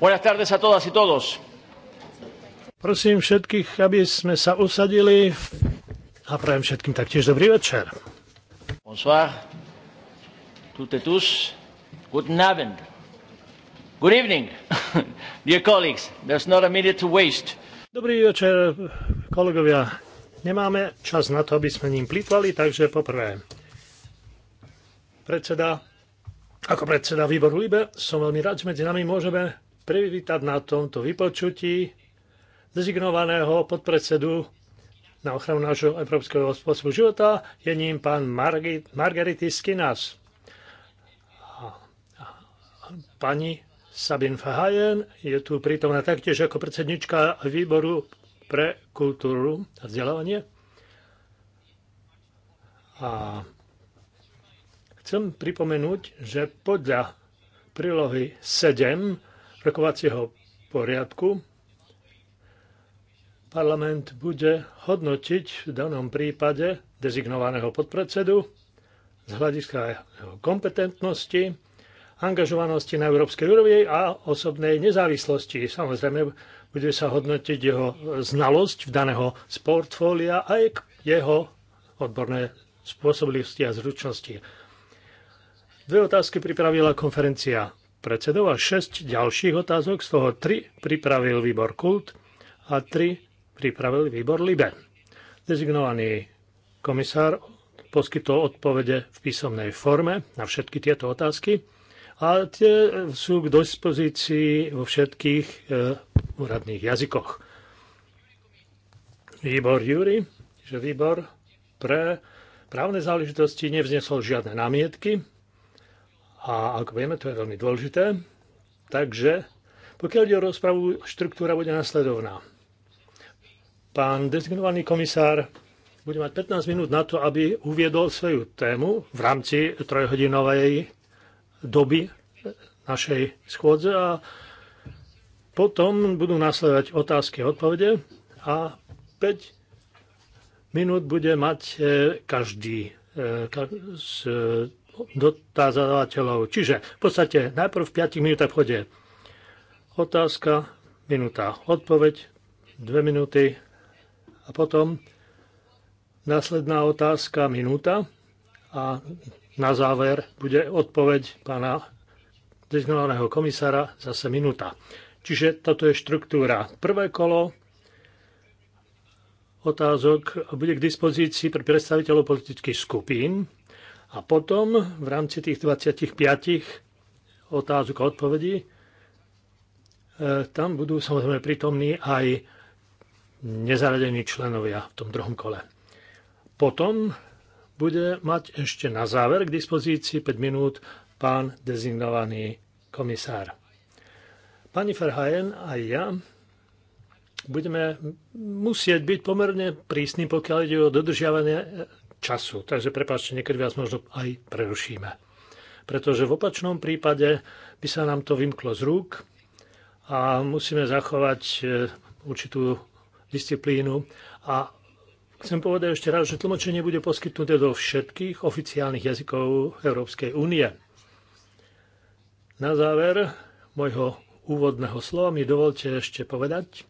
Buenas tardes a todas y todos. Prosím všetkých, aby sme sa usadili a prajem všetkým taktiež dobrý večer. Bonsoir. Tout et tous. Guten Abend. Good evening, dear colleagues. There's not a minute to waste. Dobrý večer, kolegovia. Nemáme čas na to, aby sme ním plýtvali, takže poprvé. Predseda ako predseda výboru LIBE som veľmi rád, že medzi nami môžeme privítať na tomto vypočutí dezignovaného podpredsedu na ochranu nášho európskeho spôsobu života. Je ním pán Margi, Margarity Skinas. Pani Sabin Fahajen je tu prítomná taktiež ako predsednička výboru pre kultúru a vzdelávanie. A Chcem pripomenúť, že podľa prílohy 7 rokovacieho poriadku parlament bude hodnotiť v danom prípade dezignovaného podpredsedu z hľadiska jeho kompetentnosti, angažovanosti na európskej úrovni a osobnej nezávislosti. Samozrejme, bude sa hodnotiť jeho znalosť v daného z portfólia a aj jeho odborné spôsobilosti a zručnosti. Dve otázky pripravila konferencia predsedov a šesť ďalších otázok, z toho tri pripravil výbor Kult a tri pripravil výbor Libe. Dezignovaný komisár poskytol odpovede v písomnej forme na všetky tieto otázky a tie sú k dispozícii vo všetkých e, úradných jazykoch. Výbor Júri, že výbor pre právne záležitosti nevznesol žiadne námietky a ako vieme, to je veľmi dôležité. Takže, pokiaľ ide o rozpravu, štruktúra bude nasledovná. Pán dezignovaný komisár bude mať 15 minút na to, aby uviedol svoju tému v rámci trojhodinovej doby našej schôdze a potom budú nasledovať otázky a odpovede a 5 minút bude mať eh, každý z eh, dotazovateľov. Čiže v podstate najprv v 5 minútach chode otázka, minúta odpoveď, 2 minúty a potom následná otázka, minúta a na záver bude odpoveď pána dezignovaného komisára zase minúta. Čiže toto je štruktúra. Prvé kolo otázok bude k dispozícii pre predstaviteľov politických skupín a potom v rámci tých 25 otázok a odpovedí e, tam budú samozrejme prítomní aj nezaradení členovia v tom druhom kole. Potom bude mať ešte na záver k dispozícii 5 minút pán dezignovaný komisár. Pani Ferhajen a ja budeme musieť byť pomerne prísni, pokiaľ ide o dodržiavanie času. Takže prepáčte, niekedy vás možno aj prerušíme. Pretože v opačnom prípade by sa nám to vymklo z rúk a musíme zachovať e, určitú disciplínu. A chcem povedať ešte raz, že tlmočenie bude poskytnuté do všetkých oficiálnych jazykov Európskej únie. Na záver môjho úvodného slova mi dovolte ešte povedať,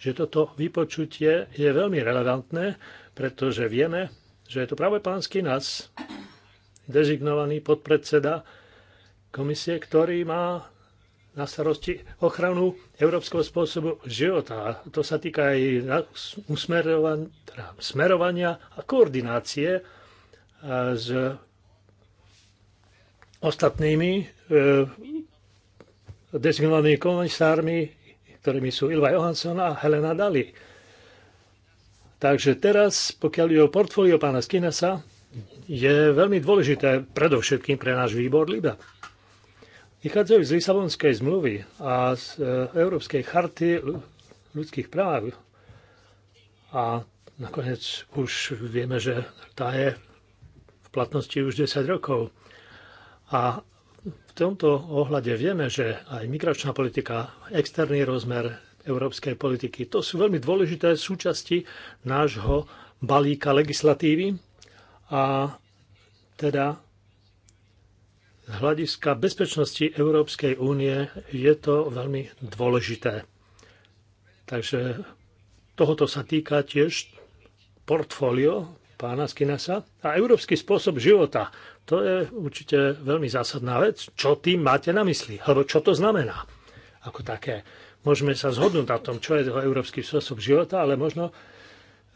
že toto vypočutie je veľmi relevantné, pretože vieme, že je to práve pán Skinas, dezignovaný podpredseda komisie, ktorý má na starosti ochranu európskeho spôsobu života. To sa týka aj teda smerovania a koordinácie e, s ostatnými e, dezignovanými komisármi, ktorými sú Ilva Johansson a Helena Dali. Takže teraz, pokiaľ je o portfólio pána Skinesa, je veľmi dôležité predovšetkým pre náš výbor LIBA. Vychádzajú z Lisabonskej zmluvy a z e, Európskej charty ľudských práv. A nakoniec už vieme, že tá je v platnosti už 10 rokov. A v tomto ohľade vieme, že aj migračná politika, externý rozmer, európskej politiky. To sú veľmi dôležité súčasti nášho balíka legislatívy a teda z hľadiska bezpečnosti Európskej únie je to veľmi dôležité. Takže tohoto sa týka tiež portfólio pána Skinasa a európsky spôsob života. To je určite veľmi zásadná vec. Čo tým máte na mysli? Alebo čo to znamená ako také? Môžeme sa zhodnúť na tom, čo je to európsky spôsob života, ale možno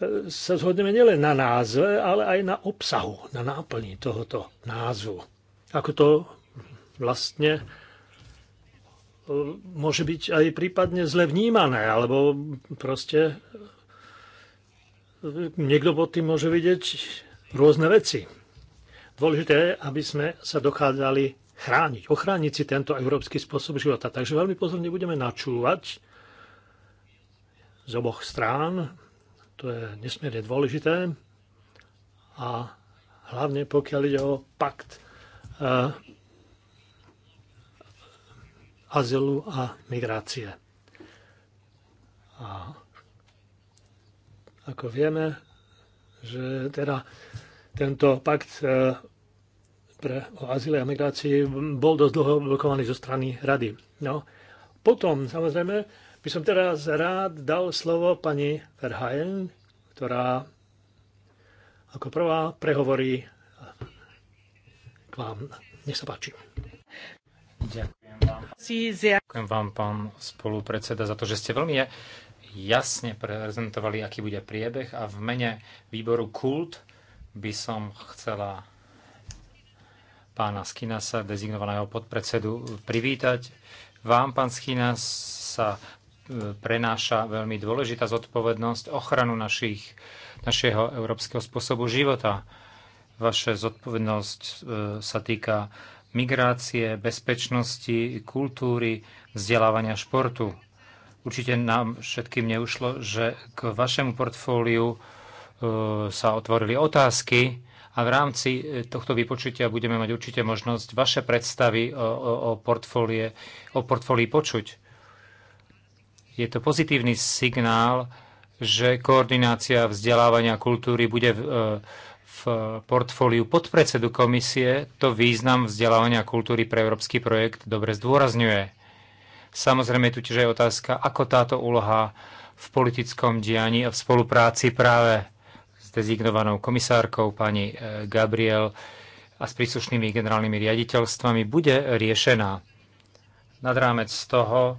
e, sa zhodneme nielen na názve, ale aj na obsahu, na náplni tohoto názvu. Ako to vlastne e, môže byť aj prípadne zle vnímané, alebo proste e, niekto pod tým môže vidieť rôzne veci. Dôležité je, aby sme sa dokázali chrániť, ochrániť si tento európsky spôsob života. Takže veľmi pozorne budeme načúvať z oboch strán. To je nesmierne dôležité. A hlavne pokiaľ ide o pakt e, azylu a migrácie. A ako vieme, že teda tento pakt e, pre, o azyle a migrácii bol dosť dlho blokovaný zo strany rady. No, potom, samozrejme, by som teraz rád dal slovo pani Verhaen, ktorá ako prvá prehovorí k vám. Nech sa páči. Ďakujem vám. Ďakujem vám, pán spolupredseda, za to, že ste veľmi jasne prezentovali, aký bude priebeh a v mene výboru Kult by som chcela pána Skinasa, dezignovaného podpredsedu, privítať. Vám, pán Skinas, sa e, prenáša veľmi dôležitá zodpovednosť ochranu našich, našeho európskeho spôsobu života. Vaša zodpovednosť e, sa týka migrácie, bezpečnosti, kultúry, vzdelávania športu. Určite nám všetkým neušlo, že k vašemu portfóliu e, sa otvorili otázky, a v rámci e, tohto vypočutia budeme mať určite možnosť vaše predstavy o, o, o, portfólie, o portfólii počuť. Je to pozitívny signál, že koordinácia vzdelávania kultúry bude v, e, v portfóliu podpredsedu komisie. To význam vzdelávania kultúry pre európsky projekt dobre zdôrazňuje. Samozrejme, tu tiež je otázka, ako táto úloha v politickom dianí a v spolupráci práve dezignovanou komisárkou pani e, Gabriel a s príslušnými generálnymi riaditeľstvami bude riešená. Nad rámec toho, e,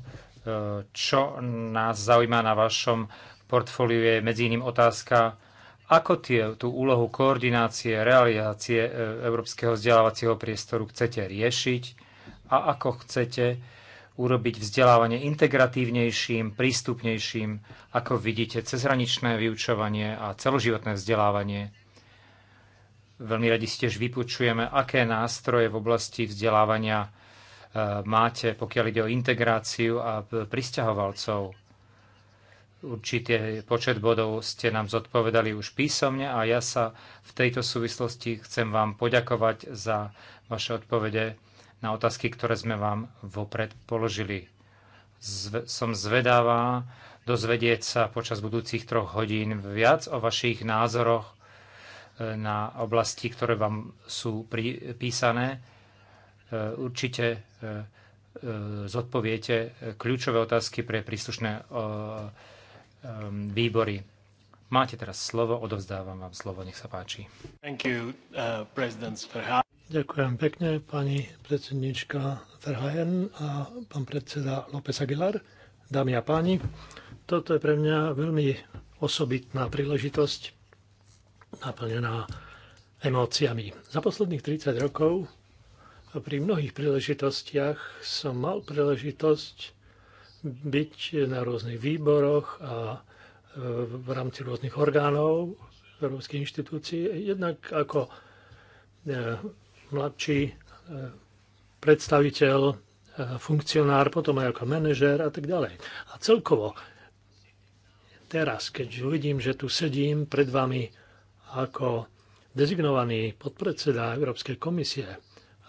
čo nás zaujíma na vašom portfóliu je medzi iným otázka, ako tie, tú úlohu koordinácie, realizácie e, európskeho vzdelávacieho priestoru chcete riešiť a ako chcete urobiť vzdelávanie integratívnejším, prístupnejším, ako vidíte, cezhraničné vyučovanie a celoživotné vzdelávanie. Veľmi radi si tiež vypočujeme, aké nástroje v oblasti vzdelávania e, máte, pokiaľ ide o integráciu a pristahovalcov. Určitý počet bodov ste nám zodpovedali už písomne a ja sa v tejto súvislosti chcem vám poďakovať za vaše odpovede na otázky, ktoré sme vám vopred položili. Zve, som zvedavá dozvedieť sa počas budúcich troch hodín viac o vašich názoroch e, na oblasti, ktoré vám sú písané. E, určite e, zodpoviete kľúčové otázky pre príslušné výbory. Máte teraz slovo, odovzdávam vám slovo, nech sa páči. Thank you, uh, Ďakujem pekne, pani predsednička Verhaen a pán predseda López Aguilar. Dámy a páni, toto je pre mňa veľmi osobitná príležitosť, naplnená emóciami. Za posledných 30 rokov pri mnohých príležitostiach som mal príležitosť byť na rôznych výboroch a e, v rámci rôznych orgánov európskych inštitúcií, jednak ako e, mladší e, predstaviteľ, e, funkcionár, potom aj ako manažér a tak ďalej. A celkovo teraz, keď uvidím, že tu sedím pred vami ako dezignovaný podpredseda Európskej komisie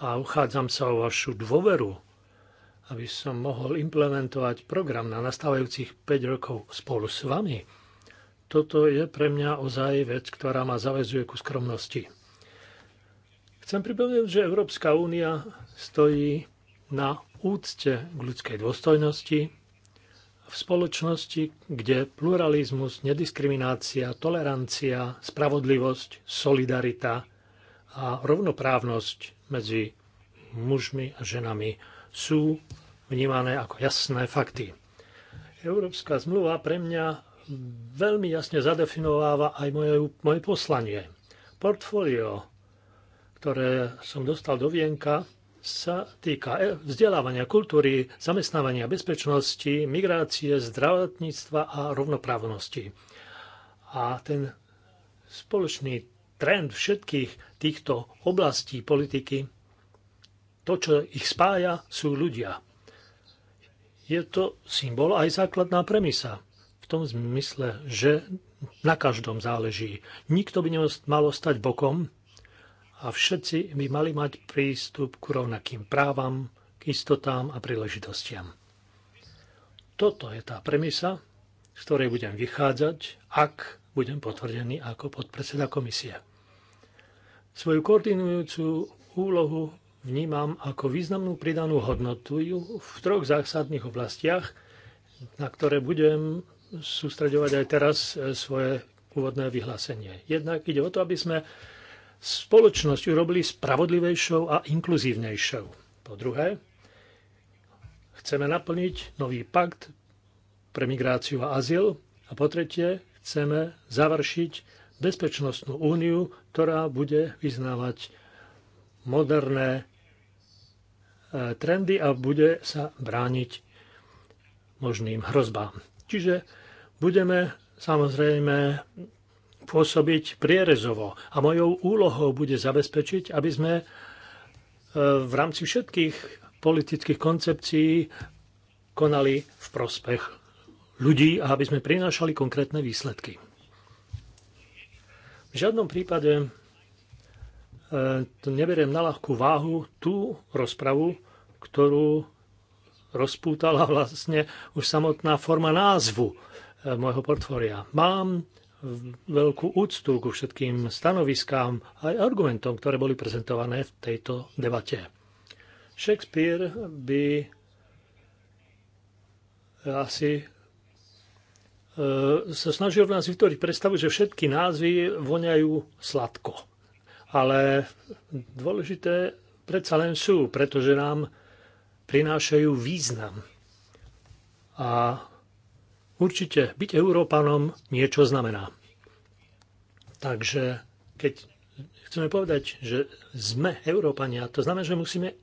a uchádzam sa o vašu dôveru, aby som mohol implementovať program na nastávajúcich 5 rokov spolu s vami, toto je pre mňa ozaj vec, ktorá ma zavezuje ku skromnosti. Chcem pripomenúť, že Európska únia stojí na úcte k ľudskej dôstojnosti v spoločnosti, kde pluralizmus, nediskriminácia, tolerancia, spravodlivosť, solidarita a rovnoprávnosť medzi mužmi a ženami sú vnímané ako jasné fakty. Európska zmluva pre mňa veľmi jasne zadefinováva aj moje, moje poslanie. Portfólio ktoré som dostal do vienka, sa týka e, vzdelávania, kultúry, zamestnávania, bezpečnosti, migrácie, zdravotníctva a rovnoprávnosti. A ten spoločný trend všetkých týchto oblastí politiky, to, čo ich spája, sú ľudia. Je to symbol aj základná premisa. V tom zmysle, že na každom záleží. Nikto by nemal stať bokom a všetci by mali mať prístup k rovnakým právam, k istotám a príležitostiam. Toto je tá premisa, z ktorej budem vychádzať, ak budem potvrdený ako podpredseda komisie. Svoju koordinujúcu úlohu vnímam ako významnú pridanú hodnotu v troch zásadných oblastiach, na ktoré budem sústreďovať aj teraz e, svoje úvodné vyhlásenie. Jednak ide o to, aby sme spoločnosť urobili spravodlivejšou a inkluzívnejšou. Po druhé, chceme naplniť nový pakt pre migráciu a azyl. A po tretie, chceme završiť bezpečnostnú úniu, ktorá bude vyznávať moderné e, trendy a bude sa brániť možným hrozbám. Čiže budeme samozrejme pôsobiť prierezovo. A mojou úlohou bude zabezpečiť, aby sme e, v rámci všetkých politických koncepcií konali v prospech ľudí a aby sme prinášali konkrétne výsledky. V žiadnom prípade e, neberiem na ľahkú váhu tú rozpravu, ktorú rozpútala vlastne už samotná forma názvu e, môjho portfólia. Mám veľkú úctu ku všetkým stanoviskám aj argumentom, ktoré boli prezentované v tejto debate. Shakespeare by asi e, sa snažil v nás vytvoriť predstavu, že všetky názvy voňajú sladko. Ale dôležité predsa len sú, pretože nám prinášajú význam. A Určite byť Európanom niečo znamená. Takže keď chceme povedať, že sme Európania, to znamená, že musíme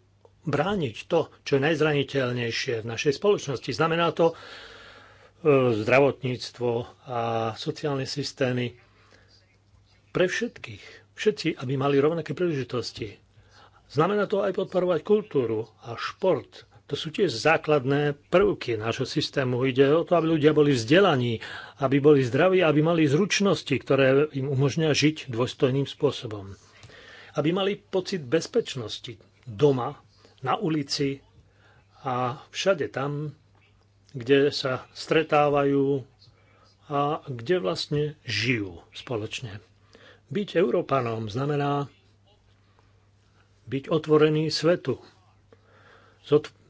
brániť to, čo je najzraniteľnejšie v našej spoločnosti. Znamená to e, zdravotníctvo a sociálne systémy pre všetkých. Všetci, aby mali rovnaké príležitosti. Znamená to aj podporovať kultúru a šport to sú tiež základné prvky nášho systému. Ide o to, aby ľudia boli vzdelaní, aby boli zdraví, aby mali zručnosti, ktoré im umožňujú žiť dôstojným spôsobom. Aby mali pocit bezpečnosti doma, na ulici a všade tam, kde sa stretávajú a kde vlastne žijú spoločne. Byť Európanom znamená byť otvorený svetu,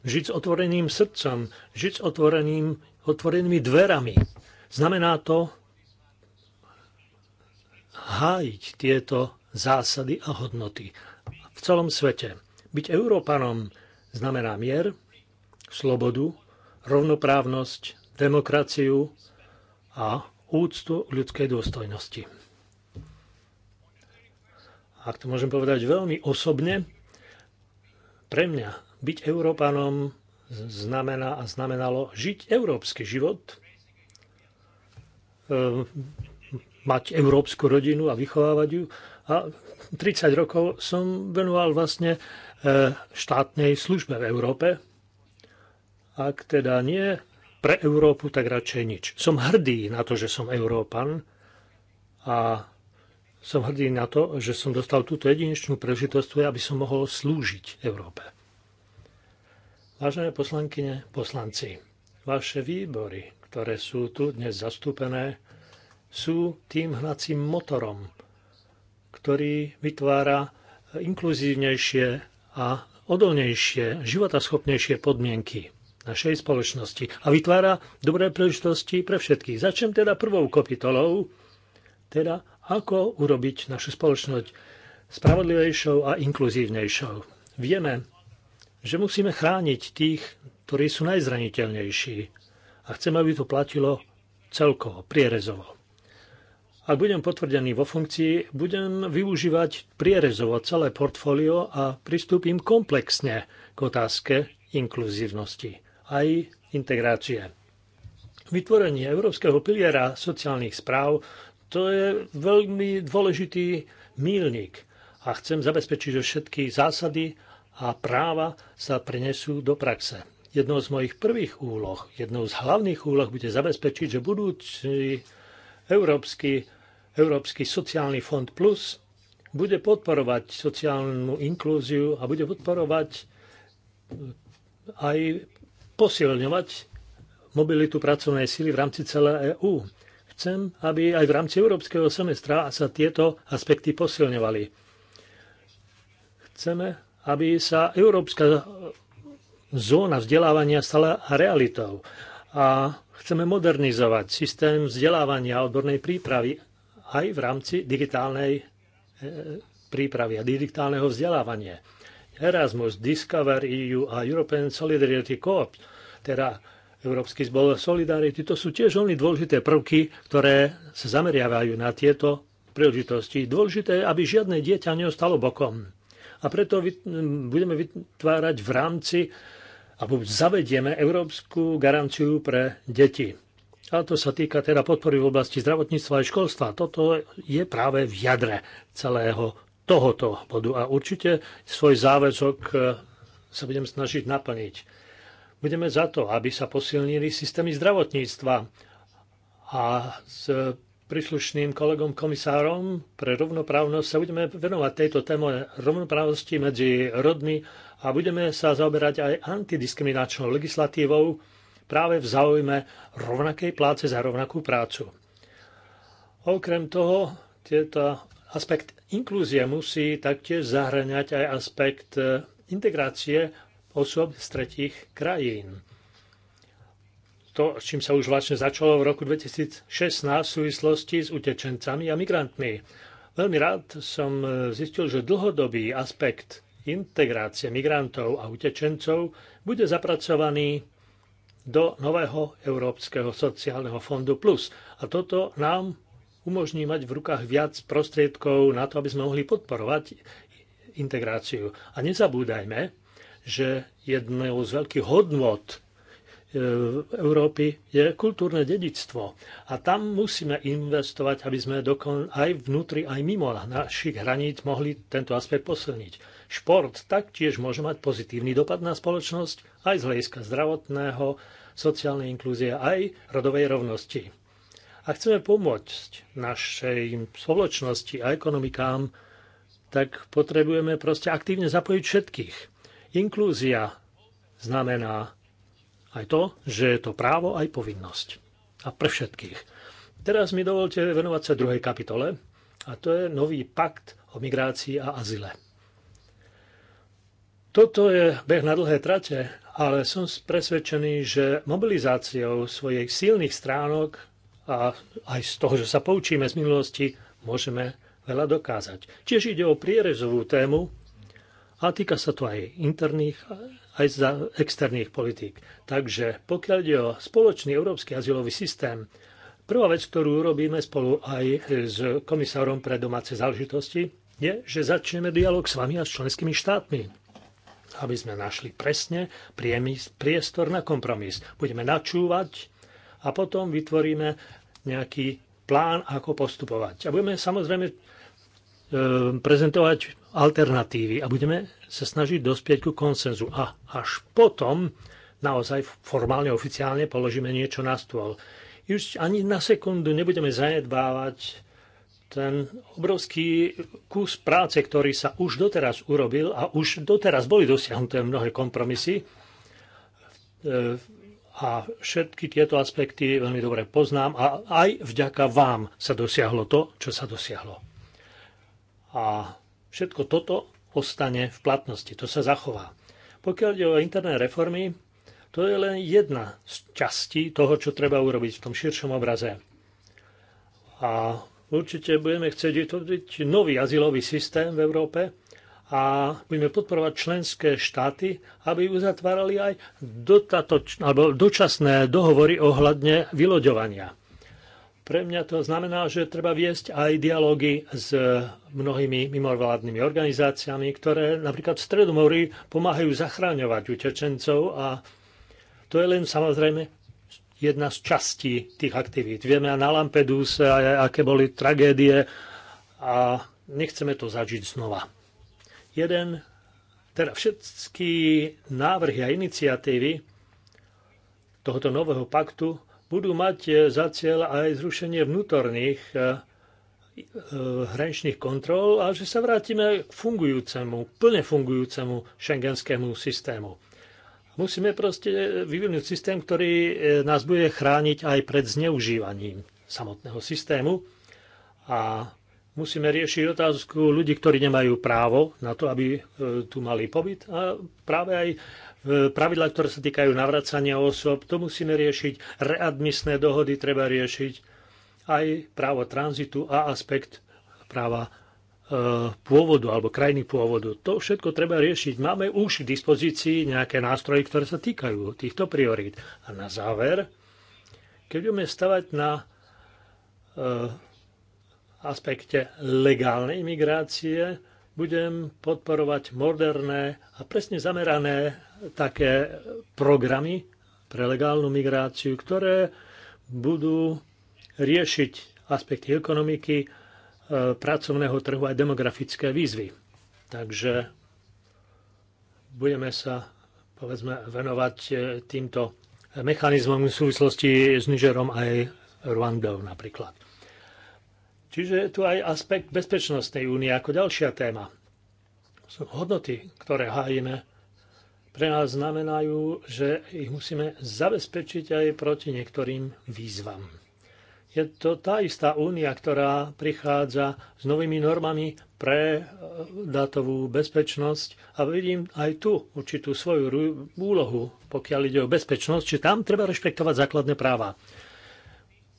žiť s otvoreným srdcom, žiť s otvoreným, otvorenými dverami. Znamená to hájiť tieto zásady a hodnoty v celom svete. Byť Európanom znamená mier, slobodu, rovnoprávnosť, demokraciu a úctu ľudskej dôstojnosti. Ak to môžem povedať veľmi osobne, pre mňa byť Európanom znamená a znamenalo žiť európsky život, eh, mať európsku rodinu a vychovávať ju. A 30 rokov som venoval vlastne eh, štátnej službe v Európe. Ak teda nie pre Európu, tak radšej nič. Som hrdý na to, že som Európan a som hrdý na to, že som dostal túto jedinečnú príležitosť, aby som mohol slúžiť Európe. Vážené poslankyne, poslanci, vaše výbory, ktoré sú tu dnes zastúpené, sú tým hnacím motorom, ktorý vytvára inkluzívnejšie a odolnejšie, životaschopnejšie podmienky našej spoločnosti a vytvára dobré príležitosti pre všetkých. Začnem teda prvou kapitolou, teda ako urobiť našu spoločnosť spravodlivejšou a inkluzívnejšou. Vieme, že musíme chrániť tých, ktorí sú najzraniteľnejší a chcem, aby to platilo celkovo, prierezovo. Ak budem potvrdený vo funkcii, budem využívať prierezovo celé portfólio a pristúpim komplexne k otázke inkluzívnosti aj integrácie. Vytvorenie Európskeho piliera sociálnych správ to je veľmi dôležitý mílnik a chcem zabezpečiť, že všetky zásady a práva sa prenesú do praxe. Jednou z mojich prvých úloh, jednou z hlavných úloh bude zabezpečiť, že budúci Európsky, Európsky sociálny fond plus bude podporovať sociálnu inklúziu a bude podporovať aj posilňovať mobilitu pracovnej síly v rámci celé EÚ. Chcem, aby aj v rámci európskeho semestra sa tieto aspekty posilňovali. Chceme aby sa európska zóna vzdelávania stala realitou. A chceme modernizovať systém vzdelávania a odbornej prípravy aj v rámci digitálnej e, prípravy a digitálneho vzdelávania. Erasmus, Discover EU a European Solidarity Coop, teda Európsky zbor Solidarity, to sú tiež veľmi dôležité prvky, ktoré sa zameriavajú na tieto príležitosti. Dôležité aby žiadne dieťa neostalo bokom a preto budeme vytvárať v rámci alebo zavedieme európsku garanciu pre deti. A to sa týka teda podpory v oblasti zdravotníctva a školstva. Toto je práve v jadre celého tohoto bodu a určite svoj záväzok e, sa budem snažiť naplniť. Budeme za to, aby sa posilnili systémy zdravotníctva a príslušným kolegom komisárom pre rovnoprávnosť sa budeme venovať tejto téme rovnoprávnosti medzi rodmi a budeme sa zaoberať aj antidiskriminačnou legislatívou práve v záujme rovnakej pláce za rovnakú prácu. Okrem toho, tieto aspekt inklúzie musí taktiež zahraňať aj aspekt eh, integrácie osôb z tretích krajín to, s čím sa už vlastne začalo v roku 2016 v súvislosti s utečencami a migrantmi. Veľmi rád som e, zistil, že dlhodobý aspekt integrácie migrantov a utečencov bude zapracovaný do nového Európskeho sociálneho fondu Plus. A toto nám umožní mať v rukách viac prostriedkov na to, aby sme mohli podporovať integráciu. A nezabúdajme, že jednou z veľkých hodnot E, Európy je kultúrne dedičstvo. A tam musíme investovať, aby sme dokon, aj vnútri, aj mimo našich hraníc mohli tento aspekt posilniť. Šport taktiež môže mať pozitívny dopad na spoločnosť aj z hľadiska zdravotného, sociálnej inklúzie, aj rodovej rovnosti. A chceme pomôcť našej spoločnosti a ekonomikám, tak potrebujeme proste aktívne zapojiť všetkých. Inklúzia znamená aj to, že je to právo aj povinnosť. A pre všetkých. Teraz mi dovolte venovať sa druhej kapitole, a to je nový pakt o migrácii a azile. Toto je beh na dlhé trate, ale som presvedčený, že mobilizáciou svojich silných stránok a aj z toho, že sa poučíme z minulosti, môžeme veľa dokázať. Tiež ide o prierezovú tému a týka sa to aj interných aj za externých politík. Takže pokiaľ ide o spoločný európsky azylový systém, prvá vec, ktorú robíme spolu aj s komisárom pre domáce záležitosti, je, že začneme dialog s vami a s členskými štátmi, aby sme našli presne priestor na kompromis. Budeme načúvať a potom vytvoríme nejaký plán, ako postupovať. A budeme samozrejme eh, prezentovať alternatívy a budeme sa snažiť dospieť ku konsenzu. A až potom naozaj formálne, oficiálne položíme niečo na stôl. Už ani na sekundu nebudeme zanedbávať ten obrovský kus práce, ktorý sa už doteraz urobil a už doteraz boli dosiahnuté mnohé kompromisy e, a všetky tieto aspekty veľmi dobre poznám a aj vďaka vám sa dosiahlo to, čo sa dosiahlo. A Všetko toto ostane v platnosti, to sa zachová. Pokiaľ ide o interné reformy, to je len jedna z častí toho, čo treba urobiť v tom širšom obraze. A určite budeme chcieť vytvoriť nový azylový systém v Európe a budeme podporovať členské štáty, aby uzatvárali aj alebo dočasné dohovory ohľadne vyloďovania. Pre mňa to znamená, že treba viesť aj dialógy s mnohými mimovládnymi organizáciami, ktoré napríklad v stredu mori pomáhajú zachráňovať utečencov a to je len samozrejme jedna z častí tých aktivít. Vieme na Lampeduse, aké boli tragédie a nechceme to zažiť znova. Jeden, teda všetky návrhy a iniciatívy tohoto nového paktu budú mať e, za cieľ aj zrušenie vnútorných e, e, hraničných kontrol a že sa vrátime k fungujúcemu, plne fungujúcemu šengenskému systému. Musíme proste vyvinúť systém, ktorý nás bude chrániť aj pred zneužívaním samotného systému a musíme riešiť otázku ľudí, ktorí nemajú právo na to, aby tu mali pobyt a práve aj pravidla, ktoré sa týkajú navracania osôb, to musíme riešiť, readmisné dohody treba riešiť, aj právo tranzitu a aspekt práva e, pôvodu alebo krajiny pôvodu. To všetko treba riešiť. Máme už k dispozícii nejaké nástroje, ktoré sa týkajú týchto priorít. A na záver, keď budeme stavať na e, aspekte legálnej migrácie, budem podporovať moderné a presne zamerané také programy pre legálnu migráciu, ktoré budú riešiť aspekty ekonomiky, e, pracovného trhu aj demografické výzvy. Takže budeme sa povedzme, venovať e, týmto mechanizmom v súvislosti s Nigerom aj Rwandou napríklad. Čiže je tu aj aspekt bezpečnostnej únie ako ďalšia téma. Sú hodnoty, ktoré hájime, pre nás znamenajú, že ich musíme zabezpečiť aj proti niektorým výzvam. Je to tá istá únia, ktorá prichádza s novými normami pre e, dátovú bezpečnosť a vidím aj tu určitú svoju úlohu, pokiaľ ide o bezpečnosť, či tam treba rešpektovať základné práva.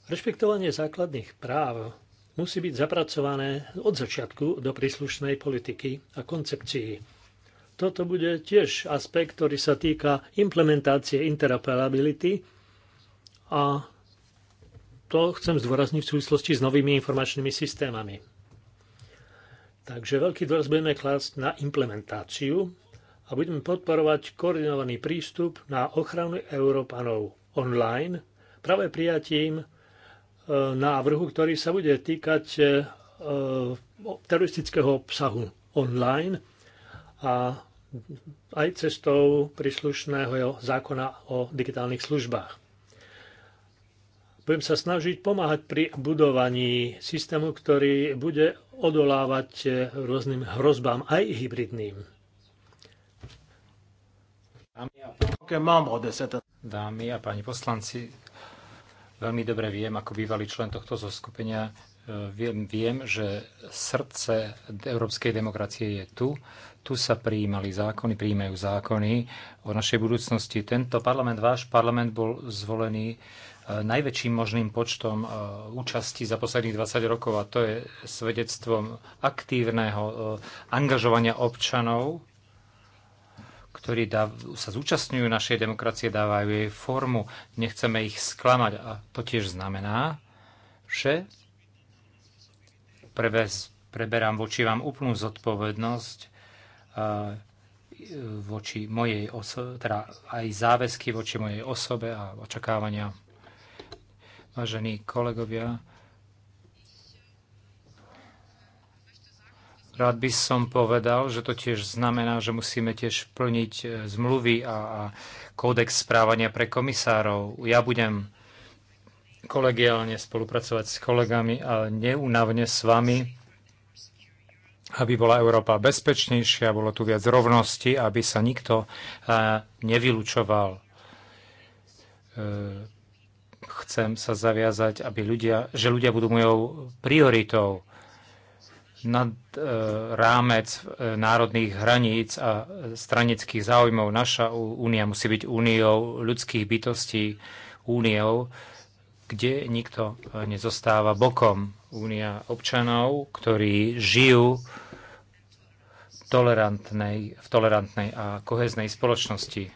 Rešpektovanie základných práv musí byť zapracované od začiatku do príslušnej politiky a koncepcií. Toto bude tiež aspekt, ktorý sa týka implementácie interoperability a to chcem zdôrazniť v súvislosti s novými informačnými systémami. Takže veľký dôraz budeme klásť na implementáciu a budeme podporovať koordinovaný prístup na ochranu Európanov online práve prijatím E, návrhu, ktorý sa bude týkať e, teroristického obsahu online a aj cestou príslušného zákona o digitálnych službách. Budem sa snažiť pomáhať pri budovaní systému, ktorý bude odolávať e, rôznym hrozbám, aj hybridným. Dámy a páni poslanci, Veľmi dobre viem, ako bývalý člen tohto zoskupenia, e, viem, viem, že srdce európskej demokracie je tu. Tu sa prijímali zákony, príjmajú zákony o našej budúcnosti. Tento parlament, váš parlament, bol zvolený e, najväčším možným počtom e, účasti za posledných 20 rokov a to je svedectvom aktívneho angažovania občanov ktorí sa zúčastňujú našej demokracie, dávajú jej formu. Nechceme ich sklamať a to tiež znamená, že prebez, preberám voči vám úplnú zodpovednosť a, e, voči mojej oso- teda aj záväzky voči mojej osobe a očakávania. Vážení kolegovia, Rád by som povedal, že to tiež znamená, že musíme tiež plniť e, zmluvy a, a kódex správania pre komisárov. Ja budem kolegiálne spolupracovať s kolegami a neunavne s vami, aby bola Európa bezpečnejšia, bolo tu viac rovnosti, aby sa nikto e, nevylučoval. E, chcem sa zaviazať, aby ľudia, že ľudia budú mojou prioritou nad e, rámec e, národných hraníc a stranických záujmov. Naša únia musí byť úniou ľudských bytostí, úniou, kde nikto e, nezostáva bokom. Únia občanov, ktorí žijú tolerantnej, v tolerantnej a koheznej spoločnosti.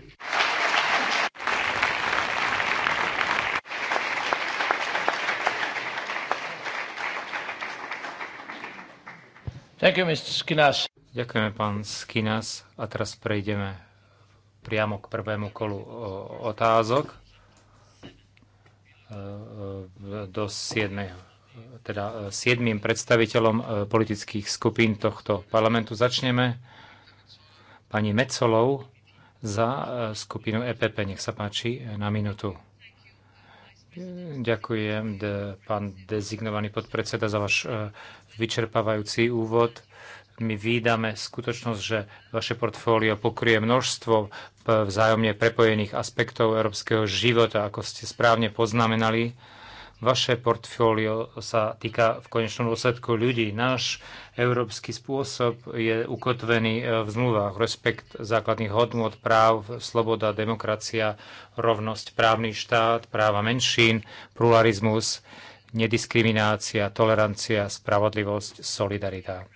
Thank you, Mr. Skinas. Ďakujeme, pán Skinas. A teraz prejdeme priamo k prvému kolu otázok e, e, do 7. teda e, siedmým predstaviteľom politických skupín tohto parlamentu. Začneme pani Mecolov za skupinu EPP. Nech sa páči na minútu. Ďakujem, de, pán dezignovaný podpredseda, za váš e, vyčerpávajúci úvod. My výdame skutočnosť, že vaše portfólio pokrie množstvo e, vzájomne prepojených aspektov európskeho života, ako ste správne poznamenali Vaše portfólio sa týka v konečnom dôsledku ľudí. Náš európsky spôsob je ukotvený e, v zmluvách. Respekt základných hodnôt, práv, sloboda, demokracia, rovnosť, právny štát, práva menšín, pluralizmus, nediskriminácia, tolerancia, spravodlivosť, solidarita.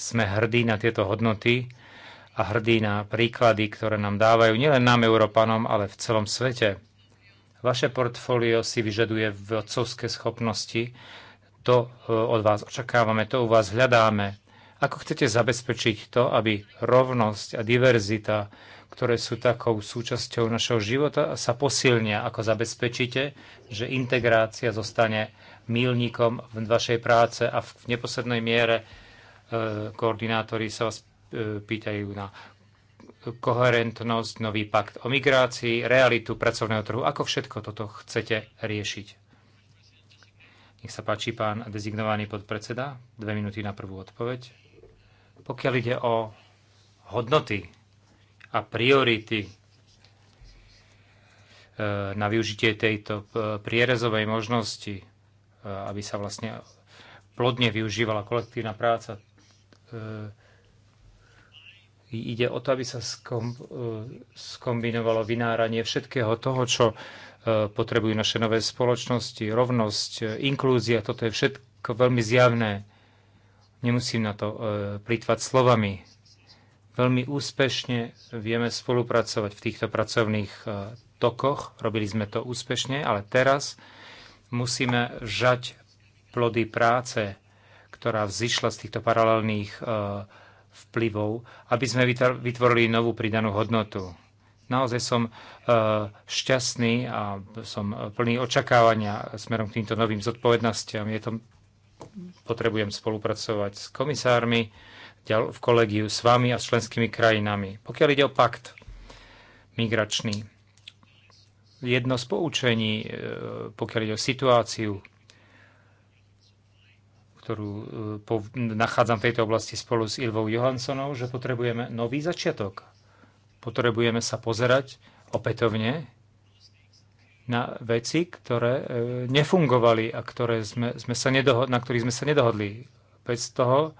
Sme hrdí na tieto hodnoty a hrdí na príklady, ktoré nám dávajú nielen nám, Európanom, ale v celom svete Vaše portfólio si vyžaduje vodcovské schopnosti. To e, od vás očakávame, to u vás hľadáme. Ako chcete zabezpečiť to, aby rovnosť a diverzita, ktoré sú takou súčasťou našeho života, sa posilnia? Ako zabezpečíte, že integrácia zostane milníkom v vašej práce a v neposlednej miere e, koordinátori sa vás e, pýtajú na koherentnosť, nový pakt o migrácii, realitu pracovného trhu. Ako všetko toto chcete riešiť? Nech sa páči, pán dezignovaný podpredseda. Dve minúty na prvú odpoveď. Pokiaľ ide o hodnoty a priority e, na využitie tejto e, prierezovej možnosti, e, aby sa vlastne plodne využívala kolektívna práca, Ide o to, aby sa skom, e, skombinovalo vynáranie všetkého toho, čo e, potrebujú naše nové spoločnosti, rovnosť, e, inklúzia, toto je všetko veľmi zjavné. Nemusím na to plýtvať slovami. Veľmi úspešne vieme spolupracovať v týchto pracovných tokoch. Robili sme to úspešne, ale teraz musíme žať plody práce, ktorá vzýšla z týchto paralelných uh, vplyvov, aby sme vytvorili novú pridanú hodnotu. Naozaj som e, šťastný a som e, plný očakávania smerom k týmto novým zodpovednostiam. Je to, potrebujem spolupracovať s komisármi, v kolegiu s vami a s členskými krajinami. Pokiaľ ide o pakt migračný, jedno z poučení, e, pokiaľ ide o situáciu ktorú e, nachádzam v tejto oblasti spolu s Ilvou Johanssonou, že potrebujeme nový začiatok. Potrebujeme sa pozerať opätovne na veci, ktoré e, nefungovali a ktoré sme, sme sa nedohod- na ktorých sme sa nedohodli. Bez toho,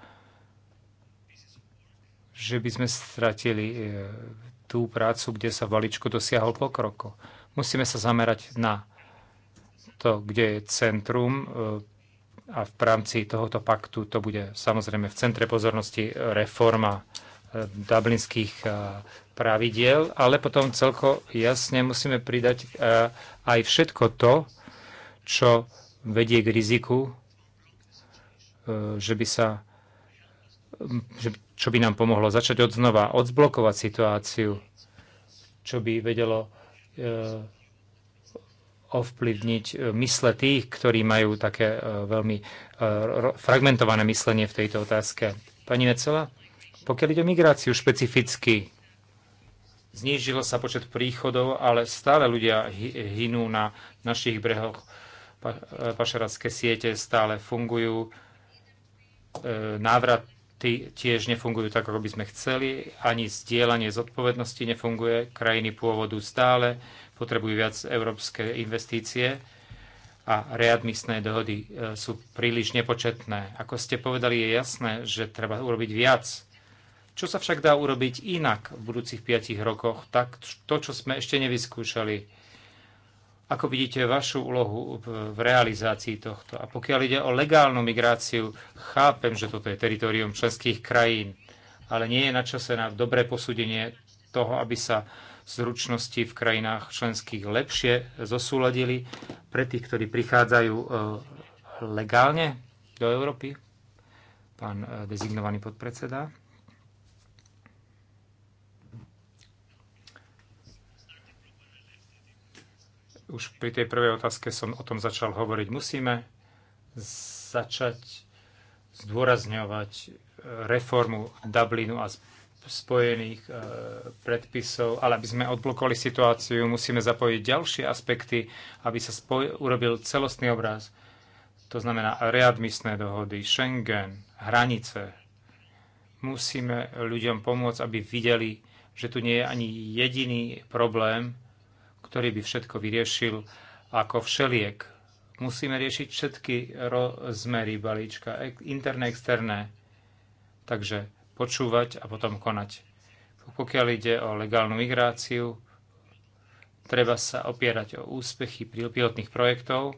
že by sme stratili e, tú prácu, kde sa v dosiahol pokroko. Musíme sa zamerať na to, kde je centrum a v rámci tohoto paktu to bude samozrejme v centre pozornosti reforma eh, dublinských eh, pravidiel, ale potom celko jasne musíme pridať eh, aj všetko to, čo vedie k riziku, že by sa mm, čo by nám pomohlo začať odznova odzblokovať odblokovať situáciu, čo by vedelo ovplyvniť e, mysle tých, ktorí majú také e, veľmi e, fragmentované myslenie v tejto otázke. Pani Necela, pokiaľ ide o migráciu špecificky, znížilo sa počet príchodov, ale stále ľudia hynú na našich brehoch. Pašeracké siete stále fungujú, návraty tiež nefungujú tak, ako by sme chceli, ani zdieľanie zodpovednosti nefunguje, krajiny pôvodu stále potrebujú viac európske investície a readmisné dohody e, sú príliš nepočetné. Ako ste povedali, je jasné, že treba urobiť viac. Čo sa však dá urobiť inak v budúcich 5 rokoch, tak to, čo sme ešte nevyskúšali. Ako vidíte vašu úlohu v realizácii tohto? A pokiaľ ide o legálnu migráciu, chápem, že toto je teritorium členských krajín, ale nie je na čase na dobré posúdenie toho, aby sa zručnosti v krajinách členských lepšie zosúladili pre tých, ktorí prichádzajú e, legálne do Európy? Pán e, dezignovaný podpredseda. Už pri tej prvej otázke som o tom začal hovoriť. Musíme začať zdôrazňovať e, reformu Dublinu a spojených e, predpisov, ale aby sme odblokovali situáciu, musíme zapojiť ďalšie aspekty, aby sa spoj- urobil celostný obraz. To znamená readmisné dohody, Schengen, hranice. Musíme ľuďom pomôcť, aby videli, že tu nie je ani jediný problém, ktorý by všetko vyriešil ako všeliek. Musíme riešiť všetky rozmery balíčka, e- interné, externé. Takže počúvať a potom konať. Pokiaľ ide o legálnu migráciu, treba sa opierať o úspechy pilotných projektov,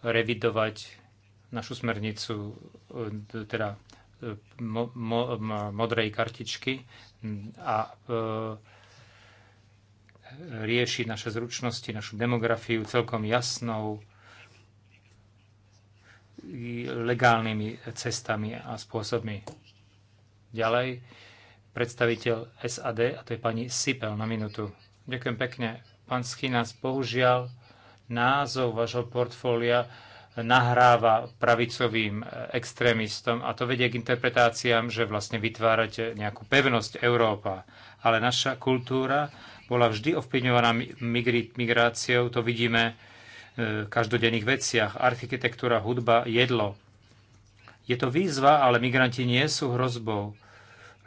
revidovať našu smernicu, e, teda e, mo, mo, modrej kartičky a e, riešiť naše zručnosti, našu demografiu celkom jasnou legálnymi cestami a spôsobmi. Ďalej predstaviteľ SAD, a to je pani Sipel na minútu. Ďakujem pekne. Pán Schinas, bohužiaľ názov vašho portfólia nahráva pravicovým e, extrémistom a to vedie k interpretáciám, že vlastne vytvárate nejakú pevnosť Európa. Ale naša kultúra bola vždy ovplyvňovaná migráciou, to vidíme e, v každodenných veciach, architektúra, hudba, jedlo. Je to výzva, ale migranti nie sú hrozbou.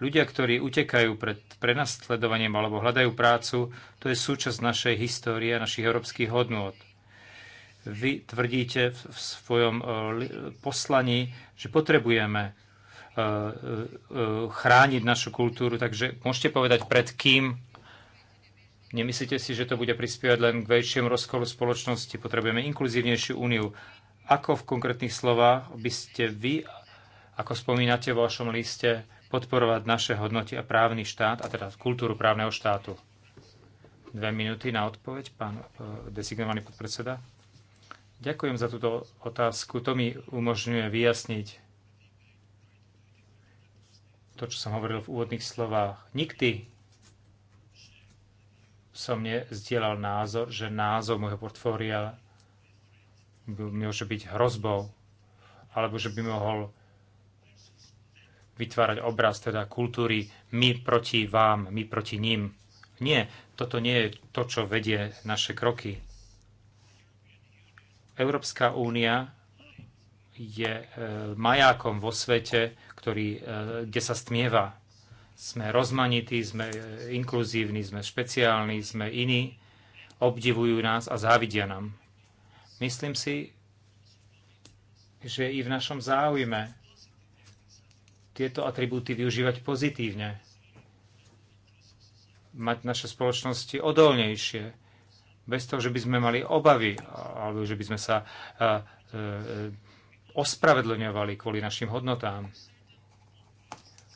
Ľudia, ktorí utekajú pred prenasledovaním alebo hľadajú prácu, to je súčasť našej histórie a našich európskych hodnôt. Vy tvrdíte v svojom e, poslaní, že potrebujeme e, e, chrániť našu kultúru, takže môžete povedať pred kým Nemyslíte si, že to bude prispievať len k väčšiemu rozkolu spoločnosti? Potrebujeme inkluzívnejšiu úniu ako v konkrétnych slovách by ste vy, ako spomínate vo vašom liste, podporovať naše hodnoty a právny štát, a teda kultúru právneho štátu? Dve minúty na odpoveď, pán e, designovaný podpredseda. Ďakujem za túto otázku. To mi umožňuje vyjasniť to, čo som hovoril v úvodných slovách. Nikdy som nezdielal názor, že názov môjho portfória môže byť hrozbou, alebo že by mohol vytvárať obraz teda kultúry my proti vám, my proti ním. Nie, toto nie je to, čo vedie naše kroky. Európska únia je e, majákom vo svete, ktorý, e, kde sa stmieva. Sme rozmanití, sme e, inkluzívni, sme špeciálni, sme iní, obdivujú nás a závidia nám. Myslím si, že i v našom záujme tieto atribúty využívať pozitívne, mať naše spoločnosti odolnejšie, bez toho, že by sme mali obavy alebo že by sme sa e, ospravedlňovali kvôli našim hodnotám.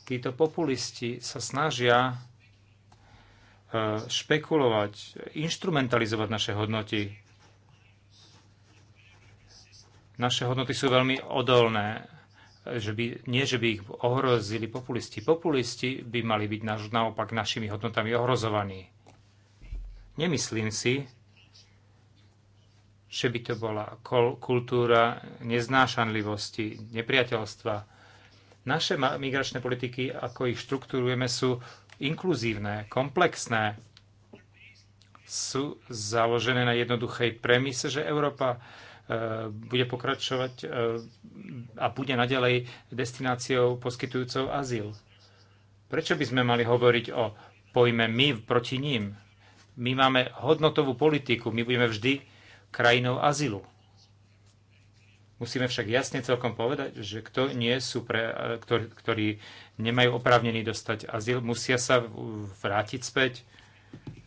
Títo populisti sa snažia e, špekulovať, instrumentalizovať naše hodnoty, naše hodnoty sú veľmi odolné. Že by, nie, že by ich ohrozili populisti. Populisti by mali byť naš, naopak našimi hodnotami ohrozovaní. Nemyslím si, že by to bola kultúra neznášanlivosti, nepriateľstva. Naše migračné politiky, ako ich štruktúrujeme, sú inkluzívne, komplexné, sú založené na jednoduchej premise, že Európa E, bude pokračovať e, a bude naďalej destináciou poskytujúcou azyl. Prečo by sme mali hovoriť o pojme my proti ním? My máme hodnotovú politiku, my budeme vždy krajinou azylu. Musíme však jasne celkom povedať, že kto nie sú pre, e, ktorí nemajú oprávnený dostať azyl, musia sa vrátiť späť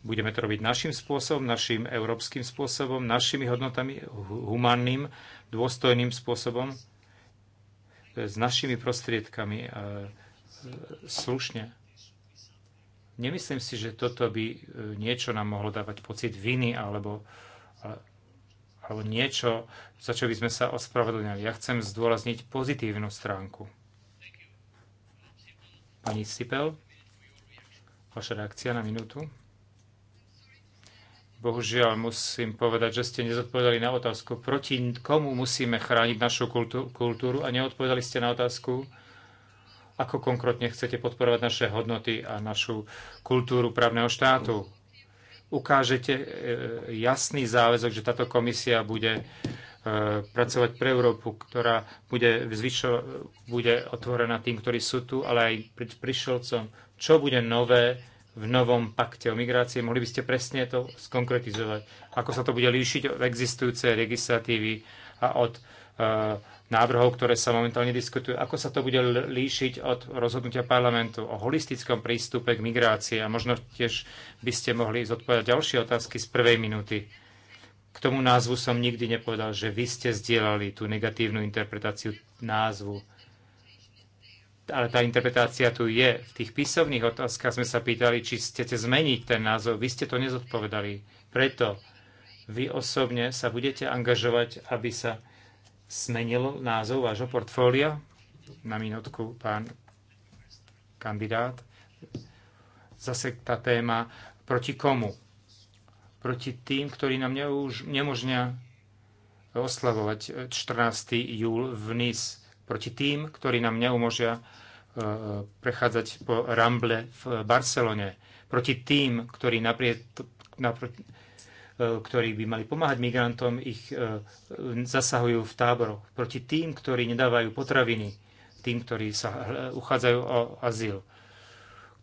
Budeme to robiť našim spôsobom, našim európskym spôsobom, našimi hodnotami, humanným, dôstojným spôsobom, s našimi prostriedkami, e, slušne. Nemyslím si, že toto by e, niečo nám mohlo dávať pocit viny alebo, alebo niečo, za čo by sme sa ospravedlňali. Ja chcem zdôrazniť pozitívnu stránku. Pani Sipel, vaša reakcia na minútu. Bohužiaľ musím povedať, že ste nezodpovedali na otázku, proti komu musíme chrániť našu kultúru a neodpovedali ste na otázku, ako konkrétne chcete podporovať naše hodnoty a našu kultúru právneho štátu. Ukážete e, jasný záväzok, že táto komisia bude e, pracovať pre Európu, ktorá bude, zvyšo, bude otvorená tým, ktorí sú tu, ale aj prišielcom. Čo bude nové v novom pakte o migrácie. Mohli by ste presne to skonkretizovať, ako sa to bude líšiť od existujúcej legislatívy a od e, návrhov, ktoré sa momentálne diskutujú, ako sa to bude líšiť od rozhodnutia parlamentu o holistickom prístupe k migrácii a možno tiež by ste mohli zodpovedať ďalšie otázky z prvej minúty. K tomu názvu som nikdy nepovedal, že vy ste zdieľali tú negatívnu interpretáciu názvu ale tá interpretácia tu je. V tých písomných otázkach sme sa pýtali, či chcete zmeniť ten názov. Vy ste to nezodpovedali. Preto vy osobne sa budete angažovať, aby sa zmenil názov vášho portfólia? Na minútku, pán kandidát. Zase tá téma proti komu? Proti tým, ktorí nám už neumožňa oslavovať 14. júl v NIS proti tým, ktorí nám neumožia e, prechádzať po Ramble v Barcelone, proti tým, ktorí napriek, naproti, e, ktorí by mali pomáhať migrantom, ich e, zasahujú v táboroch, proti tým, ktorí nedávajú potraviny, tým, ktorí sa uchádzajú o azyl,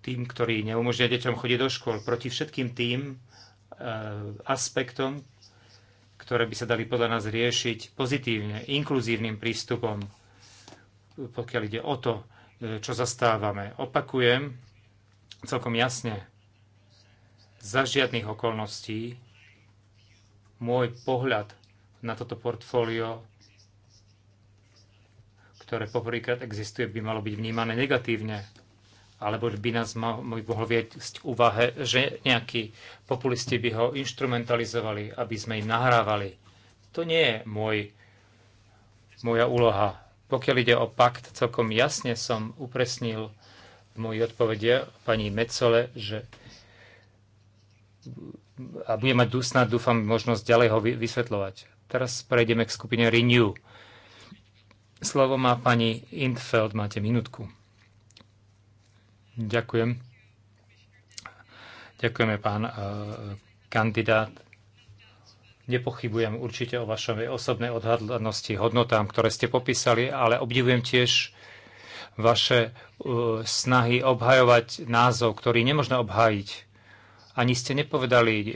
tým, ktorí neumožňujú deťom chodiť do škôl, proti všetkým tým aspektom, ktoré by sa dali podľa nás riešiť pozitívne, inkluzívnym prístupom pokiaľ ide o to, e, čo zastávame. Opakujem celkom jasne, za žiadnych okolností môj pohľad na toto portfólio, ktoré poprvýkrát existuje, by malo byť vnímané negatívne alebo by nás mal, mohol viesť úvahe, že nejakí populisti by ho instrumentalizovali, aby sme im nahrávali. To nie je môj, moja úloha. Pokiaľ ide o pakt, celkom jasne som upresnil v mojej odpovede pani Mecole, že a budem mať snad, dúfam, možnosť ďalej ho vysvetľovať. Teraz prejdeme k skupine Renew. Slovo má pani Intfeld, máte minútku. Ďakujem. Ďakujeme, pán eh, kandidát Nepochybujem určite o vašej osobnej odhadlanosti hodnotám, ktoré ste popísali, ale obdivujem tiež vaše uh, snahy obhajovať názov, ktorý nemôžno obhájiť. Ani ste nepovedali uh,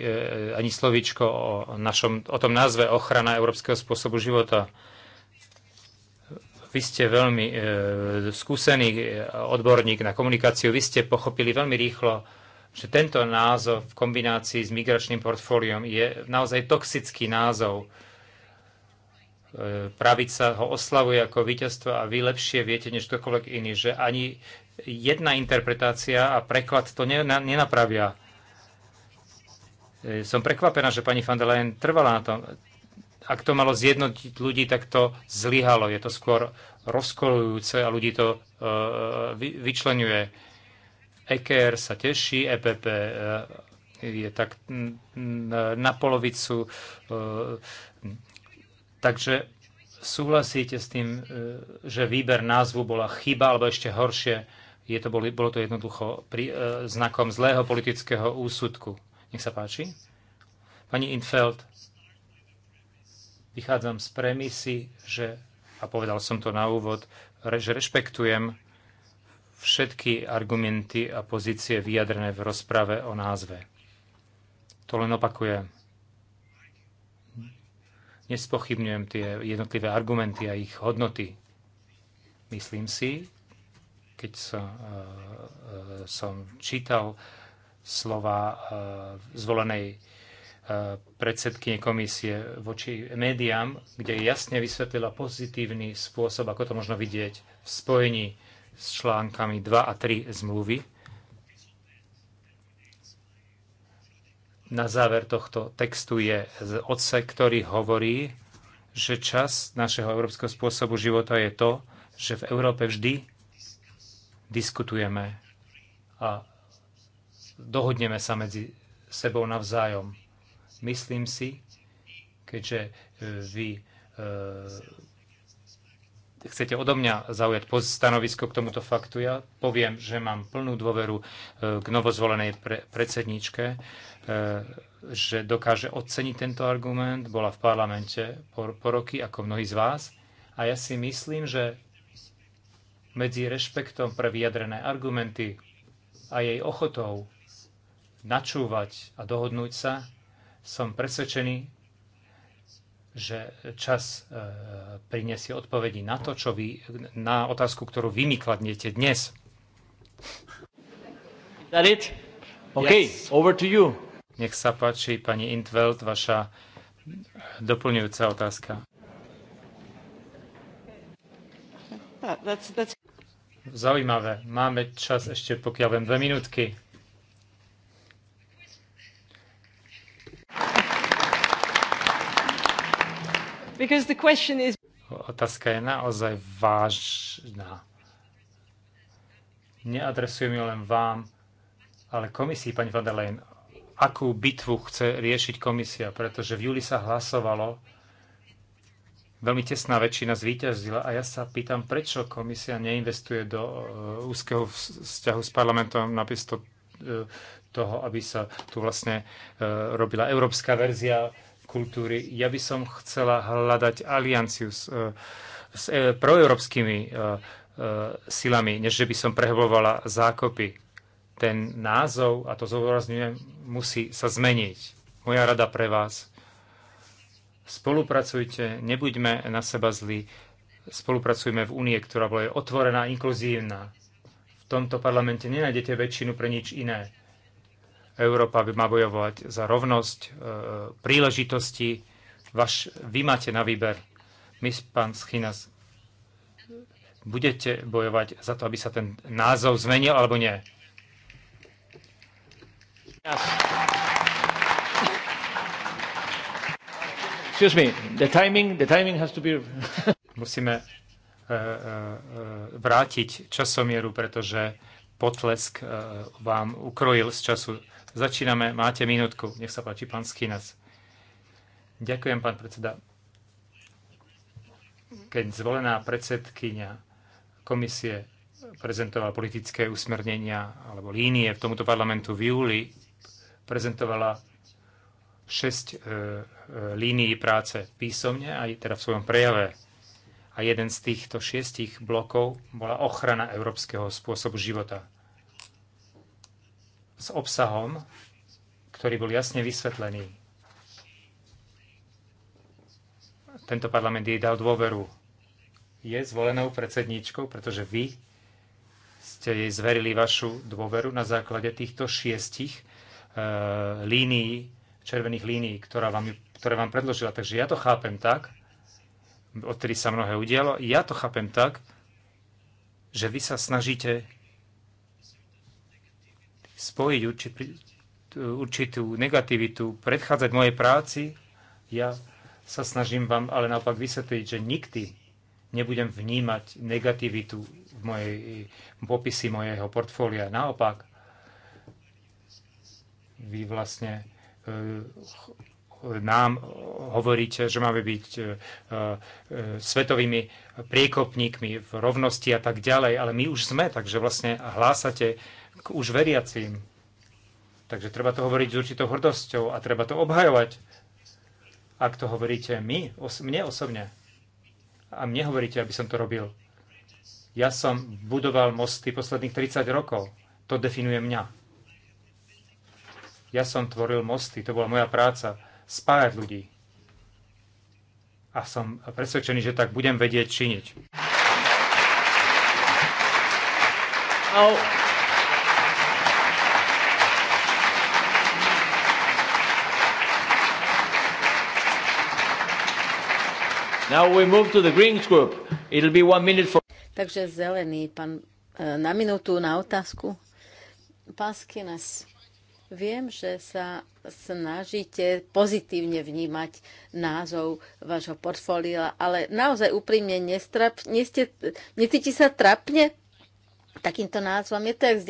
ani slovičko o, našom, o tom názve ochrana európskeho spôsobu života. Vy ste veľmi uh, skúsený odborník na komunikáciu, vy ste pochopili veľmi rýchlo, že tento názov v kombinácii s migračným portfóliom je naozaj toxický názov. E, pravica ho oslavuje ako víťazstvo a vy lepšie viete než ktokoľvek iný, že ani jedna interpretácia a preklad to nenapravia. E, som prekvapená, že pani van der Leyen trvala na tom. Ak to malo zjednotiť ľudí, tak to zlyhalo. Je to skôr rozkolujúce a ľudí to e, vyčlenuje EKR sa teší, EPP e, je tak na polovicu. E, takže súhlasíte s tým, e, že výber názvu bola chyba, alebo ešte horšie, je to, bolo, to jednoducho pri, znakom zlého politického úsudku. Nech sa páči. Pani Infeld, vychádzam z premisy, že, a povedal som to na úvod, že rešpektujem všetky argumenty a pozície vyjadrené v rozprave o názve. To len opakujem. Nespochybňujem tie jednotlivé argumenty a ich hodnoty. Myslím si, keď som, e, e, som čítal slova e, zvolenej predsedkyne komisie voči médiám, kde jasne vysvetlila pozitívny spôsob, ako to možno vidieť v spojení s článkami 2 a 3 zmluvy. Na záver tohto textu je odsek, ktorý hovorí, že čas našeho európskeho spôsobu života je to, že v Európe vždy diskutujeme a dohodneme sa medzi sebou navzájom. Myslím si, keďže e, vy e, chcete odo mňa zaujať stanovisko k tomuto faktu, ja poviem, že mám plnú dôveru e, k novozvolenej pre, predsedničke, e, že dokáže oceniť tento argument. Bola v parlamente po, po roky, ako mnohí z vás. A ja si myslím, že medzi rešpektom pre vyjadrené argumenty a jej ochotou načúvať a dohodnúť sa, som presvedčený, že čas e, prinesie odpovedi na to, čo vy, na otázku, ktorú vy mi kladnete dnes. Is that it? OK, yes. over to you. Nech sa páči, pani Intveld, vaša doplňujúca otázka. Zaujímavé. Máme čas ešte, pokiaľ viem, dve minútky. Is... Otázka je naozaj vážna. Neadresujem ju len vám, ale komisii, pani van der Leyen, akú bitvu chce riešiť komisia, pretože v júli sa hlasovalo, veľmi tesná väčšina zvíťazila a ja sa pýtam, prečo komisia neinvestuje do eh, úzkeho vzťahu s parlamentom namiesto eh, toho, aby sa tu vlastne eh, robila európska verzia kultúry. Ja by som chcela hľadať alianciu s, e, s e, proeurópskymi e, e, silami, než že by som prehlbovala zákopy. Ten názov, a to zôrazňujem, musí sa zmeniť. Moja rada pre vás. Spolupracujte, nebuďme na seba zlí, spolupracujme v únie, ktorá bola otvorená, inkluzívna. V tomto parlamente nenájdete väčšinu pre nič iné. Európa by má bojovať za rovnosť, e, príležitosti. Vaš, vy máte na výber. My, pán Schinas, budete bojovať za to, aby sa ten názov zmenil, alebo nie? Excuse me, the timing, the timing has to be... Musíme uh, uh, vrátiť časomieru, pretože potlesk uh, vám ukrojil z času. Začíname, máte minútku. Nech sa páči, pán Skinas. Ďakujem, pán predseda. Keď zvolená predsedkynia komisie prezentovala politické usmernenia alebo línie v tomuto parlamentu v júli, prezentovala šesť e, e, línií práce písomne, aj teda v svojom prejave. A jeden z týchto šiestich blokov bola ochrana európskeho spôsobu života s obsahom, ktorý bol jasne vysvetlený. Tento parlament jej dal dôveru. Je zvolenou predsedníčkou, pretože vy ste jej zverili vašu dôveru na základe týchto šiestich e, línií, červených línií, ktorá vám, ktoré vám predložila. Takže ja to chápem tak, odtedy sa mnohé udialo, ja to chápem tak, že vy sa snažíte spojiť určitú, určitú negativitu, predchádzať mojej práci. Ja sa snažím vám ale naopak vysvetliť, že nikdy nebudem vnímať negativitu v mojej v popisy mojeho portfólia. Naopak, vy vlastne e, nám hovoríte, že máme byť e, e, svetovými priekopníkmi v rovnosti a tak ďalej, ale my už sme, takže vlastne hlásate k už veriacím. Takže treba to hovoriť s určitou hrdosťou a treba to obhajovať, ak to hovoríte my, os- mne osobne. A mne hovoríte, aby som to robil. Ja som budoval mosty posledných 30 rokov. To definuje mňa. Ja som tvoril mosty, to bola moja práca. Spájať ľudí. A som presvedčený, že tak budem vedieť činiť. Oh. Now we move to the Greens group. It'll be one minute for... Takže zelený, pán, e, na minútu, na otázku. Pán Skinas, viem, že sa snažíte pozitívne vnímať názov vášho portfólia, ale naozaj úprimne nestrap, neste, necíti sa trapne takýmto názvom. Je to jak z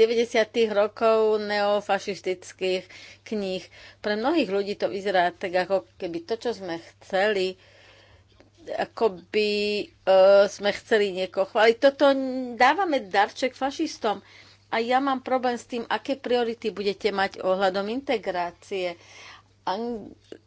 90. rokov neofašistických kníh. Pre mnohých ľudí to vyzerá tak, ako keby to, čo sme chceli, ako by e, sme chceli niekoho chváliť. Toto dávame darček fašistom. A ja mám problém s tým, aké priority budete mať ohľadom integrácie.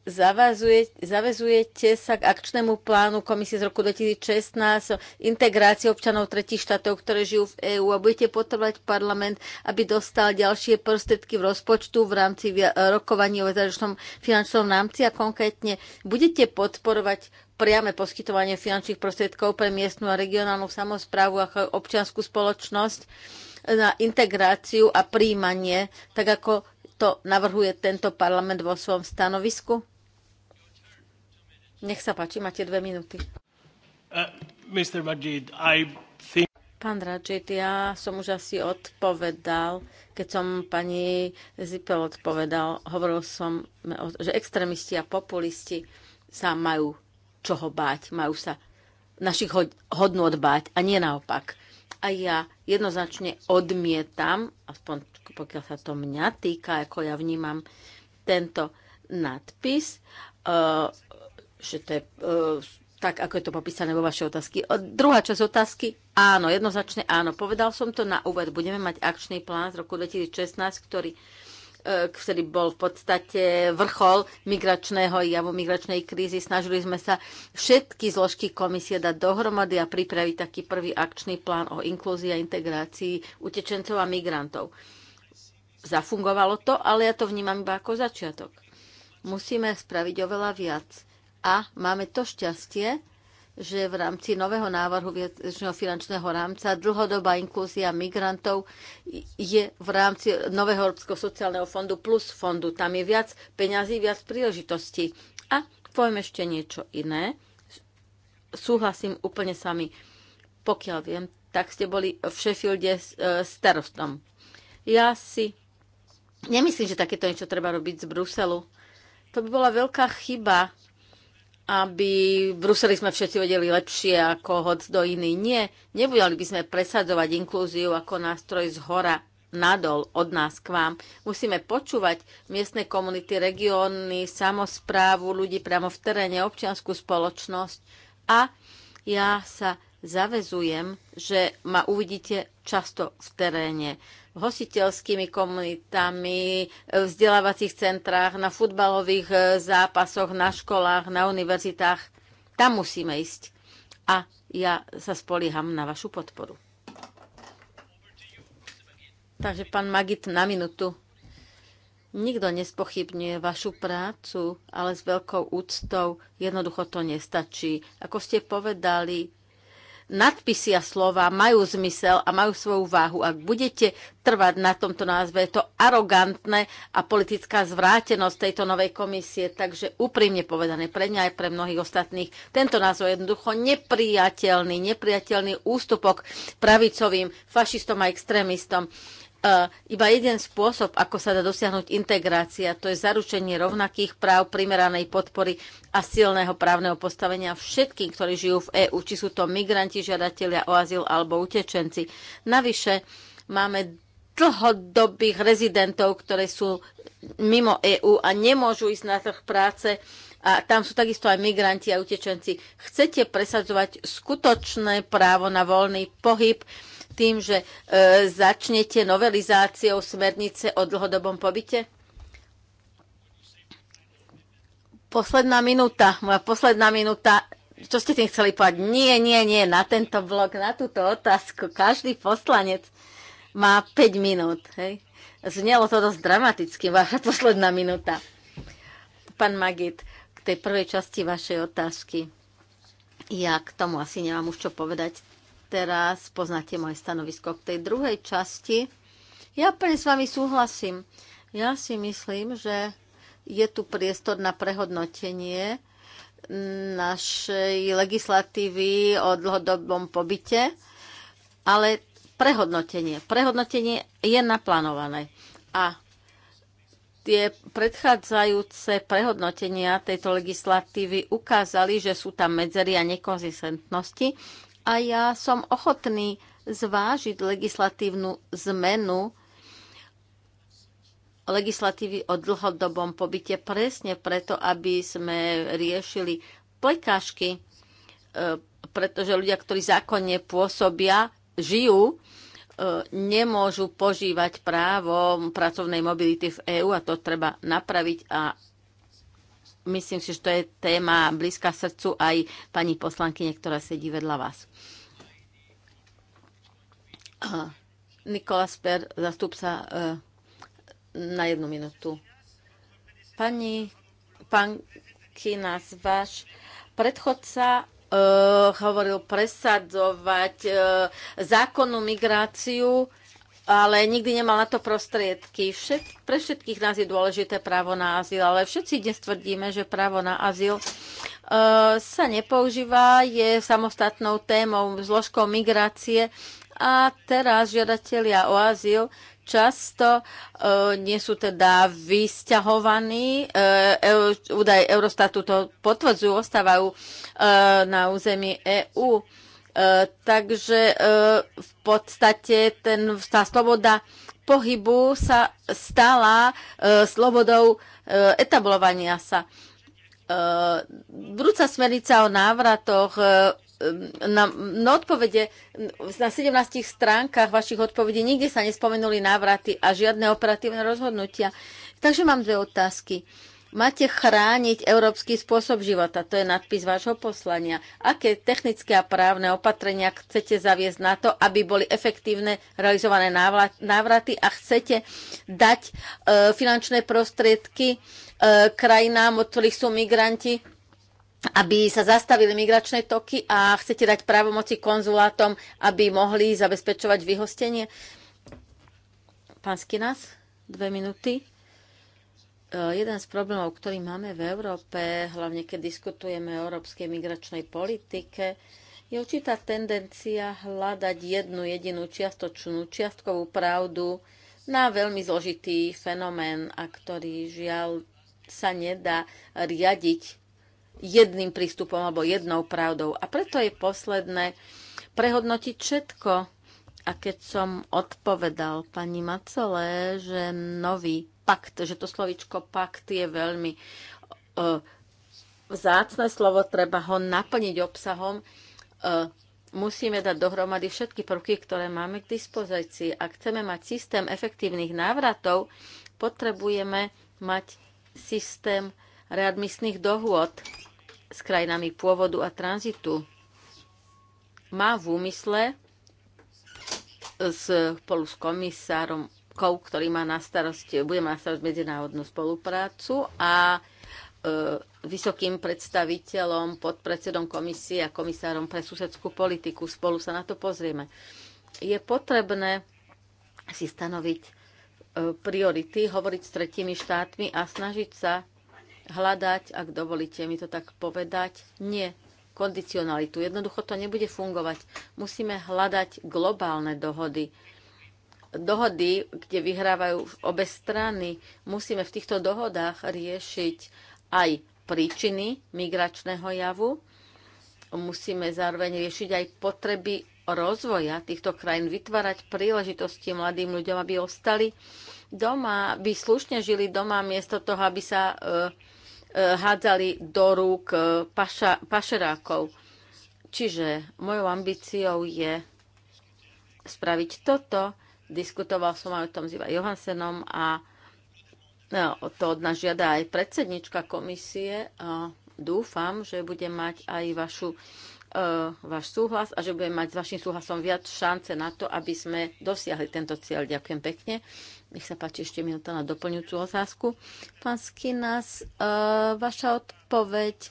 zavazuje, zavezujete sa k akčnému plánu komisie z roku 2016 o integrácii občanov tretich štátov, ktoré žijú v EÚ a budete potrebovať parlament, aby dostal ďalšie prostriedky v rozpočtu v rámci rokovaní o záročnom finančnom rámci a konkrétne budete podporovať priame poskytovanie finančných prostriedkov pre miestnu a regionálnu samozprávu ako občianskú spoločnosť na integráciu a príjmanie, tak ako to navrhuje tento parlament vo svojom stanovisku? Nech sa páči, máte dve minúty. Uh, Pán radžit, ja som už asi odpovedal, keď som pani Zipel odpovedal, hovoril som, že extrémisti a populisti sa majú čoho báť, majú sa našich hodnú odbáť a nie naopak. A ja jednoznačne odmietam, aspoň pokiaľ sa to mňa týka, ako ja vnímam tento nadpis, eh, že to je eh, tak, ako je to popísané vo vašej otázky. Druhá časť otázky, áno, jednoznačne áno. Povedal som to na úvod, budeme mať akčný plán z roku 2016, ktorý Eh, ktorý bol v podstate vrchol migračného javu, migračnej krízy. Snažili sme sa všetky zložky komisie dať dohromady a pripraviť taký prvý akčný plán o inklúzii a integrácii utečencov a migrantov. Zafungovalo to, ale ja to vnímam iba ako začiatok. Musíme spraviť oveľa viac. A máme to šťastie, že v rámci nového návrhu viacročného finančného rámca dlhodobá inklúzia migrantov je v rámci nového Európskeho sociálneho fondu plus fondu. Tam je viac peňazí, viac príležitostí. A poviem ešte niečo iné. Súhlasím úplne s vami. Pokiaľ viem, tak ste boli v Sheffielde e, starostom. Ja si nemyslím, že takéto niečo treba robiť z Bruselu. To by bola veľká chyba aby v Bruseli sme všetci vedeli lepšie ako hoc do iný. Nie, nebudali by sme presadzovať inklúziu ako nástroj z hora nadol od nás k vám. Musíme počúvať miestne komunity, regióny, samozprávu, ľudí priamo v teréne, občianskú spoločnosť. A ja sa zavezujem, že ma uvidíte často v teréne hostiteľskými komunitami, v vzdelávacích centrách, na futbalových e, zápasoch, na školách, na univerzitách. Tam musíme ísť. A ja sa spolieham na vašu podporu. Takže pán Magit na minutu. Nikto nespochybňuje vašu prácu, ale s veľkou úctou jednoducho to nestačí. Ako ste povedali, nadpisy a slova majú zmysel a majú svoju váhu. Ak budete trvať na tomto názve, je to arogantné a politická zvrátenosť tejto novej komisie. Takže úprimne povedané pre mňa aj pre mnohých ostatných, tento názov je jednoducho nepriateľný, nepriateľný ústupok pravicovým fašistom a extrémistom. E, iba jeden spôsob, ako sa dá dosiahnuť integrácia, to je zaručenie rovnakých práv, primeranej podpory a silného právneho postavenia všetkým, ktorí žijú v EÚ, či sú to migranti, žiadatelia o azyl alebo utečenci. Navyše máme dlhodobých rezidentov, ktoré sú mimo EÚ a nemôžu ísť na trh práce a tam sú takisto aj migranti a utečenci. Chcete presadzovať skutočné právo na voľný pohyb, tým, že e, začnete novelizáciou smernice o dlhodobom pobyte? Posledná minúta, moja posledná minúta. Čo ste tým chceli povedať? Nie, nie, nie, na tento vlog, na túto otázku. Každý poslanec má 5 minút. Hej? Znelo to dosť dramaticky, vaša posledná minúta. Pán Magit, k tej prvej časti vašej otázky. Ja k tomu asi nemám už čo povedať teraz poznáte moje stanovisko k tej druhej časti. Ja plne s vami súhlasím. Ja si myslím, že je tu priestor na prehodnotenie našej legislatívy o dlhodobom pobyte, ale prehodnotenie. Prehodnotenie je naplánované. A tie predchádzajúce prehodnotenia tejto legislatívy ukázali, že sú tam medzery a nekonzistentnosti a ja som ochotný zvážiť legislatívnu zmenu legislatívy o dlhodobom pobyte presne preto, aby sme riešili plekášky, e, pretože ľudia, ktorí zákonne pôsobia, žijú, e, nemôžu požívať právo pracovnej mobility v EÚ a to treba napraviť a myslím si, že to je téma blízka srdcu aj pani poslankyne, ktorá sedí vedľa vás. Nikolas Per, zastupca e, na jednu minútu. Pani, pán váš predchodca uh, hovoril presadzovať uh, zákonnú migráciu ale nikdy nemal na to prostriedky. Všet, pre všetkých nás je dôležité právo na azyl, ale všetci dnes tvrdíme, že právo na azyl uh, sa nepoužíva, je samostatnou témou, zložkou migrácie a teraz žiadatelia o azyl často e, nie sú teda vysťahovaní. E, e, údaj Eurostatu to potvrdzujú, ostávajú e, na území EÚ. E, takže e, v podstate ten, tá sloboda pohybu sa stala e, slobodou etablovania sa. Vrúca smernica o návratoch na, na odpovede, na 17 stránkach vašich odpovedí nikde sa nespomenuli návraty a žiadne operatívne rozhodnutia. Takže mám dve otázky. Uh, Máte chrániť európsky spôsob života, to je nadpis vášho poslania. Aké technické a právne opatrenia chcete zaviesť na to, aby boli efektívne realizované návraty a chcete dať e, finančné prostriedky e, krajinám, od ktorých sú migranti, aby sa zastavili migračné toky a chcete dať právomoci konzulátom, aby mohli zabezpečovať vyhostenie? Pán Skinas, dve minúty. Eh, jeden z problémov, ktorý máme v Európe, hlavne keď diskutujeme o európskej migračnej politike, je určitá tendencia hľadať jednu jedinú čiastočnú, čiastkovú pravdu na veľmi zložitý fenomén, a ktorý žiaľ sa nedá riadiť jedným prístupom alebo jednou pravdou. A preto je posledné prehodnotiť všetko. A keď som odpovedal pani Macole, že nový pakt, že to slovičko pakt je veľmi e, zácne slovo, treba ho naplniť obsahom. E, musíme dať dohromady všetky prvky, ktoré máme k dispozícii. Ak chceme mať systém efektívnych návratov, potrebujeme mať systém readmisných dohôd s krajinami pôvodu a tranzitu. Má v úmysle spolu s komisárom ktorý má na starosti, bude mať na starosti medzinárodnú spoluprácu a e, vysokým predstaviteľom, podpredsedom komisie a komisárom pre susedskú politiku. Spolu sa na to pozrieme. Je potrebné si stanoviť e, priority, hovoriť s tretími štátmi a snažiť sa hľadať, ak dovolíte mi to tak povedať, nie kondicionalitu. Jednoducho to nebude fungovať. Musíme hľadať globálne dohody dohody, kde vyhrávajú obe strany. Musíme v týchto dohodách riešiť aj príčiny migračného javu. Musíme zároveň riešiť aj potreby rozvoja týchto krajín, vytvárať príležitosti mladým ľuďom, aby ostali doma, aby slušne žili doma, miesto toho, aby sa e, e, hádzali do rúk e, paša, pašerákov. Čiže mojou ambíciou je spraviť toto, Diskutoval som aj o tom s Iva Johansenom a no, to od nás žiada aj predsednička komisie. A dúfam, že bude mať aj vašu e, váš súhlas a že budeme mať s vašim súhlasom viac šance na to, aby sme dosiahli tento cieľ. Ďakujem pekne. Nech sa páči ešte minúta na doplňujúcu otázku. Pán Skinas, e, vaša odpoveď e,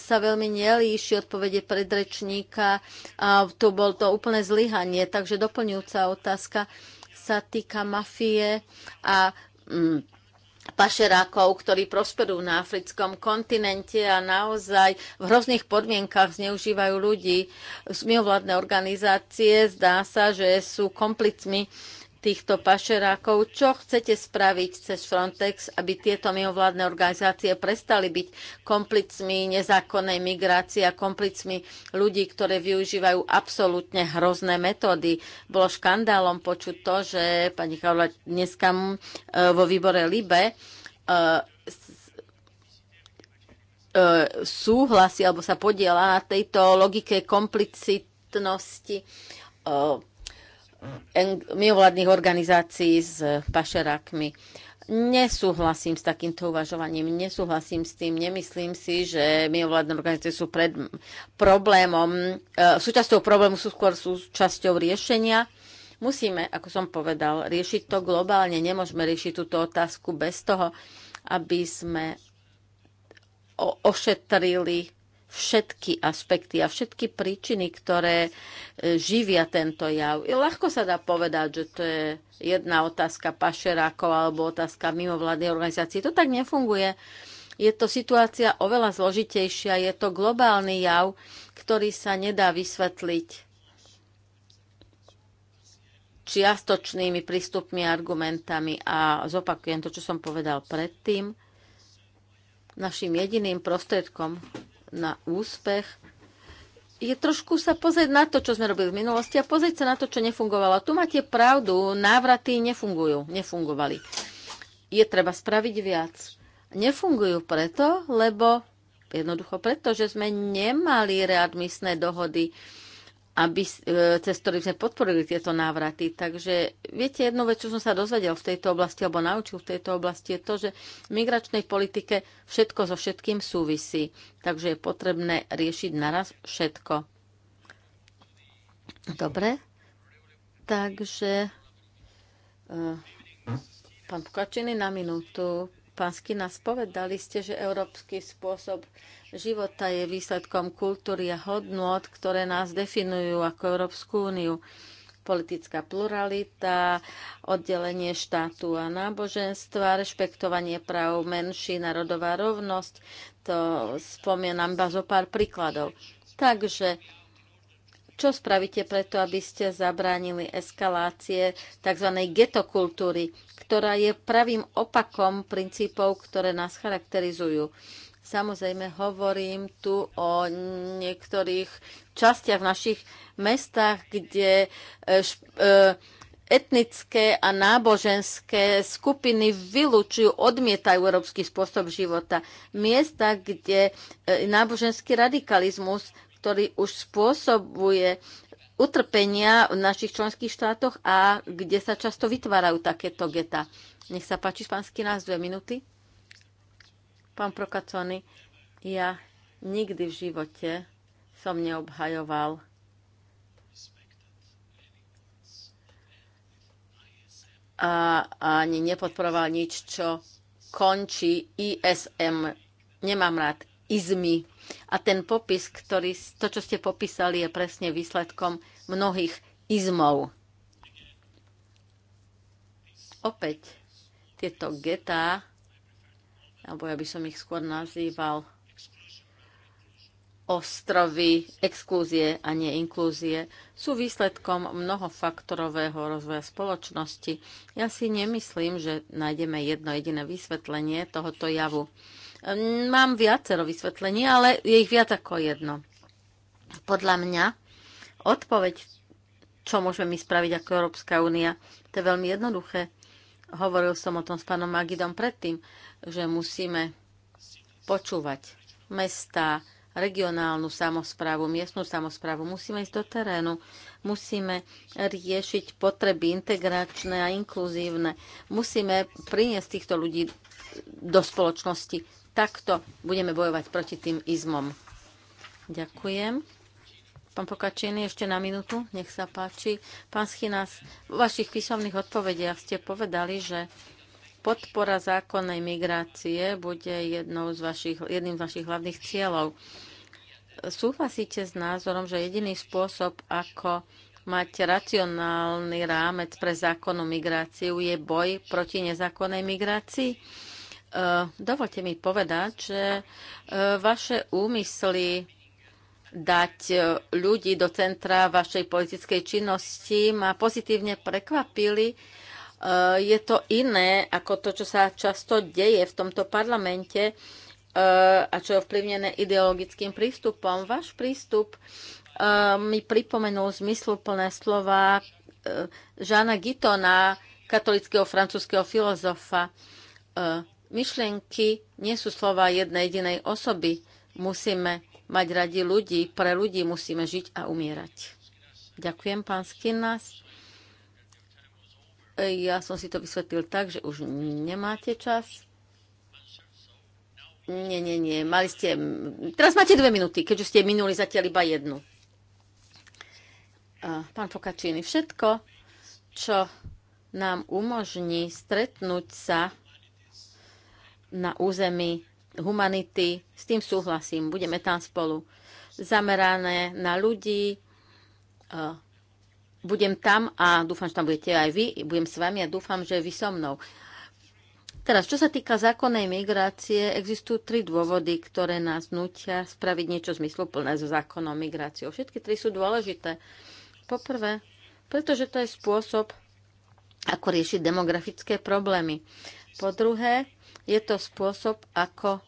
sa veľmi nelíši odpovede predrečníka. A tu bol to úplné zlyhanie, takže doplňujúca otázka sa týka mafie a mm, pašerákov, ktorí prosperujú na africkom kontinente a naozaj v hrozných podmienkach zneužívajú ľudí. Mimovládne organizácie zdá sa, že sú komplicmi týchto pašerákov. Čo chcete spraviť cez Frontex, aby tieto mimovládne organizácie prestali byť komplicmi nezákonnej migrácie a komplicmi ľudí, ktoré využívajú absolútne hrozné metódy? Bolo škandálom počuť to, že pani Kaula dneska e, vo výbore LIBE e, e, súhlasí alebo sa podiela na tejto logike komplicitnosti mimovládnych organizácií s pašerákmi. Nesúhlasím s takýmto uvažovaním, nesúhlasím s tým, nemyslím si, že mimovládne organizácie sú pred problémom, e, súčasťou problému sú skôr súčasťou riešenia. Musíme, ako som povedal, riešiť to globálne, nemôžeme riešiť túto otázku bez toho, aby sme ošetrili všetky aspekty a všetky príčiny, ktoré e, živia tento jav. I ľahko sa dá povedať, že to je jedna otázka pašerákov alebo otázka mimovládnej organizácie. To tak nefunguje. Je to situácia oveľa zložitejšia, je to globálny jav, ktorý sa nedá vysvetliť čiastočnými prístupmi a argumentami a zopakujem to, čo som povedal predtým. Našim jediným prostriedkom na úspech je trošku sa pozrieť na to, čo sme robili v minulosti a pozrieť sa na to, čo nefungovalo. Tu máte pravdu, návraty nefungujú, nefungovali. Je treba spraviť viac. Nefungujú preto, lebo jednoducho preto, že sme nemali readmisné dohody aby, e, cez ktorý sme podporili tieto návraty. Takže viete, jednu vec, čo som sa dozvedel v tejto oblasti, alebo naučil v tejto oblasti, je to, že v migračnej politike všetko so všetkým súvisí. Takže je potrebné riešiť naraz všetko. Dobre? Takže... E, pán Pukačiny na minútu. Pán Skinas, povedali ste, že európsky spôsob života je výsledkom kultúry a hodnot, ktoré nás definujú ako Európsku úniu. Politická pluralita, oddelenie štátu a náboženstva, rešpektovanie práv menší, národová rovnosť. To spomienam iba zo pár príkladov. Takže čo spravíte preto, aby ste zabránili eskalácie tzv. getokultúry, ktorá je pravým opakom princípov, ktoré nás charakterizujú? Samozrejme, hovorím tu o niektorých častiach v našich mestách, kde e, e, etnické a náboženské skupiny vylúčujú, odmietajú európsky spôsob života. Miesta, kde e, náboženský radikalizmus ktorý už spôsobuje utrpenia v našich členských štátoch a kde sa často vytvárajú takéto geta. Nech sa páči, pán nás dve minúty. Pán Prokacony, ja nikdy v živote som neobhajoval a ani nepodporoval nič, čo končí ISM. Nemám rád izmy. A ten popis, ktorý, to, čo ste popísali, je presne výsledkom mnohých izmov. Opäť tieto getá, alebo ja by som ich skôr nazýval ostrovy exklúzie a nie inklúzie sú výsledkom mnohofaktorového rozvoja spoločnosti. Ja si nemyslím, že nájdeme jedno jediné vysvetlenie tohoto javu. Mám viacero vysvetlení, ale je ich viac ako jedno. Podľa mňa odpoveď, čo môžeme my spraviť ako Európska únia, to je veľmi jednoduché. Hovoril som o tom s pánom Magidom predtým, že musíme počúvať mesta, regionálnu samozprávu, miestnú samozprávu. Musíme ísť do terénu, musíme riešiť potreby integračné a inkluzívne. Musíme priniesť týchto ľudí do spoločnosti takto budeme bojovať proti tým izmom. Ďakujem. Pán Pokačiny, ešte na minútu, nech sa páči. Pán Schinas, v vašich písomných odpovediach ste povedali, že podpora zákonnej migrácie bude jednou z vašich, jedným z vašich hlavných cieľov. Súhlasíte s názorom, že jediný spôsob, ako mať racionálny rámec pre zákonnú migráciu, je boj proti nezákonnej migrácii? Eh, dovolte mi povedať, že eh, vaše úmysly dať eh, ľudí do centra vašej politickej činnosti ma pozitívne prekvapili. Je to iné ako to, čo sa často deje v tomto parlamente a čo je ovplyvnené ideologickým prístupom. Váš prístup mi pripomenul zmysluplné slova Žána Gitona, katolického francúzského filozofa myšlienky nie sú slova jednej jedinej osoby. Musíme mať radi ľudí, pre ľudí musíme žiť a umierať. Ďakujem, pán Skinnas. Ja som si to vysvetlil tak, že už nemáte čas. Nie, nie, nie. Mali ste... Teraz máte dve minúty, keďže ste minuli zatiaľ iba jednu. Pán Fokačíny, všetko, čo nám umožní stretnúť sa na území humanity. S tým súhlasím, budeme tam spolu. Zamerané na ľudí, budem tam a dúfam, že tam budete aj vy, budem s vami a dúfam, že vy so mnou. Teraz, čo sa týka zákonnej migrácie, existujú tri dôvody, ktoré nás nutia spraviť niečo zmysluplné so zákonom migráciou. Všetky tri sú dôležité. Poprvé, pretože to je spôsob, ako riešiť demografické problémy. Po druhé, je to spôsob, ako e,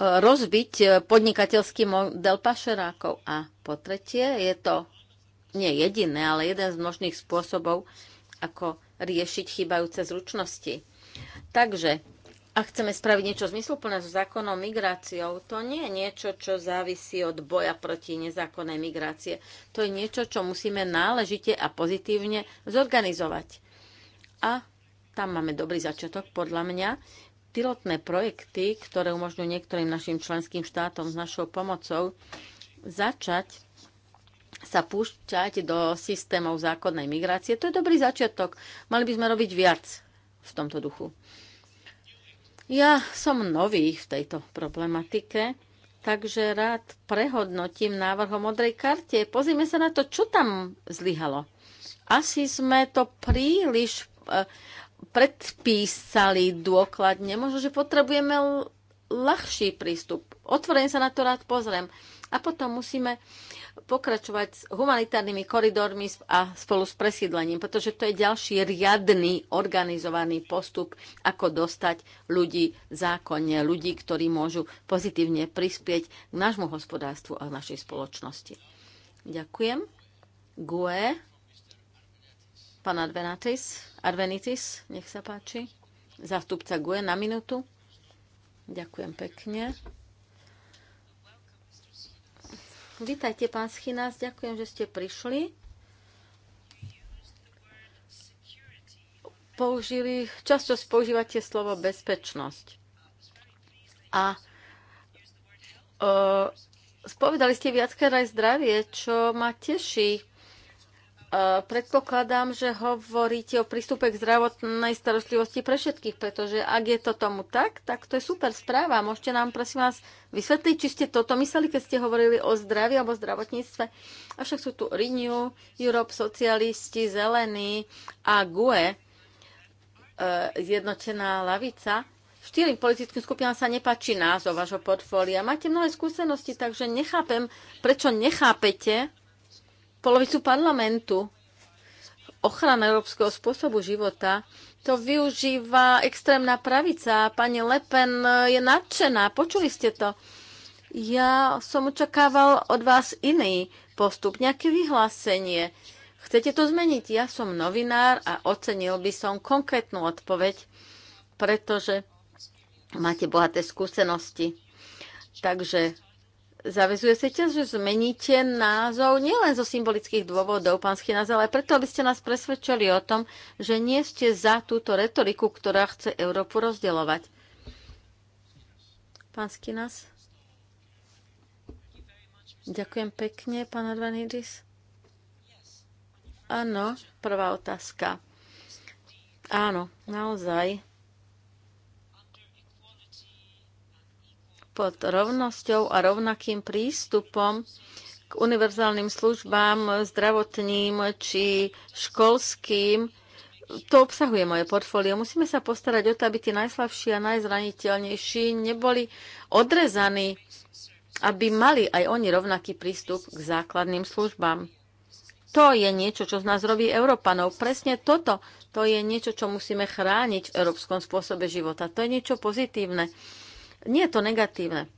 rozbiť e, podnikateľský model pašerákov. A po tretie, je to nie jediné, ale jeden z možných spôsobov, ako riešiť chýbajúce zručnosti. Takže, ak chceme spraviť niečo zmysluplné so zákonom migráciou, to nie je niečo, čo závisí od boja proti nezákonnej migrácie. To je niečo, čo musíme náležite a pozitívne zorganizovať. A tam máme dobrý začiatok, podľa mňa. Pilotné projekty, ktoré umožňujú niektorým našim členským štátom s našou pomocou začať sa púšťať do systémov zákonnej migrácie. To je dobrý začiatok. Mali by sme robiť viac v tomto duchu. Ja som nový v tejto problematike, takže rád prehodnotím návrh o modrej karte. Pozrime sa na to, čo tam zlyhalo. Asi sme to príliš eh, predpísali dôkladne. Možno, že potrebujeme ľahší prístup. Otvorene sa na to rád pozriem. A potom musíme pokračovať s humanitárnymi koridormi a spolu s presídlením, pretože to je ďalší riadny, organizovaný postup, ako dostať ľudí zákonne, ľudí, ktorí môžu pozitívne prispieť k nášmu hospodárstvu a našej spoločnosti. Ďakujem. Gue. Pán Advenatis, Advenitis, nech sa páči. Zastupca GUE na minútu. Ďakujem pekne. Vítajte, pán Schinas, ďakujem, že ste prišli. Použili, často používate slovo bezpečnosť. A uh, spovedali ste viackrát aj zdravie, čo ma teší, Predpokladám, že hovoríte o prístupe k zdravotnej starostlivosti pre všetkých, pretože ak je to tomu tak, tak to je super správa. Môžete nám prosím vás vysvetliť, či ste toto mysleli, keď ste hovorili o zdraví alebo zdravotníctve. Avšak sú tu Renew, Europe, socialisti, zelení a GUE, e, zjednotená lavica. Štyrým politickým skupinám sa nepáči názov vášho portfólia. Máte mnohé skúsenosti, takže nechápem, prečo nechápete, polovicu parlamentu. Ochrana európskeho spôsobu života to využíva extrémna pravica. Pani Le Pen je nadšená, počuli ste to. Ja som očakával od vás iný postup, nejaké vyhlásenie. Chcete to zmeniť? Ja som novinár a ocenil by som konkrétnu odpoveď, pretože máte bohaté skúsenosti. Takže zavezuje sa ťa, že zmeníte názov nielen zo symbolických dôvodov, pán Schinaz, ale preto, aby ste nás presvedčili o tom, že nie ste za túto retoriku, ktorá chce Európu rozdeľovať. Pán Schinaz? Ďakujem pekne, pán Arvanidis. Áno, prvá otázka. Áno, naozaj pod rovnosťou a rovnakým prístupom k univerzálnym službám zdravotným či školským. To obsahuje moje portfólio. Musíme sa postarať o to, aby tí najslabší a najzraniteľnejší neboli odrezaní, aby mali aj oni rovnaký prístup k základným službám. To je niečo, čo z nás robí Európanov. Presne toto. To je niečo, čo musíme chrániť v európskom spôsobe života. To je niečo pozitívne nie je to negatívne.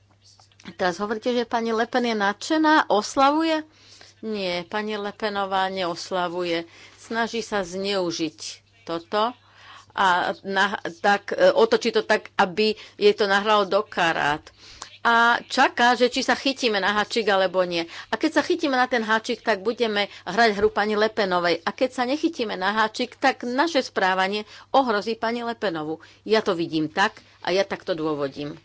Teraz hovoríte, že pani Lepen je nadšená, oslavuje? Nie, pani Lepenová neoslavuje. Snaží sa zneužiť toto a na, tak, e, otočí to tak, aby jej to nahralo do karát a čaká, že či sa chytíme na háčik alebo nie. A keď sa chytíme na ten háčik, tak budeme hrať hru pani Lepenovej. A keď sa nechytíme na háčik, tak naše správanie ohrozí pani Lepenovu. Ja to vidím tak a ja takto dôvodím.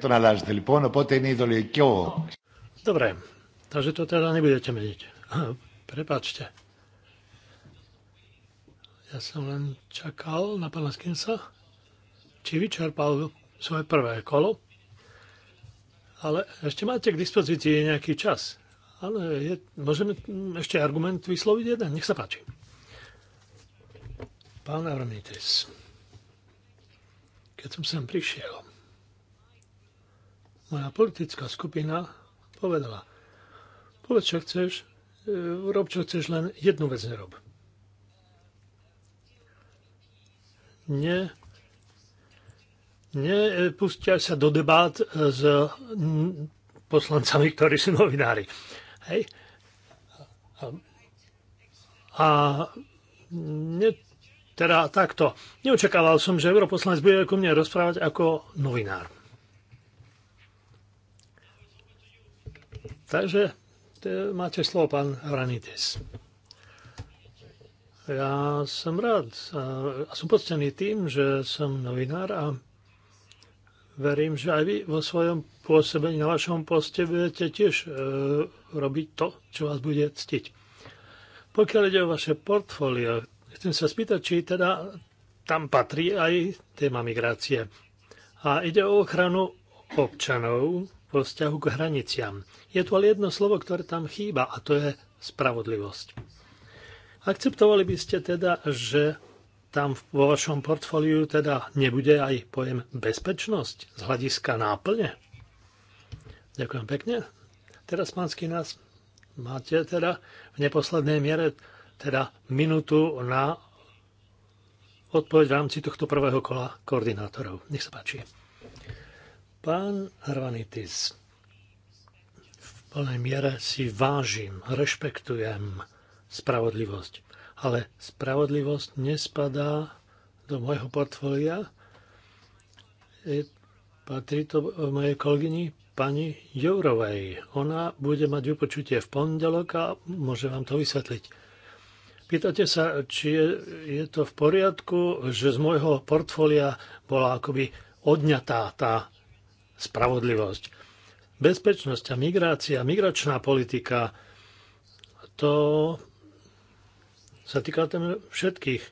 To nalážete, λοιπόν, οπότε είναι ιδεολογικό. Dobre, takže to teda nebudete meniť. Prepačte. Ja som len čakal na pána Skinsa, či vyčerpal svoje prvé kolo. Ale ešte máte k dispozícii nejaký čas. Ale je, môžeme ešte argument vysloviť jeden? Nech sa páči. Pán Avramitis, keď som sem prišiel, moja politická skupina povedala, povedz, čo chceš, e, rob, čo chceš, len jednu vec nerob. Ne, nepustia sa do debát e, s poslancami, ktorí sú novinári. Hej? A, a ne, teda takto. Neočakával som, že europoslanec bude ku mne rozprávať ako novinár. Takže máte slovo, pán Hranides. Ja som rád a som poctený tým, že som novinár a verím, že aj vy vo svojom pôsobení, na vašom poste budete tiež e, robiť to, čo vás bude ctiť. Pokiaľ ide o vaše portfólio, Chcem sa spýtať, či teda tam patrí aj téma migrácie. A ide o ochranu občanov vo vzťahu k hraniciam. Je tu ale jedno slovo, ktoré tam chýba a to je spravodlivosť. Akceptovali by ste teda, že tam vo vašom portfóliu teda nebude aj pojem bezpečnosť z hľadiska náplne? Ďakujem pekne. Teraz, pánsky nás máte teda v neposlednej miere teda minútu na odpoveď v rámci tohto prvého kola koordinátorov. Nech sa páči. Pán Hrvanitis, v plnej miere si vážim, rešpektujem spravodlivosť, ale spravodlivosť nespadá do môjho portfólia. E, patrí to mojej kolegyni pani Jourovej. Ona bude mať vypočutie v pondelok a môže vám to vysvetliť. Pýtate sa, či je, je to v poriadku, že z môjho portfólia bola akoby odňatá tá spravodlivosť. Bezpečnosť a migrácia, migračná politika, to sa týka tam všetkých e,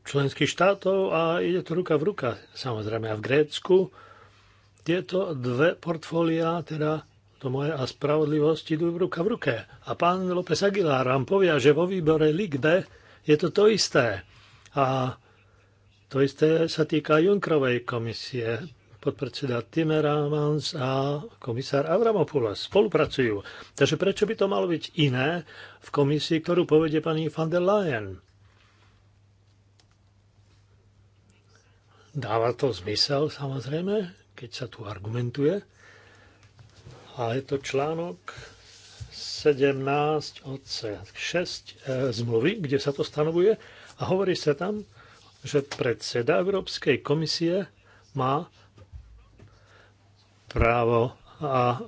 členských štátov a ide to ruka v ruka, samozrejme. A v Grécku tieto dve portfólia teda to moje a spravodlivosť idú ruka v ruke. A pán López Aguilar vám povia, že vo výbore Ligbe je to to isté. A to isté sa týka Junkrovej komisie. Podpredseda Timmermans a komisár Avramopoulos spolupracujú. Takže prečo by to malo byť iné v komisii, ktorú povede pani van der Leyen? Dáva to zmysel, samozrejme, keď sa tu argumentuje. A je to článok 17 od 6 e, zmluvy, kde sa to stanovuje a hovorí sa tam, že predseda Európskej komisie má právo a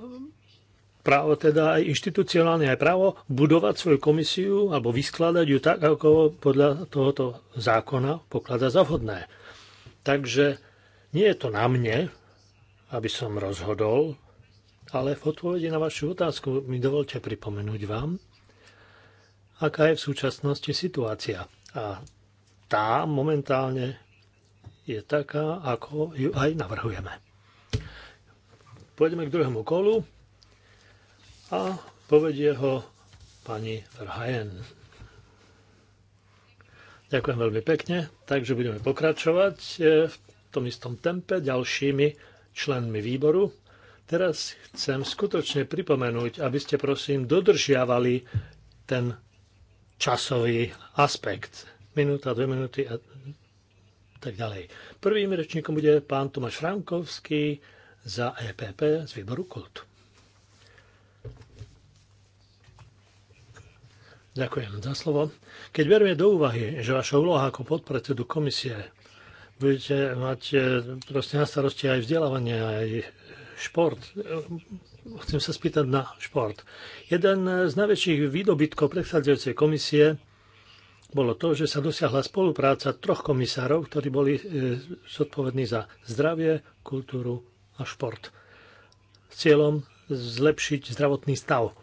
právo teda aj inštitucionálne, aj právo budovať svoju komisiu alebo vyskladať ju tak, ako podľa tohoto zákona poklada za vhodné. Takže nie je to na mne, aby som rozhodol ale v odpovedi na vašu otázku mi dovolte pripomenúť vám, aká je v súčasnosti situácia. A tá momentálne je taká, ako ju aj navrhujeme. Pôjdeme k druhému kolu a povedie ho pani Rhajen. Ďakujem veľmi pekne, takže budeme pokračovať eh, v tom istom tempe ďalšími členmi výboru. Teraz chcem skutočne pripomenúť, aby ste prosím dodržiavali ten časový aspekt. Minúta, dve minúty a tak ďalej. Prvým rečníkom bude pán Tomáš Frankovský za EPP z výboru Kult. Ďakujem za slovo. Keď berme do úvahy, že vaša úloha ako podpredsedu komisie budete mať eh, proste na starosti aj vzdelávanie, aj šport. Chcem sa spýtať na šport. Jeden z najväčších výdobytkov predchádzajúcej komisie bolo to, že sa dosiahla spolupráca troch komisárov, ktorí boli e, zodpovední za zdravie, kultúru a šport. S cieľom zlepšiť zdravotný stav e,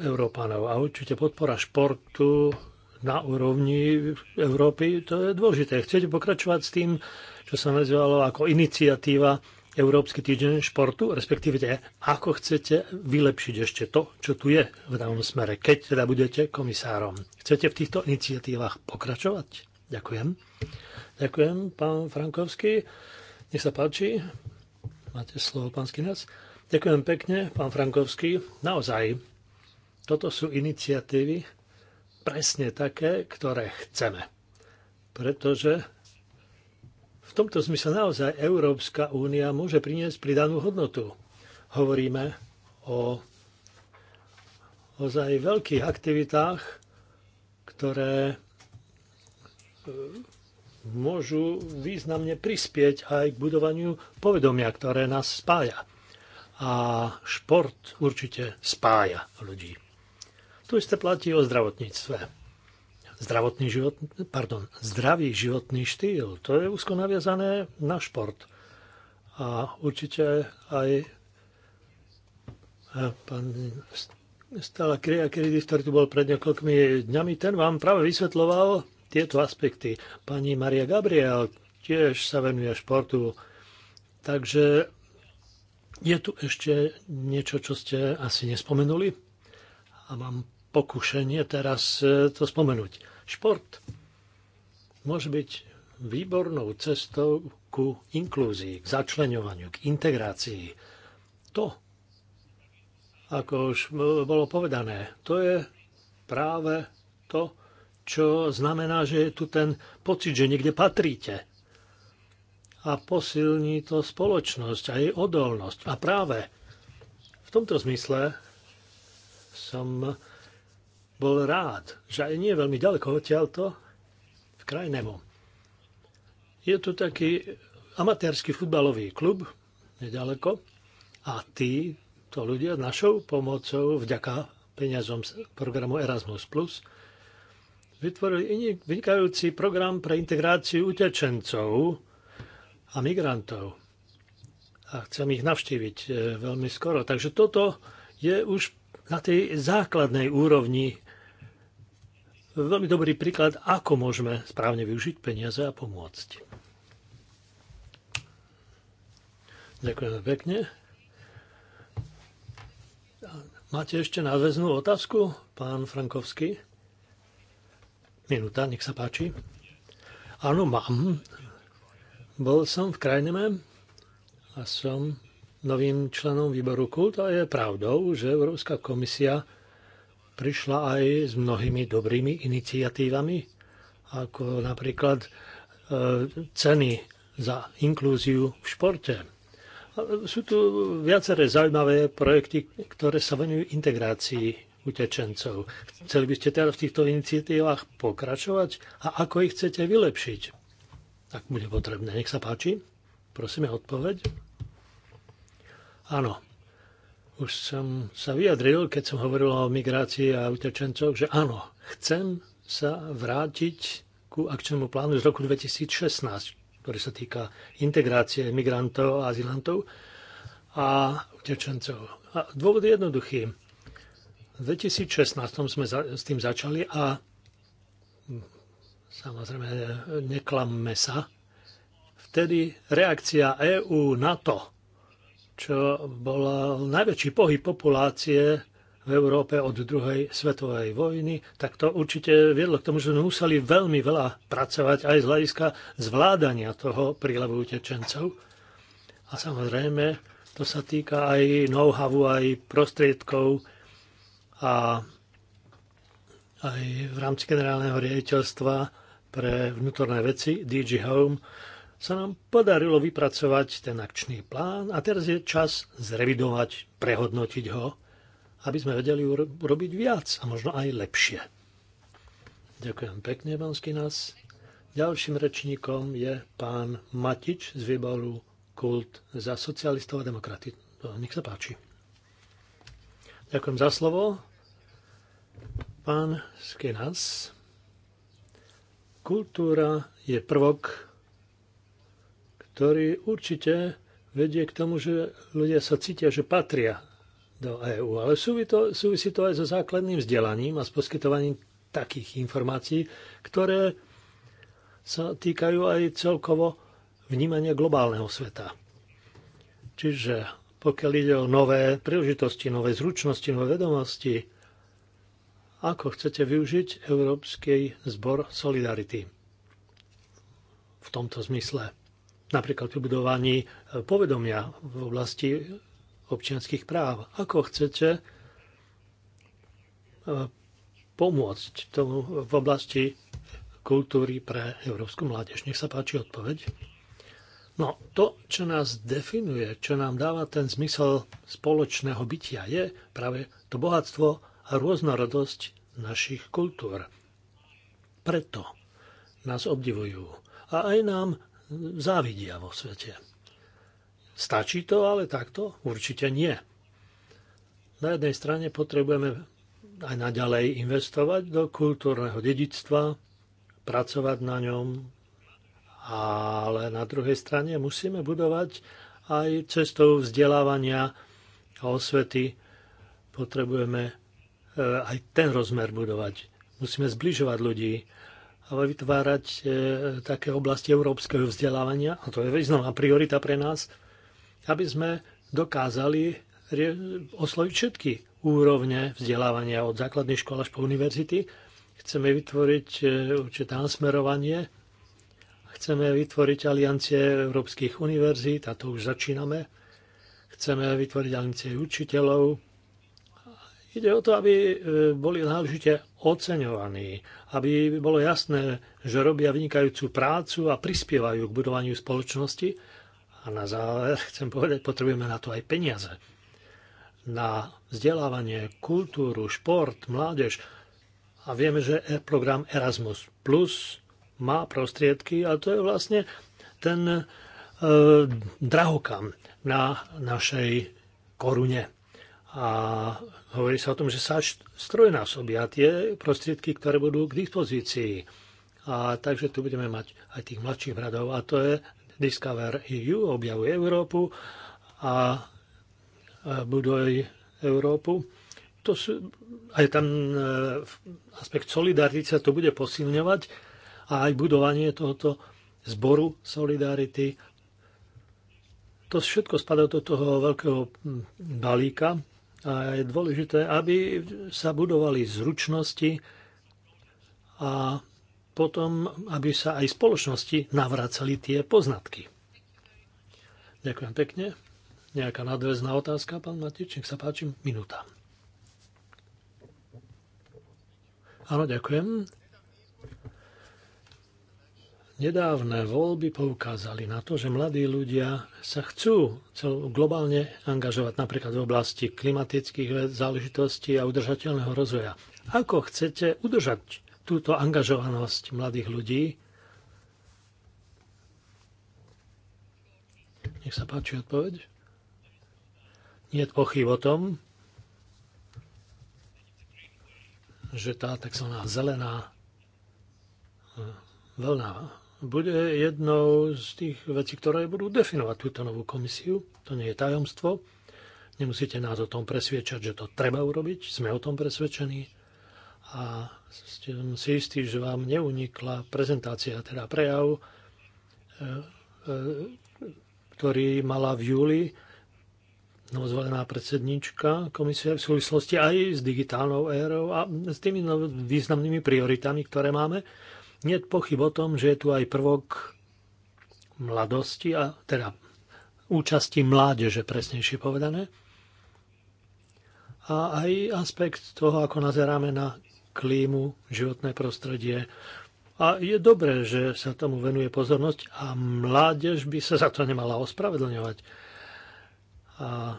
Európanov. A určite podpora športu na úrovni Európy, to je dôležité. Chcete pokračovať s tým, čo sa nazývalo ako iniciatíva Európsky týždeň športu, respektíve teda, ako chcete vylepšiť ešte to, čo tu je v danom smere, keď teda budete komisárom. Chcete v týchto iniciatívach pokračovať? Ďakujem. Ďakujem, pán Frankovský. Nech sa páči. Máte slovo, pán Skinec. Ďakujem pekne, pán Frankovský. Naozaj, toto sú iniciatívy presne také, ktoré chceme. Pretože tomto zmysle naozaj Európska únia môže priniesť pridanú hodnotu. Hovoríme o ozaj veľkých aktivitách, ktoré e, môžu významne prispieť aj k budovaniu povedomia, ktoré nás spája. A šport určite spája ľudí. To isté platí o zdravotníctve zdravotný život, pardon, zdravý životný štýl. To je úzko naviazané na šport. A určite aj e, pán Stala Kria Kridy, ktorý tu bol pred niekoľkými dňami, ten vám práve vysvetloval tieto aspekty. Pani Maria Gabriel tiež sa venuje športu, takže je tu ešte niečo, čo ste asi nespomenuli a mám pokušenie teraz e, to spomenúť. Šport môže byť výbornou cestou ku inklúzii, k začleňovaniu, k integrácii. To, ako už e, bolo povedané, to je práve to, čo znamená, že je tu ten pocit, že niekde patríte. A posilní to spoločnosť a jej odolnosť. A práve v tomto zmysle som bol rád, že aj nie veľmi ďaleko odtiaľto, v Krajnevom. Je tu taký amatérsky futbalový klub, nedaleko, a tí, to ľudia, našou pomocou, vďaka peniazom z programu Erasmus+, vytvorili vynikajúci program pre integráciu utečencov a migrantov. A chcem ich navštíviť e, veľmi skoro. Takže toto je už na tej základnej úrovni veľmi dobrý príklad, ako môžeme správne využiť peniaze a pomôcť. Ďakujeme pekne. Máte ešte náväznú otázku, pán Frankovský? Minúta, nech sa páči. Áno, mám. Bol som v Krajneme a som novým členom výboru KULT a je pravdou, že Európska komisia prišla aj s mnohými dobrými iniciatívami, ako napríklad e, ceny za inklúziu v športe. Sú tu viaceré zaujímavé projekty, ktoré sa venujú integrácii utečencov. Chceli by ste teda v týchto iniciatívach pokračovať a ako ich chcete vylepšiť? Tak bude potrebné, nech sa páči. Prosíme odpoveď. Áno, už som sa vyjadril, keď som hovoril o migrácii a utečencoch, že áno, chcem sa vrátiť ku akčnému plánu z roku 2016, ktorý sa týka integrácie migrantov a azilantov a utečencov. A dôvod je jednoduchý. V 2016 sme za, s tým začali a samozrejme neklamme sa, vtedy reakcia EÚ na to čo bol najväčší pohyb populácie v Európe od druhej svetovej vojny, tak to určite viedlo k tomu, že sme museli veľmi veľa pracovať aj z hľadiska zvládania toho prílevu utečencov. A samozrejme, to sa týka aj know-howu, aj prostriedkov a aj v rámci generálneho riaditeľstva pre vnútorné veci DG Home sa nám podarilo vypracovať ten akčný plán a teraz je čas zrevidovať, prehodnotiť ho, aby sme vedeli urobiť viac a možno aj lepšie. Ďakujem pekne, pán nás. Ďalším rečníkom je pán Matič z výboru Kult za socialistov a demokraty. Nech sa páči. Ďakujem za slovo. Pán Skinas, kultúra je prvok ktorý určite vedie k tomu, že ľudia sa cítia, že patria do EÚ. Ale súvisí to, súvisí to aj so základným vzdelaním a s poskytovaním takých informácií, ktoré sa týkajú aj celkovo vnímania globálneho sveta. Čiže pokiaľ ide o nové príležitosti, nové zručnosti, nové vedomosti, ako chcete využiť Európsky zbor Solidarity v tomto zmysle napríklad pri budovaní e, povedomia v oblasti občianských práv. Ako chcete e, pomôcť tomu v oblasti kultúry pre európsku mládež? Nech sa páči odpoveď. No, to, čo nás definuje, čo nám dáva ten zmysel spoločného bytia, je práve to bohatstvo a rôznorodosť našich kultúr. Preto nás obdivujú a aj nám závidia vo svete. Stačí to ale takto? Určite nie. Na jednej strane potrebujeme aj naďalej investovať do kultúrneho dedictva, pracovať na ňom, ale na druhej strane musíme budovať aj cestou vzdelávania a osvety. Potrebujeme e, aj ten rozmer budovať. Musíme zbližovať ľudí ale vytvárať e, také oblasti európskeho vzdelávania, a to je významná priorita pre nás, aby sme dokázali osloviť všetky úrovne vzdelávania od základnej školy až po univerzity. Chceme vytvoriť e, určité nasmerovanie, chceme vytvoriť aliancie európskych univerzít, a to už začíname. Chceme vytvoriť aliancie učiteľov. Ide o to, aby e, boli náležite oceňovaní, aby bolo jasné, že robia vynikajúcu prácu a prispievajú k budovaniu spoločnosti. A na záver chcem povedať, potrebujeme na to aj peniaze. Na vzdelávanie, kultúru, šport, mládež. A vieme, že program Erasmus Plus má prostriedky a to je vlastne ten e, drahokam na našej korune. A hovorí sa o tom, že sa až strojnásobia tie prostriedky, ktoré budú k dispozícii. A takže tu budeme mať aj tých mladších hradov a to je Discover EU, objavuje Európu a buduj Európu. To sú, aj tam e, aspekt solidarity sa to bude posilňovať a aj budovanie tohoto zboru solidarity. To všetko spadá do toho veľkého balíka a je dôležité, aby sa budovali zručnosti a potom, aby sa aj spoločnosti navracali tie poznatky. Ďakujem pekne. Nejaká nadväzná otázka, pán Matič, nech sa páči, minúta. Áno, ďakujem. Nedávne voľby poukázali na to, že mladí ľudia sa chcú globálne angažovať napríklad v oblasti klimatických záležitostí a udržateľného rozvoja. Ako chcete udržať túto angažovanosť mladých ľudí? Nech sa páči odpoveď. Nie je pochyb o tom, že tá tzv. zelená eh, vlna bude jednou z tých vecí, ktoré budú definovať túto novú komisiu. To nie je tajomstvo. Nemusíte nás o tom presviečať, že to treba urobiť. Sme o tom presvedčení. A ste si istí, že vám neunikla prezentácia, teda prejav, e, e, ktorý mala v júli novozvolená predsednička komisie v súvislosti aj s digitálnou érou a s tými významnými prioritami, ktoré máme nie je pochyb o tom, že je tu aj prvok mladosti, a teda účasti mládeže, presnejšie povedané, a aj aspekt toho, ako nazeráme na klímu, životné prostredie. A je dobré, že sa tomu venuje pozornosť a mládež by sa za to nemala ospravedlňovať. A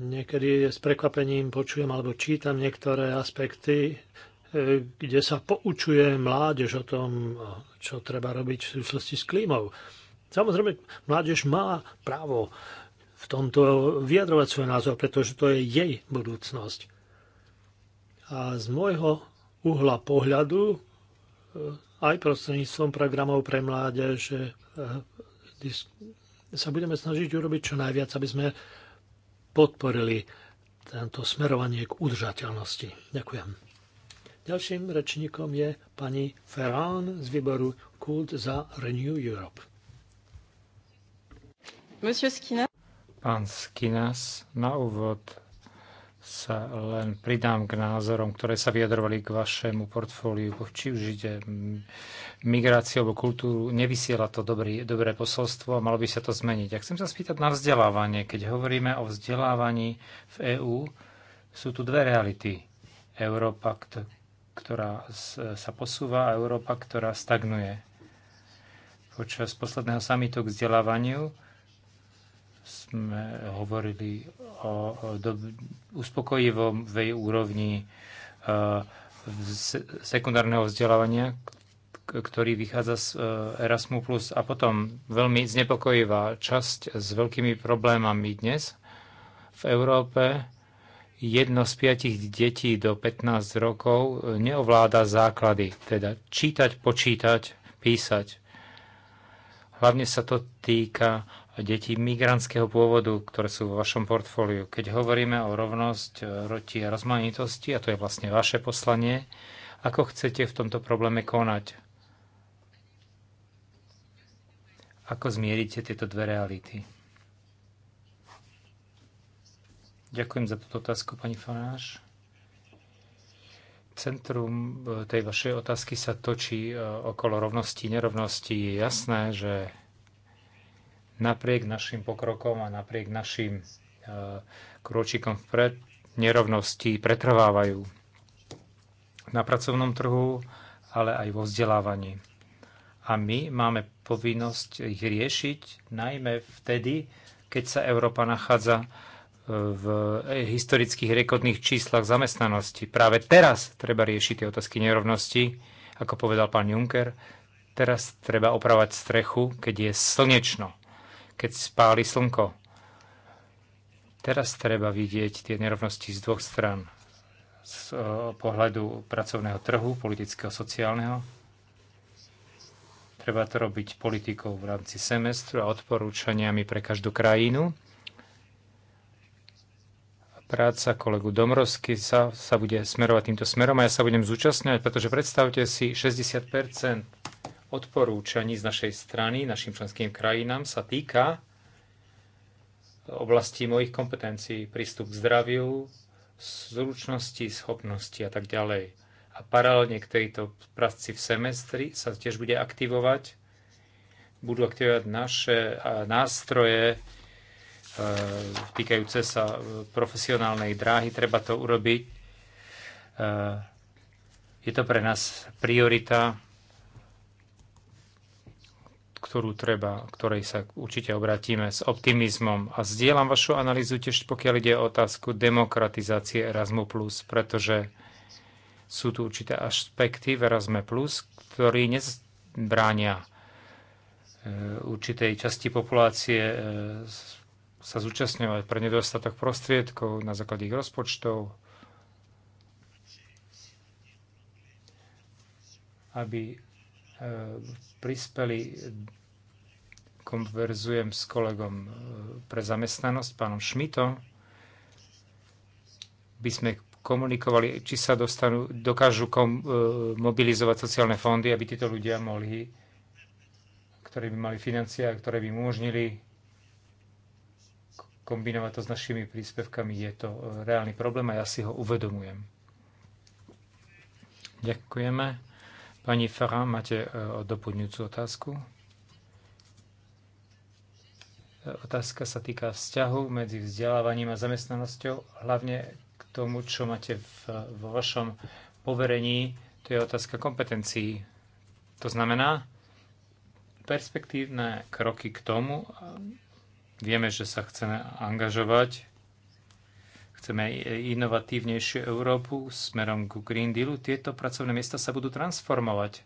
niekedy s prekvapením počujem alebo čítam niektoré aspekty E, kde sa poučuje mládež o tom, čo treba robiť v súvislosti s klímou. Samozrejme, mládež má právo v tomto vyjadrovať svoj názor, pretože to je jej budúcnosť. A z môjho uhla pohľadu e, aj prostredníctvom programov pre mládež e, sa budeme snažiť urobiť čo najviac, aby sme podporili tento smerovanie k udržateľnosti. Ďakujem. Ďalším rečníkom je pani Ferran z výboru Kult za Renew Europe. Skinas. Pán Skinas, na úvod sa len pridám k názorom, ktoré sa vyjadrovali k vašemu portfóliu. Či už ide migráciu alebo kultúru, nevysiela to dobrý, dobré posolstvo a malo by sa to zmeniť. A chcem sa spýtať na vzdelávanie. Keď hovoríme o vzdelávaní v EÚ, sú tu dve reality. Európa, ktorá sa posúva a Európa, ktorá stagnuje. Počas posledného samitu k vzdelávaniu sme hovorili o, o do, úrovni uh, sekundárneho vzdelávania, ktorý vychádza z uh, Erasmu+, a potom veľmi znepokojivá časť s veľkými problémami dnes v Európe jedno z piatich detí do 15 rokov neovláda základy, teda čítať, počítať, písať. Hlavne sa to týka detí migrantského pôvodu, ktoré sú vo vašom portfóliu. Keď hovoríme o rovnosť, e, roti a rozmanitosti, a to je vlastne vaše poslanie, ako chcete v tomto probléme konať? Ako zmierite tieto dve reality? Ďakujem za túto otázku, pani Fanáš. Centrum e, tej vašej otázky sa točí e, okolo rovnosti, nerovnosti. Je jasné, že napriek našim pokrokom a napriek našim e, kročikom vpred nerovnosti pretrvávajú na pracovnom trhu, ale aj vo vzdelávaní. A my máme povinnosť ich riešiť najmä vtedy, keď sa Európa nachádza v eh, historických rekordných číslach zamestnanosti. Práve teraz treba riešiť tie otázky nerovnosti, ako povedal pán Juncker. Teraz treba opravať strechu, keď je slnečno, keď spáli slnko. Teraz treba vidieť tie nerovnosti z dvoch stran. Z eh, pohľadu pracovného trhu, politického, sociálneho. Treba to robiť politikou v rámci semestru a odporúčaniami pre každú krajinu Práca kolegu Domrovsky sa, sa bude smerovať týmto smerom a ja sa budem zúčastňovať, pretože predstavte si, 60 odporúčaní z našej strany našim členským krajinám sa týka oblasti mojich kompetencií, prístup k zdraviu, zručnosti, schopnosti a tak ďalej. A paralelne k tejto práci v semestri sa tiež bude aktivovať, budú aktivovať naše nástroje Eh, týkajúce sa eh, profesionálnej dráhy. Treba to urobiť. Eh, je to pre nás priorita, ktorú treba, ktorej sa určite obratíme s optimizmom. A zdieľam vašu analýzu tiež, pokiaľ ide o otázku demokratizácie Erasmu+, pretože sú tu určité aspekty v Erasme+, ktorý nezbránia určitej časti populácie sa zúčastňovať pre nedostatok prostriedkov na základe ich rozpočtov, aby e, prispeli, konverzujem s kolegom e, pre zamestnanosť, pánom Šmitom, by sme komunikovali, či sa dostanú, dokážu kom, e, mobilizovať sociálne fondy, aby títo ľudia mohli, ktorí by mali financie a ktoré by umožnili kombinovať to s našimi príspevkami, je to e, reálny problém a ja si ho uvedomujem. Ďakujeme. Pani Fara máte e, doplňujúcu otázku? E, otázka sa týka vzťahu medzi vzdelávaním a zamestnanosťou, hlavne k tomu, čo máte v, vo vašom poverení. To je otázka kompetencií. To znamená perspektívne kroky k tomu, Vieme, že sa chceme angažovať, chceme inovatívnejšiu Európu smerom ku Green Dealu. Tieto pracovné miesta sa budú transformovať.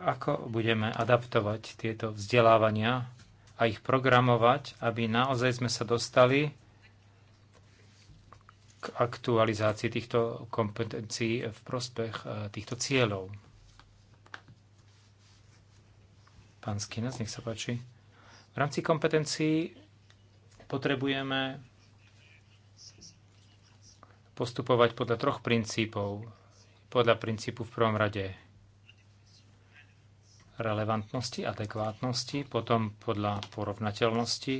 Ako budeme adaptovať tieto vzdelávania a ich programovať, aby naozaj sme sa dostali k aktualizácii týchto kompetencií v prospech eh, týchto cieľov. Pán Skinas, nech sa páči. V rámci kompetencií potrebujeme postupovať podľa troch princípov. Podľa princípu v prvom rade relevantnosti, adekvátnosti, potom podľa porovnateľnosti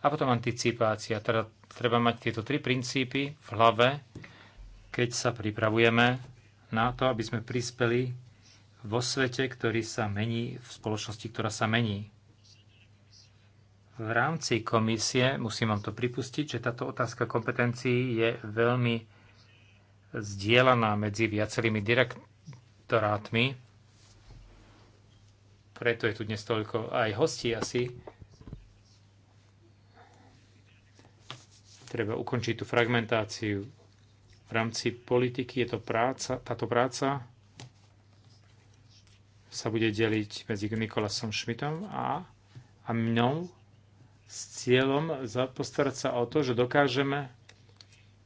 a potom anticipácia. Teda treba mať tieto tri princípy v hlave, keď sa pripravujeme na to, aby sme prispeli vo svete, ktorý sa mení, v spoločnosti, ktorá sa mení. V rámci komisie, musím vám to pripustiť, že táto otázka kompetencií je veľmi zdieľaná medzi viacerými direktorátmi. Preto je tu dnes toľko aj hostí asi. Treba ukončiť tú fragmentáciu. V rámci politiky je to práca, táto práca sa bude deliť medzi Nikolasom Schmidtom a, a mnou s cieľom postarať sa o to, že dokážeme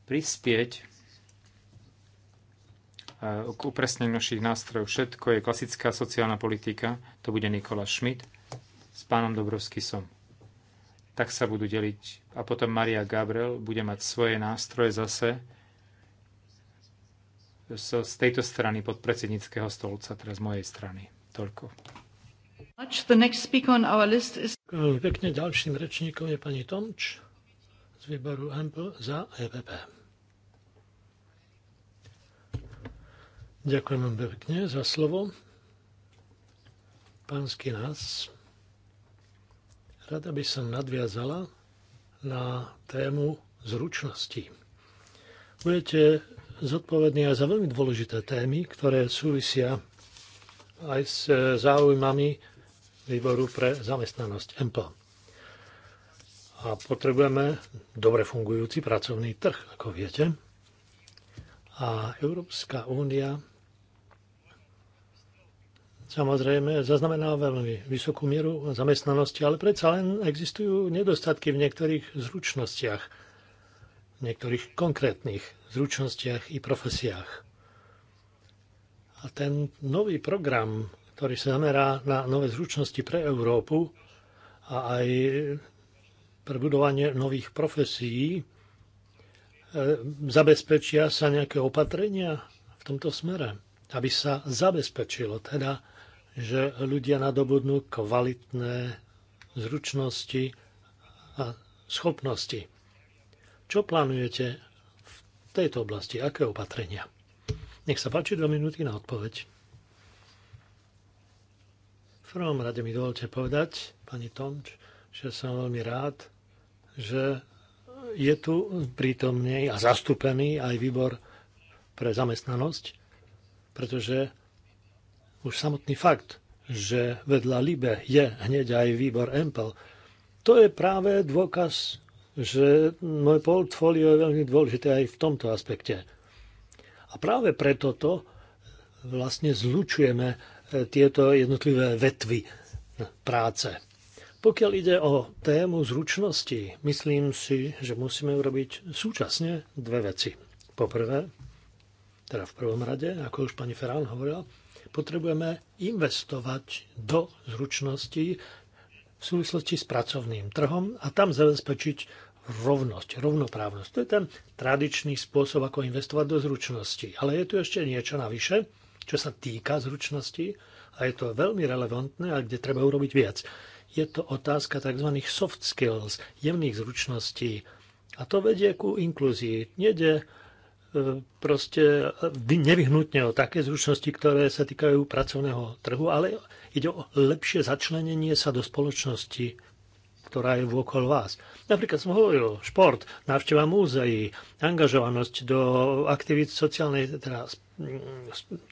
prispieť e, k upresneniu našich nástrojov. Všetko je klasická sociálna politika, to bude Nikola Schmidt s pánom Dobrovskisom. Tak sa budú deliť. A potom Maria Gabriel bude mať svoje nástroje zase z tejto strany podpredsedníckého stolca, teraz z mojej strany. Toľko. Pekne ďalším rečníkom je pani Tomč z výboru Ample za EPP. Ďakujem vám pekne za slovo. Pánsky nás. Rada by som nadviazala na tému zručnosti. Budete zodpovední aj za veľmi dôležité témy, ktoré súvisia aj s e, záujmami výboru pre zamestnanosť MPL. A potrebujeme dobre fungujúci pracovný trh, ako viete. A Európska únia samozrejme zaznamená veľmi vysokú mieru zamestnanosti, ale predsa len existujú nedostatky v niektorých zručnostiach, v niektorých konkrétnych zručnostiach i profesiách. A ten nový program, ktorý sa zamerá na nové zručnosti pre Európu a aj pre budovanie nových profesí, e, zabezpečia sa nejaké opatrenia v tomto smere, aby sa zabezpečilo teda, že ľudia nadobudnú kvalitné zručnosti a schopnosti. Čo plánujete v tejto oblasti? Aké opatrenia? Nech sa páči, dve minúty na odpoveď. V prvom rade mi dovolte povedať, pani Tomč, že som veľmi rád, že je tu prítomný a zastúpený aj výbor pre zamestnanosť, pretože už samotný fakt, že vedľa Libe je hneď aj výbor Empel. To je práve dôkaz, že moje portfólio je veľmi dôležité aj v tomto aspekte. A práve preto to vlastne zlučujeme e, tieto jednotlivé vetvy práce. Pokiaľ ide o tému zručnosti, myslím si, že musíme urobiť súčasne dve veci. Poprvé, teda v prvom rade, ako už pani Ferán hovorila, potrebujeme investovať do zručností v súvislosti s pracovným trhom a tam zabezpečiť rovnosť, rovnoprávnosť. To je ten tradičný spôsob, ako investovať do zručnosti. Ale je tu ešte niečo navyše, čo sa týka zručnosti a je to veľmi relevantné a kde treba urobiť viac. Je to otázka tzv. soft skills, jemných zručností. A to vedie ku inklúzii. Nede e, proste e, nevyhnutne o také zručnosti, ktoré sa týkajú pracovného trhu, ale ide o lepšie začlenenie sa do spoločnosti ktorá je vôkol vás. Napríklad som hovoril, šport, návšteva múzeí, angažovanosť do aktivít sociálnej, teda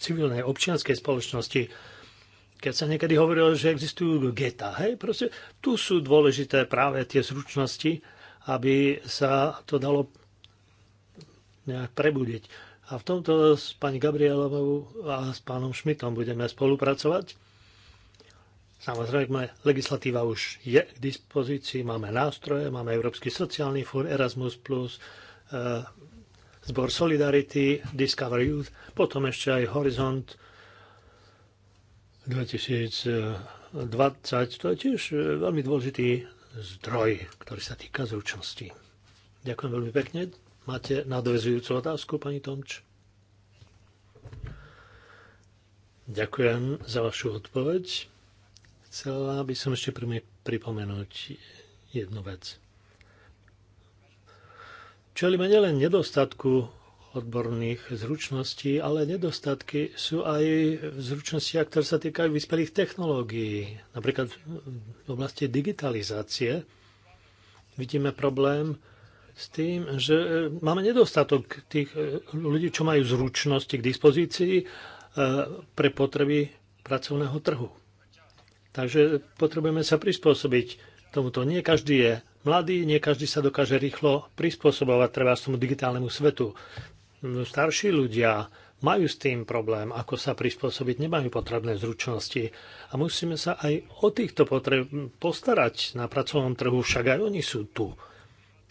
civilnej, občianskej spoločnosti. Keď sa niekedy hovorilo, že existujú geta, hej, proste tu sú dôležité práve tie zručnosti, aby sa to dalo nejak prebudiť. A v tomto s pani Gabrielovou a s pánom Šmitom budeme spolupracovať Samozrejme, legislatíva už je k dispozícii, máme nástroje, máme Európsky sociálny fond, Erasmus+, eh, Zbor Solidarity, Discover Youth, potom ešte aj Horizont 2020. To je tiež eh, veľmi dôležitý zdroj, ktorý sa týka zručnosti. Ďakujem veľmi pekne. Máte nadvezujúcu otázku, pani Tomč? Ďakujem za vašu odpoveď. Chcela by som ešte pripomenúť jednu vec. Čelíme nielen nedostatku odborných zručností, ale nedostatky sú aj v zručnostiach, ktoré sa týkajú vyspelých technológií. Napríklad v oblasti digitalizácie vidíme problém s tým, že máme nedostatok tých ľudí, čo majú zručnosti k dispozícii eh, pre potreby pracovného trhu. Takže potrebujeme sa prispôsobiť tomuto. Nie každý je mladý, nie každý sa dokáže rýchlo prispôsobovať treba tomu digitálnemu svetu. No, starší ľudia majú s tým problém, ako sa prispôsobiť, nemajú potrebné zručnosti. A musíme sa aj o týchto potreb postarať na pracovnom trhu, však aj oni sú tu.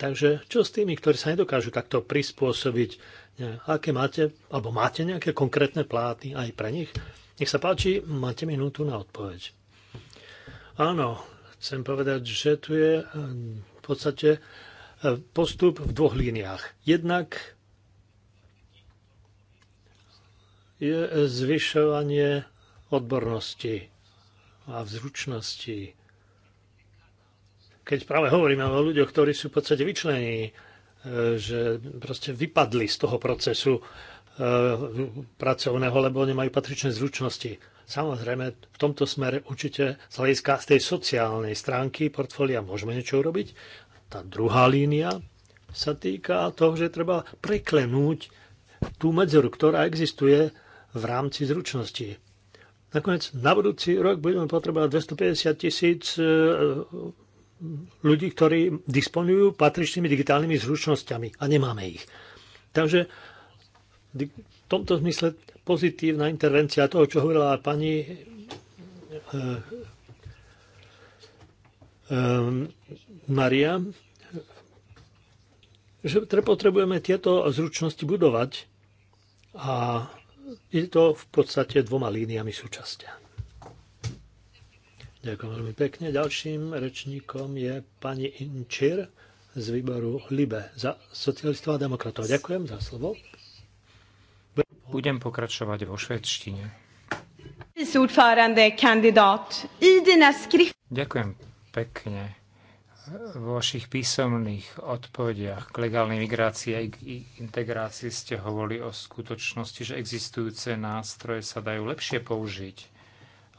Takže čo s tými, ktorí sa nedokážu takto prispôsobiť? Ne, aké máte, alebo máte nejaké konkrétne pláty aj pre nich? Nech sa páči, máte minútu na odpoveď. Áno, chcem povedať, že tu je eh, v podstate eh, postup v dvoch líniách. Jednak je zvyšovanie odbornosti a vzručnosti. Keď práve hovoríme o ľuďoch, ktorí sú v podstate vyčlení, eh, že proste vypadli z toho procesu pracovného, lebo nemajú patričné zručnosti. Samozrejme, v tomto smere určite z hľadiska z tej sociálnej stránky portfólia môžeme niečo urobiť. Tá druhá línia sa týka toho, že treba preklenúť tú medzeru, ktorá existuje v rámci zručnosti. Nakoniec na budúci rok budeme potrebovať 250 tisíc e, ľudí, ktorí disponujú patričnými digitálnymi zručnosťami a nemáme ich. Takže tomto zmysle pozitívna intervencia toho, čo hovorila pani eh, eh, Maria, že potrebujeme tieto zručnosti budovať a je to v podstate dvoma líniami súčasťa. Ďakujem veľmi pekne. Ďalším rečníkom je pani Inčir z výboru LIBE za socialistov a demokratov. Ďakujem za slovo. Budem pokračovať vo švedštine. Ďakujem pekne. Vo vašich písomných odpovediach k legálnej migrácii a integrácii ste hovorili o skutočnosti, že existujúce nástroje sa dajú lepšie použiť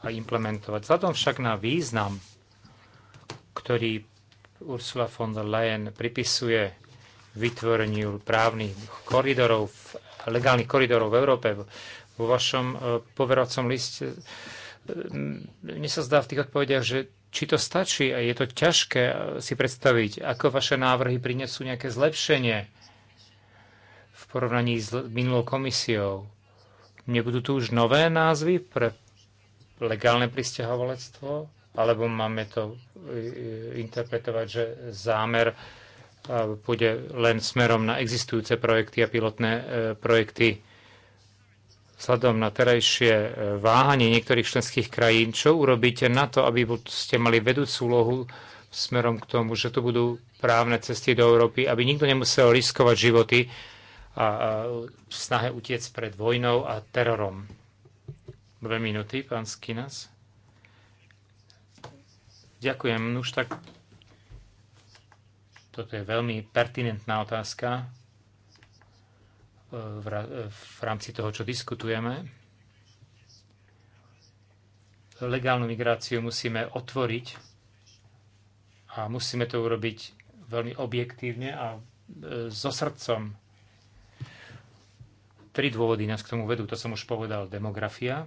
a implementovať. Vzhľadom však na význam, ktorý Ursula von der Leyen pripisuje vytvoreniu právnych koridorov v legálnych koridorov v Európe. Vo vašom e, poveracom liste e, mne sa zdá v tých odpovediach, že či to stačí a je to ťažké e, si predstaviť, ako vaše návrhy prinesú nejaké zlepšenie v porovnaní s minulou komisiou. Nebudú tu už nové názvy pre legálne pristahovalectvo? Alebo máme to interpretovať, že zámer bude len smerom na existujúce projekty a pilotné e, projekty. Vzhľadom na terajšie e, váhanie niektorých členských krajín, čo urobíte na to, aby ste mali vedúcu úlohu smerom k tomu, že tu budú právne cesty do Európy, aby nikto nemusel riskovať životy a, a v snahe utiec pred vojnou a terorom. Dve minúty, pán Skinas. Ďakujem. No už tak toto je veľmi pertinentná otázka e, e, v rámci toho, čo diskutujeme. Legálnu migráciu musíme otvoriť a musíme to urobiť veľmi objektívne a e, so srdcom. Tri dôvody nás k tomu vedú, to som už povedal, demografia,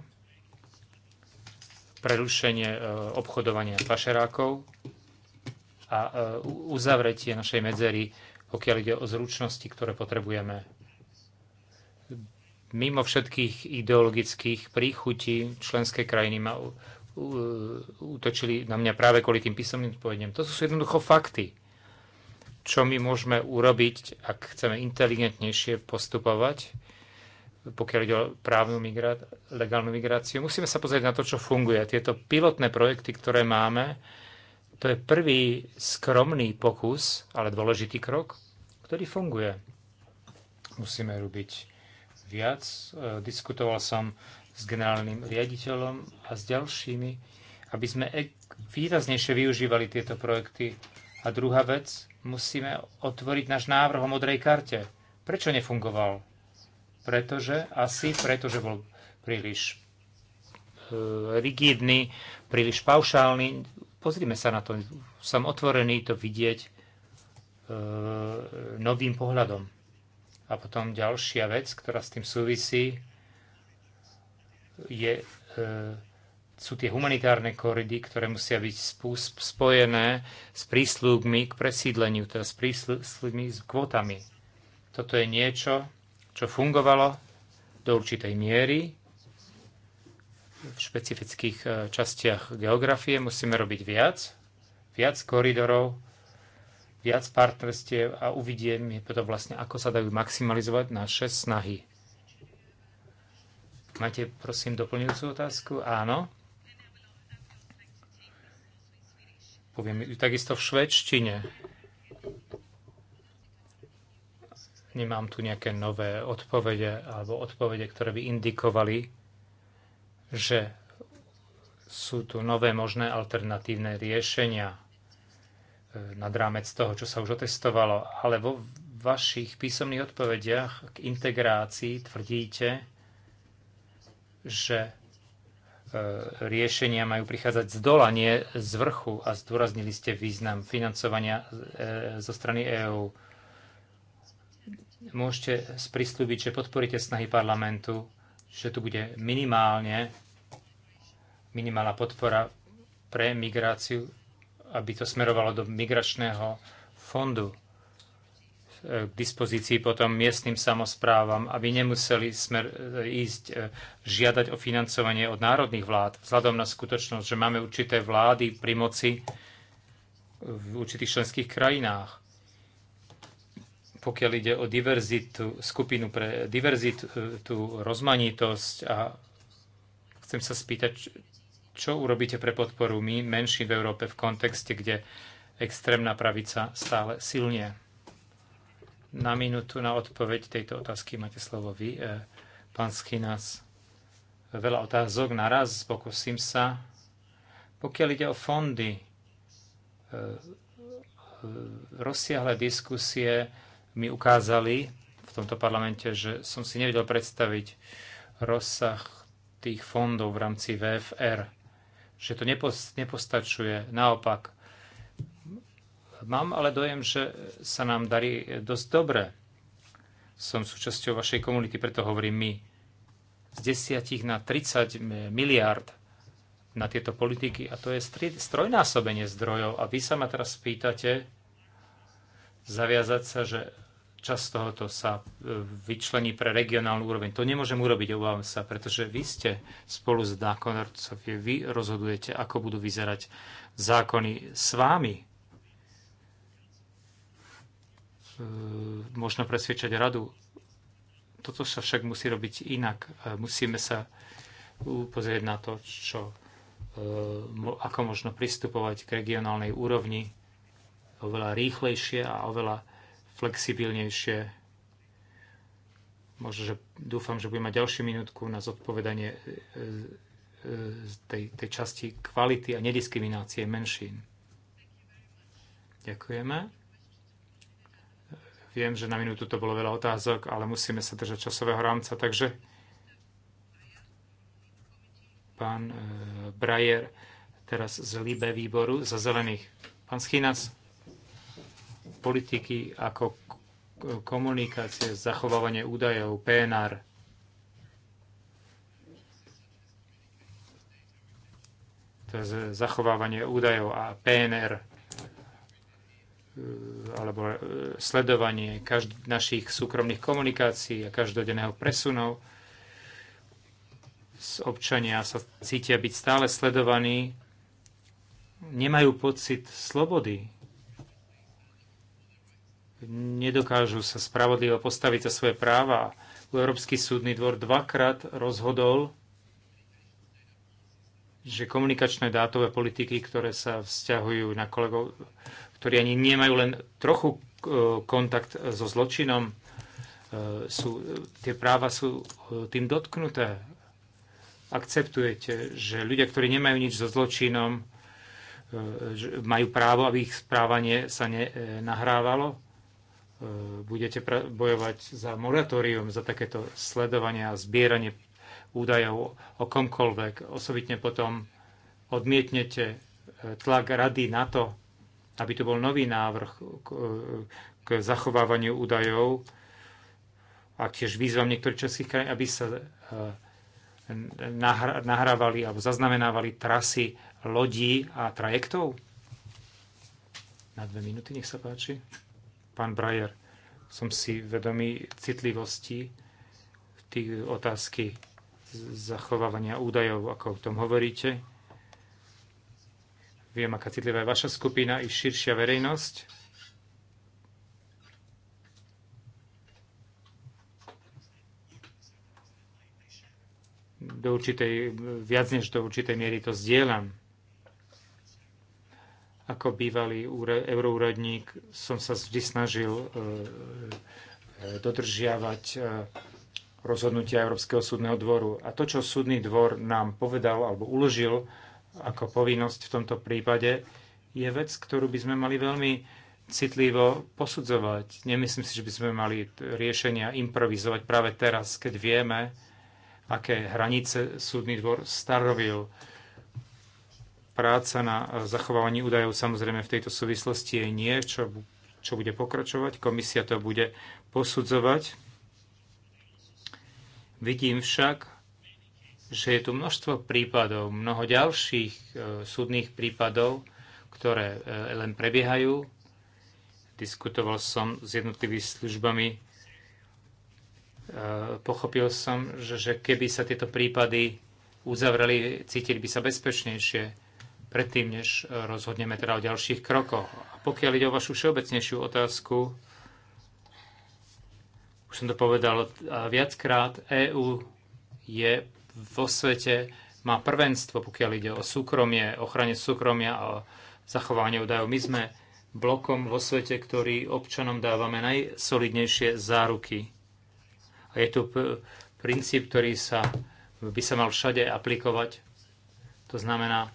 prerušenie obchodovania pašerákov, a e, uzavretie našej medzery, pokiaľ ide o zručnosti, ktoré potrebujeme. Mimo všetkých ideologických príchutí členské krajiny ma utočili na mňa práve kvôli tým písomným odpovedňam. To sú jednoducho fakty. Čo my môžeme urobiť, ak chceme inteligentnejšie postupovať, pokiaľ ide o právnu migráciu, legálnu migráciu. Musíme sa pozrieť na to, čo funguje. Tieto pilotné projekty, ktoré máme, to je prvý skromný pokus, ale dôležitý krok, ktorý funguje. Musíme robiť viac. E, diskutoval som s generálnym riaditeľom a s ďalšími, aby sme výraznejšie využívali tieto projekty. A druhá vec, musíme otvoriť náš návrh o modrej karte. Prečo nefungoval? Pretože, asi pretože bol príliš e, rigidný, príliš paušálny, Pozrime sa na to. Som otvorený to vidieť e, novým pohľadom. A potom ďalšia vec, ktorá s tým súvisí, je, e, sú tie humanitárne koridy, ktoré musia byť spojené s prísľubmi k presídleniu, teda s prísľubmi s kvotami. Toto je niečo, čo fungovalo do určitej miery, v špecifických e, častiach geografie. Musíme robiť viac, viac koridorov, viac partnerstiev a uvidíme potom vlastne, ako sa dajú maximalizovať naše snahy. Máte, prosím, doplňujúcu otázku? Áno. Poviem ju takisto v švedštine. Nemám tu nejaké nové odpovede alebo odpovede, ktoré by indikovali, že sú tu nové možné alternatívne riešenia e, nad rámec toho, čo sa už otestovalo. Ale vo vašich písomných odpovediach k integrácii tvrdíte, že e, riešenia majú prichádzať z dola, nie z vrchu a zdôraznili ste význam financovania e, zo strany EÚ. Môžete prislúbiť, že podporíte snahy parlamentu že tu bude minimálne minimálna podpora pre migráciu, aby to smerovalo do migračného fondu e, k dispozícii potom miestnym samozprávam, aby nemuseli smer, e, ísť e, žiadať o financovanie od národných vlád, vzhľadom na skutočnosť, že máme určité vlády pri moci v určitých členských krajinách pokiaľ ide o diverzitu, skupinu pre diverzitu, rozmanitosť a chcem sa spýtať, čo urobíte pre podporu my menší v Európe v kontexte, kde extrémna pravica stále silnie. Na minútu na odpoveď tejto otázky máte slovo vy, eh, pán Schinas. Veľa otázok naraz, pokúsim sa. Pokiaľ ide o fondy, eh, eh, rozsiahle diskusie, mi ukázali v tomto parlamente, že som si nevedel predstaviť rozsah tých fondov v rámci VFR. Že to nepostačuje. Naopak, mám ale dojem, že sa nám darí dosť dobre. Som súčasťou vašej komunity, preto hovorím my. Z desiatich na 30 miliárd na tieto politiky a to je strojnásobenie zdrojov. A vy sa ma teraz pýtate zaviazať sa, že čas tohoto sa e, vyčlení pre regionálnu úroveň. To nemôžem urobiť, obávam sa, pretože vy ste spolu s zákonodarcovie, vy rozhodujete, ako budú vyzerať zákony s vámi. E, možno presvedčať radu. Toto sa však musí robiť inak. E, musíme sa upozrieť na to, čo, ako možno pristupovať k regionálnej úrovni oveľa rýchlejšie a oveľa flexibilnejšie. Možno, že dúfam, že budem mať ďalšiu minútku na zodpovedanie e, e, tej, tej časti kvality a nediskriminácie menšín. Ďakujeme. Viem, že na minútu to bolo veľa otázok, ale musíme sa držať časového rámca, takže pán e, Brajer teraz z Libe výboru za zelených. Pán Schinas politiky ako komunikácie, zachovávanie údajov, PNR. To je zachovávanie údajov a PNR e, alebo e, sledovanie každ- našich súkromných komunikácií a každodenného presunov. Občania sa cítia byť stále sledovaní, nemajú pocit slobody, nedokážu sa spravodlivo postaviť za svoje práva. Európsky súdny dvor dvakrát rozhodol, že komunikačné dátové politiky, ktoré sa vzťahujú na kolegov, ktorí ani nemajú len trochu e, kontakt so zločinom, e, sú, tie práva sú e, tým dotknuté. Akceptujete, že ľudia, ktorí nemajú nič so zločinom, majú právo, aby ich správanie sa nenahrávalo? E, budete bojovať za moratórium, za takéto sledovanie a zbieranie údajov o komkoľvek. Osobitne potom odmietnete e, tlak rady na to, aby tu bol nový návrh e, k zachovávaniu údajov a tiež výzvam niektorých českých krajín, aby sa nahrávali alebo zaznamenávali trasy lodí a trajektov. Na dve minúty, nech sa páči pán Brajer. Som si vedomý citlivosti tých otázky zachovávania údajov, ako o tom hovoríte. Viem, aká citlivá je vaša skupina i širšia verejnosť. do určitej, viac než do určitej miery to zdieľam. Ako bývalý euroúradník som sa vždy snažil e, e, dodržiavať e, rozhodnutia Európskeho súdneho dvoru. A to, čo súdny dvor nám povedal alebo uložil ako povinnosť v tomto prípade, je vec, ktorú by sme mali veľmi citlivo posudzovať. Nemyslím si, že by sme mali riešenia improvizovať práve teraz, keď vieme, aké hranice súdny dvor starovil. Práca na zachovávaní údajov samozrejme v tejto súvislosti je nie, čo, čo bude pokračovať. Komisia to bude posudzovať. Vidím však, že je tu množstvo prípadov, mnoho ďalších e, súdnych prípadov, ktoré e, len prebiehajú. Diskutoval som s jednotlivými službami. E, pochopil som, že, že keby sa tieto prípady uzavreli, cítili by sa bezpečnejšie predtým, než e, rozhodneme teda o ďalších krokoch. A pokiaľ ide o vašu všeobecnejšiu otázku, už som to povedal viackrát, EÚ je vo svete, má prvenstvo, pokiaľ ide o súkromie, ochrane súkromia a zachovanie údajov. My sme blokom vo svete, ktorý občanom dávame najsolidnejšie záruky. A je tu princíp, ktorý sa, by sa mal všade aplikovať. To znamená,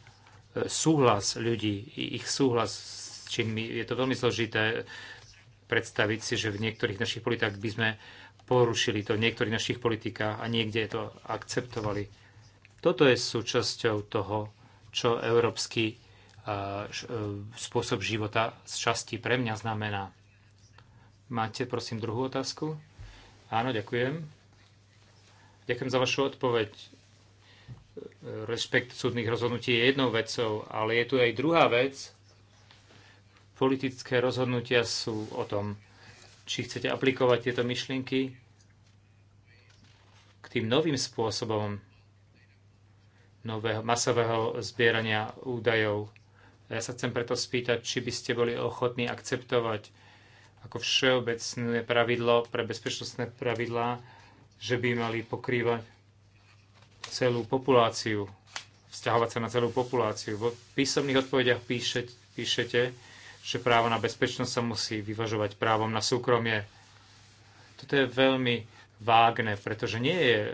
súhlas ľudí, ich súhlas s čím Je to veľmi zložité predstaviť si, že v niektorých našich politikách by sme porušili to, v niektorých našich politikách a niekde to akceptovali. Toto je súčasťou toho, čo európsky e, spôsob života z časti pre mňa znamená. Máte, prosím, druhú otázku? Áno, ďakujem. Ďakujem za vašu odpoveď rešpekt súdnych rozhodnutí je jednou vecou, ale je tu aj druhá vec. Politické rozhodnutia sú o tom, či chcete aplikovať tieto myšlienky k tým novým spôsobom nového masového zbierania údajov. Ja sa chcem preto spýtať, či by ste boli ochotní akceptovať ako všeobecné pravidlo pre bezpečnostné pravidlá, že by mali pokrývať celú populáciu, vzťahovať sa na celú populáciu. V písomných odpovediach píše, píšete, že právo na bezpečnosť sa musí vyvažovať právom na súkromie. Toto je veľmi vágne, pretože nie je e,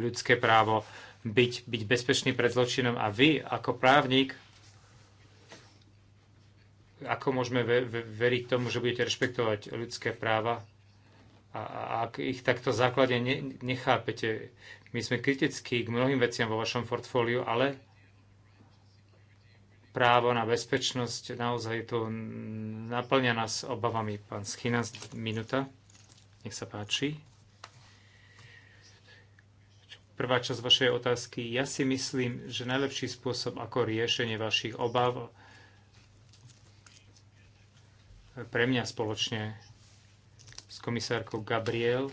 ľudské právo byť, byť bezpečný pred zločinom a vy ako právnik ako môžeme veriť tomu, že budete rešpektovať ľudské práva a, a ak ich takto základe nechápete, my sme kritickí k mnohým veciam vo vašom portfóliu, ale právo na bezpečnosť naozaj to naplňa nás obavami. Pán Schina, minúta. Nech sa páči. Prvá časť vašej otázky. Ja si myslím, že najlepší spôsob ako riešenie vašich obav pre mňa spoločne s komisárkou Gabriel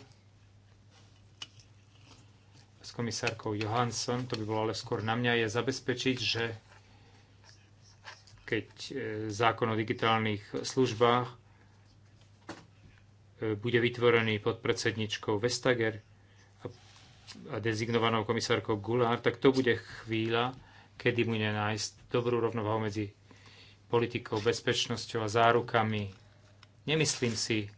komisárkou Johansson, to by bolo ale skôr na mňa, je zabezpečiť, že keď e, zákon o digitálnych službách e, bude vytvorený pod predsedničkou Vestager a, dezignovanou komisárkou Gulár, tak to bude chvíľa, kedy bude nájsť dobrú rovnováhu medzi politikou, bezpečnosťou a zárukami. Nemyslím si, e,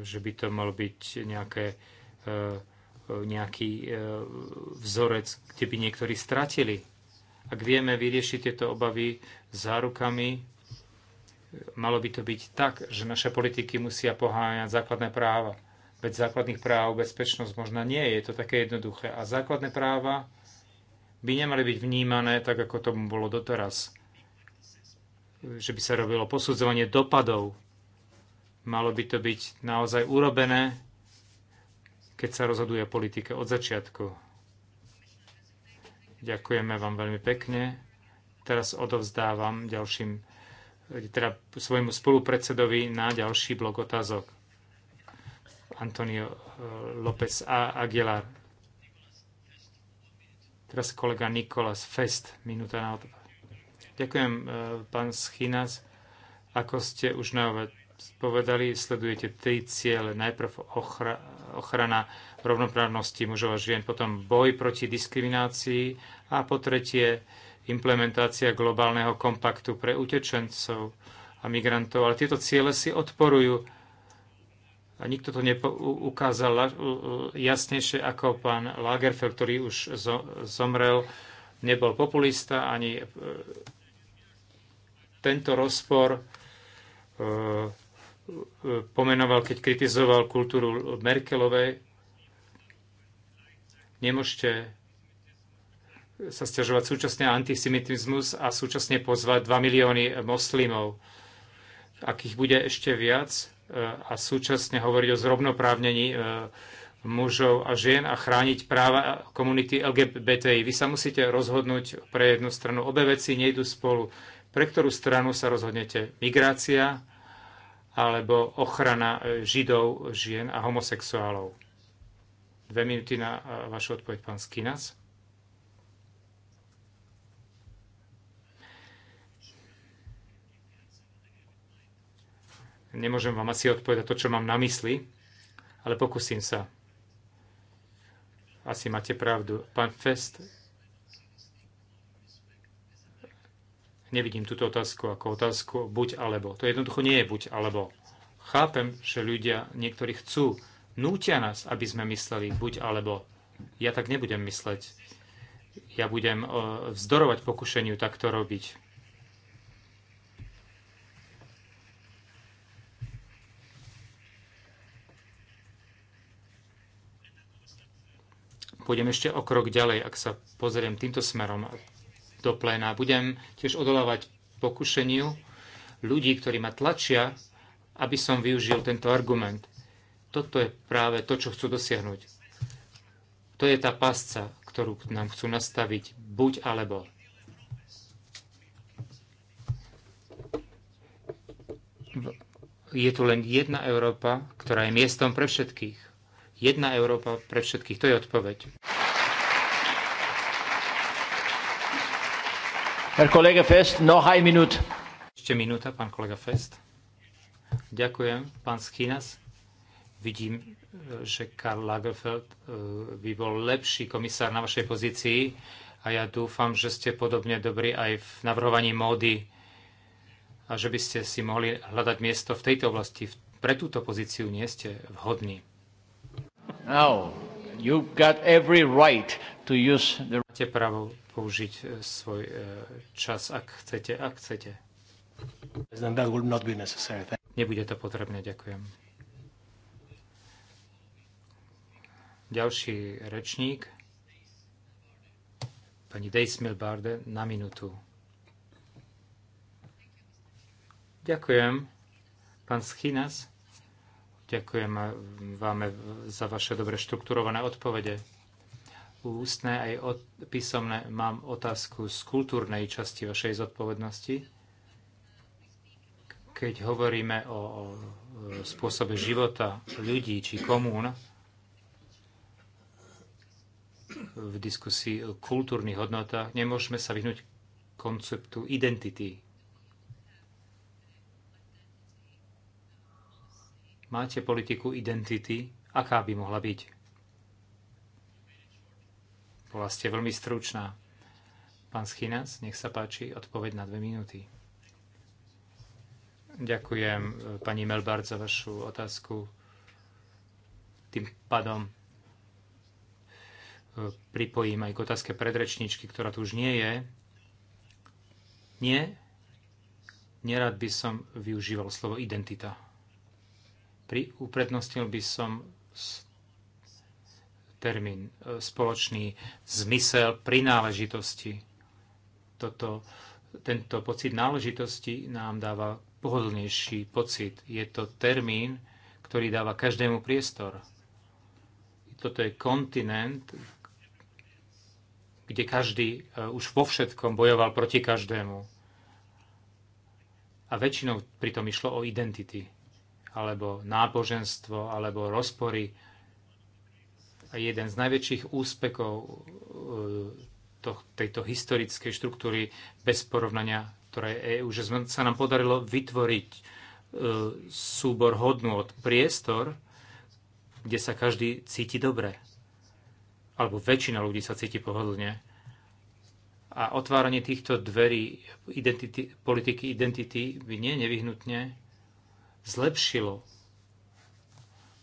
že by to malo byť nejaké E, e, nejaký e, vzorec, kde by niektorí stratili. Ak vieme vyriešiť tieto obavy zárukami, malo by to byť tak, že naše politiky musia poháňať základné práva. Bez základných práv bezpečnosť možno nie je, to také jednoduché. A základné práva by nemali byť vnímané tak, ako tomu bolo doteraz. Že by sa robilo posudzovanie dopadov. Malo by to byť naozaj urobené keď sa rozhoduje politika od začiatku. Ďakujeme vám veľmi pekne. Teraz odovzdávam ďalším, teda svojmu spolupredsedovi na ďalší blok otázok. Antonio eh, López a Aguilar. Teraz kolega Nikolas Fest, minúta na otázku. Ďakujem, eh, pán Schinas. Ako ste už povedali, sledujete tri ciele. Najprv ochra, ochrana rovnoprávnosti mužov a žien, potom boj proti diskriminácii a po tretie implementácia globálneho kompaktu pre utečencov a migrantov. Ale tieto ciele si odporujú a nikto to neukázal jasnejšie ako pán Lagerfeld, ktorý už zomrel, nebol populista ani e, tento rozpor e, pomenoval, keď kritizoval kultúru Merkelovej. Nemôžete sa stiažovať súčasne antisemitizmus a súčasne pozvať 2 milióny moslimov. Ak ich bude ešte viac e, a súčasne hovoriť o zrovnoprávnení e, mužov a žien a chrániť práva komunity LGBTI. Vy sa musíte rozhodnúť pre jednu stranu. Obe veci nejdu spolu. Pre ktorú stranu sa rozhodnete? Migrácia, alebo ochrana e, židov, žien a homosexuálov. Dve minúty na e, vašu odpoveď, pán Skinas. Nemôžem vám asi odpovedať to, čo mám na mysli, ale pokúsim sa. Asi máte pravdu. Pán Fest, Nevidím túto otázku ako otázku buď alebo. To jednoducho nie je buď alebo. Chápem, že ľudia niektorí chcú, nútia nás, aby sme mysleli buď alebo. Ja tak nebudem mysleť. Ja budem e, vzdorovať pokušeniu takto robiť. Pôjdem ešte o krok ďalej, ak sa pozriem týmto smerom do pléna. Budem tiež odolávať pokušeniu ľudí, ktorí ma tlačia, aby som využil tento argument. Toto je práve to, čo chcú dosiahnuť. To je tá pasca, ktorú nám chcú nastaviť. Buď alebo. Je tu len jedna Európa, ktorá je miestom pre všetkých. Jedna Európa pre všetkých. To je odpoveď. Herr kolega Fest, noch ein minút. Ešte minúta, pán kolega Fest. Ďakujem, pán Schinas. Vidím, e, že Karl Lagerfeld e, by bol lepší komisár na vašej pozícii a ja dúfam, že ste podobne dobrí aj v navrhovaní módy a že by ste si mohli hľadať miesto v tejto oblasti. Pre túto pozíciu nie ste vhodní. Now, you've got every right to use the... Máte právo použiť e, svoj e, čas, ak chcete, ak chcete. Nebude to potrebné, ďakujem. Ďalší rečník, pani Dejsmil Barde, na minútu. Ďakujem, pán Schinas. Ďakujem vám za vaše dobre štrukturované odpovede ústne aj od, písomné. Mám otázku z kultúrnej časti vašej zodpovednosti. Keď hovoríme o, o spôsobe života ľudí či komún, v diskusii o kultúrnych hodnotách, nemôžeme sa vyhnúť konceptu identity. Máte politiku identity? Aká by mohla byť? bola ste veľmi stručná. Pán Schinas, nech sa páči, odpoveď na dve minúty. Ďakujem pani Melbard za vašu otázku. Tým pádom e, pripojím aj k otázke predrečničky, ktorá tu už nie je. Nie, nerad by som využíval slovo identita. Pri uprednostnil by som termín, e, spoločný zmysel prináležitosti. Toto, tento pocit náležitosti nám dáva pohodlnejší pocit. Je to termín, ktorý dáva každému priestor. Toto je kontinent, kde každý e, už vo všetkom bojoval proti každému. A väčšinou pritom išlo o identity, alebo náboženstvo, alebo rozpory jeden z najväčších úspechov e, tejto historickej štruktúry bez porovnania, ktoré je EU, že sa nám podarilo vytvoriť e, súbor od priestor, kde sa každý cíti dobre. Alebo väčšina ľudí sa cíti pohodlne. A otváranie týchto dverí identity, politiky identity by nie nevyhnutne zlepšilo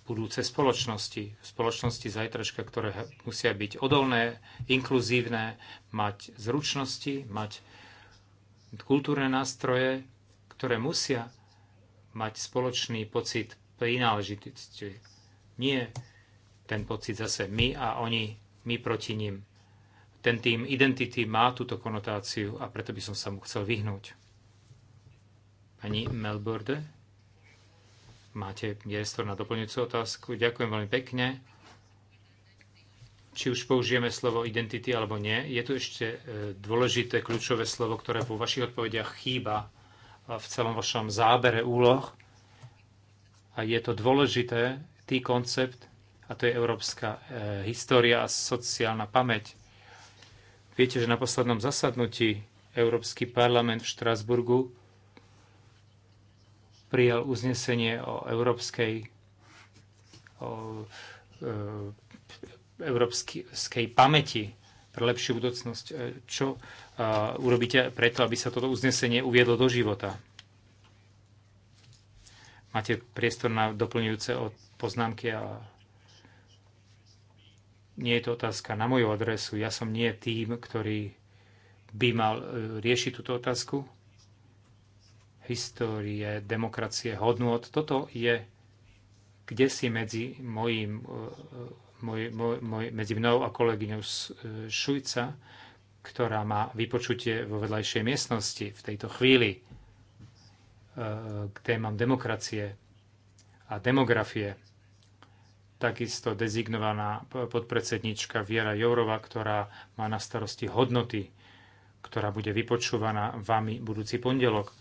budúce spoločnosti. Spoločnosti zajtraška, ktoré musia byť odolné, inkluzívne, mať zručnosti, mať kultúrne nástroje, ktoré musia mať spoločný pocit prináležitosti. Nie ten pocit zase my a oni, my proti ním. Ten tým identity má túto konotáciu a preto by som sa mu chcel vyhnúť. Pani Melbourne. Máte miestor na doplňujúcu otázku. Ďakujem veľmi pekne. Či už použijeme slovo identity alebo nie, je tu ešte e, dôležité kľúčové slovo, ktoré vo vašich odpovediach chýba e, v celom vašom zábere úloh. A je to dôležité, tý koncept, a to je európska e, história a sociálna pamäť. Viete, že na poslednom zasadnutí Európsky parlament v Štrasburgu prijal uznesenie o európskej o, e, európskej pamäti pre lepšiu budúcnosť. E, čo e, urobíte preto, aby sa toto uznesenie uviedlo do života? Máte priestor na doplňujúce poznámky a nie je to otázka na moju adresu. Ja som nie tým, ktorý by mal riešiť túto otázku histórie, demokracie, hodnot. Toto je kde si medzi, mojim, e, e, moj, moj, moj, medzi mnou a kolegyňou e, Šujca, ktorá má vypočutie vo vedľajšej miestnosti v tejto chvíli k témam demokracie a demografie. Takisto dezignovaná podpredsednička Viera Jourova, ktorá má na starosti hodnoty, ktorá bude vypočúvaná vami budúci pondelok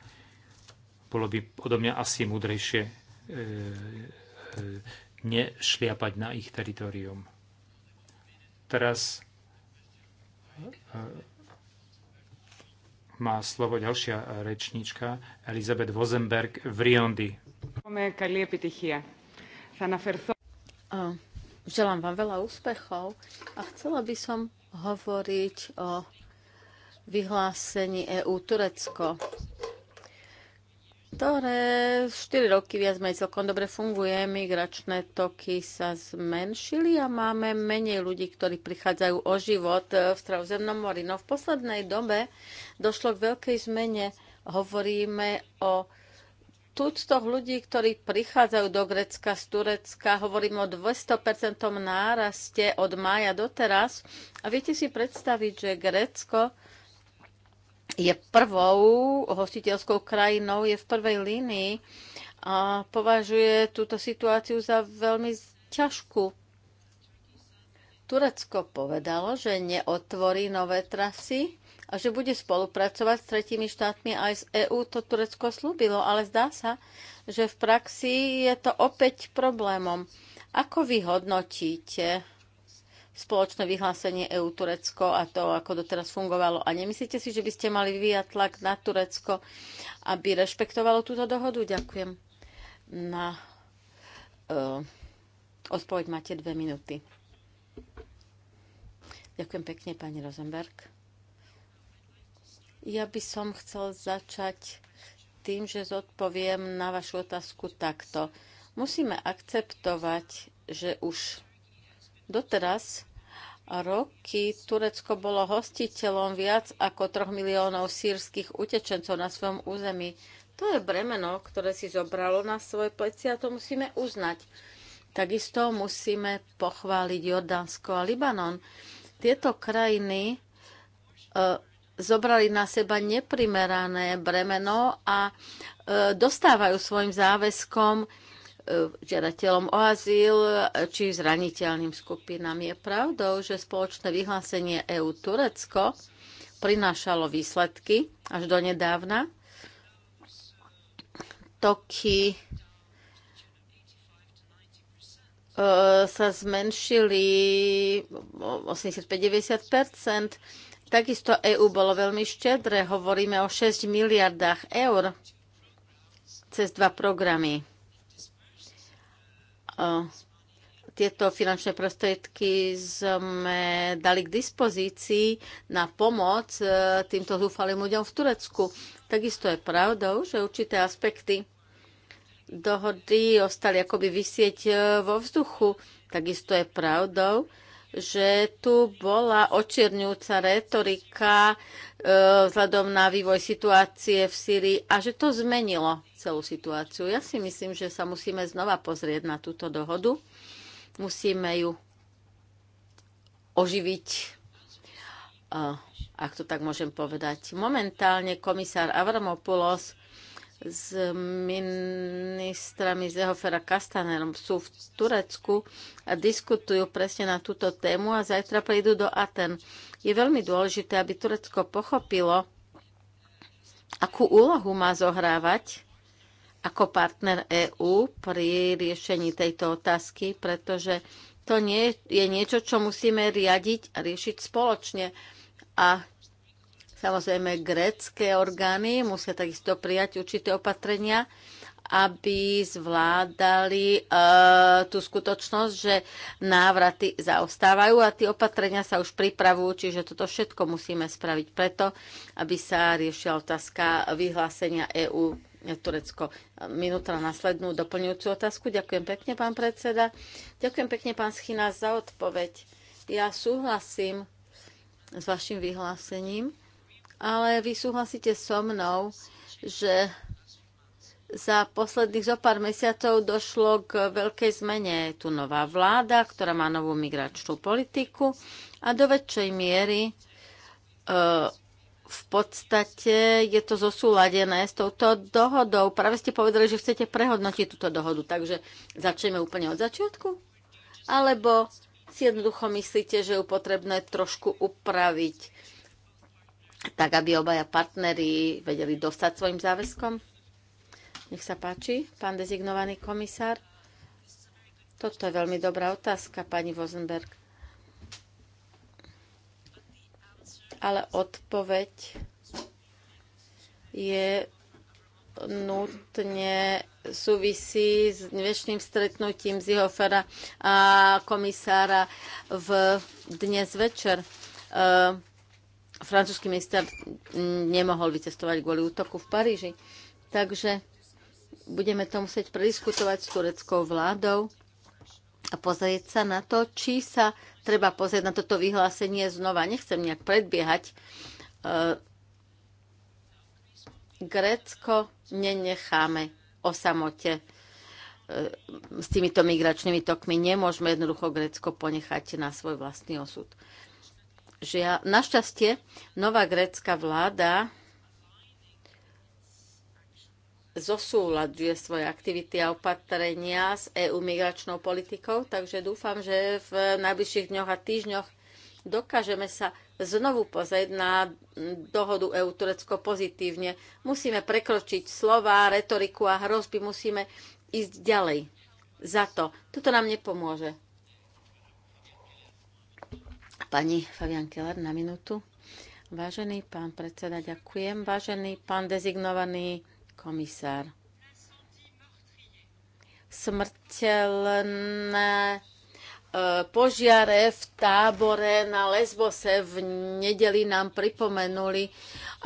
bolo by odo mňa asi múdrejšie e, e nešliapať na ich teritorium. Teraz e, má slovo ďalšia rečníčka, Elizabeth Vozenberg v Riondy. Želám vám veľa úspechov a chcela by som hovoriť o vyhlásení EU Turecko ktoré 4 roky viac menej celkom dobre funguje. Migračné toky sa zmenšili a máme menej ľudí, ktorí prichádzajú o život v Stravzemnom mori. No v poslednej dobe došlo k veľkej zmene. Hovoríme o tuctoch ľudí, ktorí prichádzajú do Grecka z Turecka. Hovoríme o 200% náraste od mája doteraz. A viete si predstaviť, že Grécko je prvou hostiteľskou krajinou, je v prvej línii a považuje túto situáciu za veľmi ťažkú. Turecko povedalo, že neotvorí nové trasy a že bude spolupracovať s tretími štátmi aj z EÚ. To Turecko slúbilo, ale zdá sa, že v praxi je to opäť problémom. Ako vy hodnotíte spoločné vyhlásenie EU Turecko a to, ako doteraz fungovalo. A nemyslíte si, že by ste mali vyvíjať tlak na Turecko, aby rešpektovalo túto dohodu? Ďakujem. Na uh, odpoveď máte dve minúty. Ďakujem pekne, pani Rosenberg. Ja by som chcel začať tým, že zodpoviem na vašu otázku takto. Musíme akceptovať, že už Doteraz roky Turecko bolo hostiteľom viac ako troch miliónov sírskych utečencov na svojom území. To je bremeno, ktoré si zobralo na svoje pleci a to musíme uznať. Takisto musíme pochváliť Jordánsko a Libanon. Tieto krajiny e, zobrali na seba neprimerané bremeno a e, dostávajú svojim záväzkom E, žiadateľom o azyl e, či zraniteľným skupinám. Je pravdou, že spoločné vyhlásenie EU Turecko prinášalo výsledky až do nedávna. Toky e, sa zmenšili 85-90 Takisto EÚ bolo veľmi štedré. Hovoríme o 6 miliardách eur cez dva programy tieto finančné prostriedky sme dali k dispozícii na pomoc e, týmto zúfalým ľuďom v Turecku. Takisto je pravdou, že určité aspekty dohody ostali akoby vysieť e, vo vzduchu. Takisto je pravdou, že tu bola očierňujúca retorika e, vzhľadom na vývoj situácie v Syrii a že to zmenilo celú situáciu. Ja si myslím, že sa musíme znova pozrieť na túto dohodu. Musíme ju oživiť, e, ak to tak môžem povedať. Momentálne komisár Avramopoulos s ministrami Zehofera Kastanerom sú v Turecku a diskutujú presne na túto tému a zajtra prídu do Aten. Je veľmi dôležité, aby Turecko pochopilo, akú úlohu má zohrávať ako partner EÚ pri riešení tejto otázky, pretože to nie je niečo, čo musíme riadiť a riešiť spoločne. A Samozrejme, grecké orgány musia takisto prijať určité opatrenia, aby zvládali e, tú skutočnosť, že návraty zaostávajú a tie opatrenia sa už pripravujú, čiže toto všetko musíme spraviť preto, aby sa riešila otázka vyhlásenia EÚ Turecko. Minúta na následnú doplňujúcu otázku. Ďakujem pekne, pán predseda. Ďakujem pekne, pán Schina, za odpoveď. Ja súhlasím s vašim vyhlásením ale vy súhlasíte so mnou, že za posledných zo pár mesiacov došlo k veľkej zmene. Je tu nová vláda, ktorá má novú migračnú politiku a do väčšej miery e, v podstate je to zosúladené s touto dohodou. Práve ste povedali, že chcete prehodnotiť túto dohodu, takže začneme úplne od začiatku? Alebo si jednoducho myslíte, že je potrebné trošku upraviť? tak aby obaja partneri vedeli dostať svojim záväzkom? Nech sa páči, pán dezignovaný komisár. Toto je veľmi dobrá otázka, pani Vozenberg. Ale odpoveď je nutne súvisí s dnešným stretnutím Zihofera a komisára v dnes večer. Uh, francúzsky minister nemohol vycestovať kvôli útoku v Paríži. Takže budeme to musieť prediskutovať s tureckou vládou a pozrieť sa na to, či sa treba pozrieť na toto vyhlásenie znova. Nechcem nejak predbiehať. Eh, Grécko nenecháme o samote eh, s týmito migračnými tokmi. Nemôžeme jednoducho Grécko ponechať na svoj vlastný osud. Žia, našťastie nová grécka vláda zosúľaduje svoje aktivity a opatrenia s EU migračnou politikou, takže dúfam, že v najbližších dňoch a týždňoch dokážeme sa znovu pozrieť na dohodu EU Turecko pozitívne. Musíme prekročiť slova, retoriku a hrozby, musíme ísť ďalej. Za to. Toto nám nepomôže. Pani Fabian Keller na minútu. Vážený pán predseda, ďakujem. Vážený pán dezignovaný komisár. Smrteľné e, požiare v tábore na Lesbose v nedeli nám pripomenuli,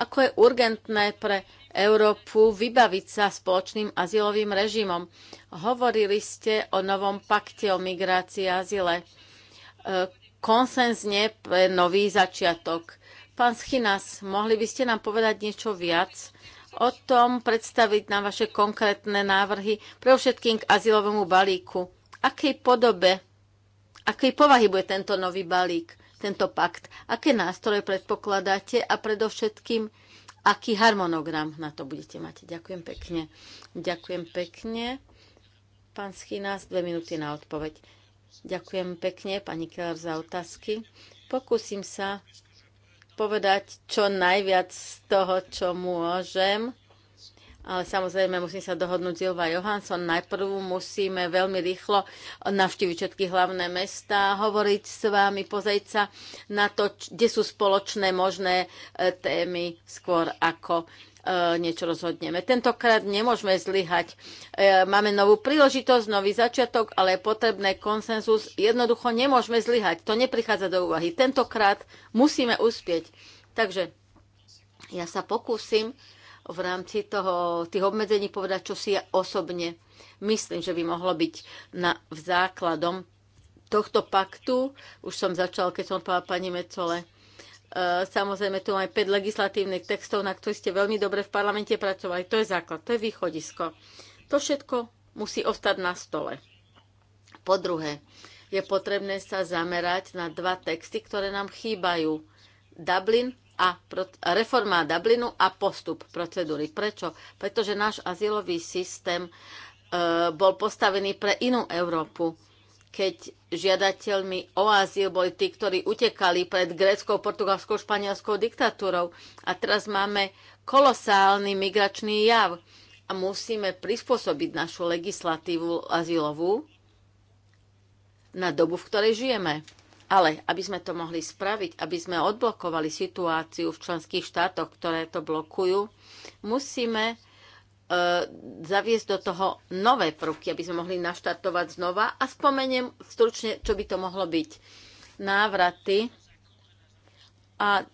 ako je urgentné pre Európu vybaviť sa spoločným azylovým režimom. Hovorili ste o novom pakte o migrácii a azile. E, konsenzne pre nový začiatok. Pán Schinas, mohli by ste nám povedať niečo viac o tom, predstaviť nám vaše konkrétne návrhy pre všetkým k azylovému balíku. Akej podobe, akej povahy bude tento nový balík, tento pakt? Aké nástroje predpokladáte a predovšetkým, aký harmonogram na to budete mať? Ďakujem pekne. Ďakujem pekne. Pán Schinas, dve minúty na odpoveď. Ďakujem pekne, pani Keller, za otázky. Pokúsim sa povedať čo najviac z toho, čo môžem. Ale samozrejme musím sa dohodnúť s Ilva Johansson. Najprv musíme veľmi rýchlo navštíviť všetky hlavné mesta, hovoriť s vami, pozrieť sa na to, kde sú spoločné možné e, témy skôr ako E, niečo rozhodneme. Tentokrát nemôžeme zlyhať. E, máme novú príležitosť, nový začiatok, ale je potrebné konsenzus. Jednoducho nemôžeme zlyhať. To neprichádza do úvahy. Tentokrát musíme uspieť. Takže ja sa pokúsim v rámci toho, tých obmedzení povedať, čo si ja osobne myslím, že by mohlo byť na, v základom tohto paktu. Už som začal, keď som povedal pani Mecole, E, samozrejme, tu máme 5 legislatívnych textov, na ktorých ste veľmi dobre v parlamente pracovali. To je základ, to je východisko. To všetko musí ostať na stole. Po druhé, je potrebné sa zamerať na dva texty, ktoré nám chýbajú. Dublin a reforma Dublinu a postup procedúry. Prečo? Pretože náš azylový systém e, bol postavený pre inú Európu keď žiadateľmi o azyl boli tí, ktorí utekali pred gréckou, portugalskou, španielskou diktatúrou. A teraz máme kolosálny migračný jav a musíme prispôsobiť našu legislatívu azylovú na dobu, v ktorej žijeme. Ale aby sme to mohli spraviť, aby sme odblokovali situáciu v členských štátoch, ktoré to blokujú, musíme E, zaviesť do toho nové prvky, aby sme mohli naštartovať znova. A spomeniem stručne, čo by to mohlo byť. Návraty a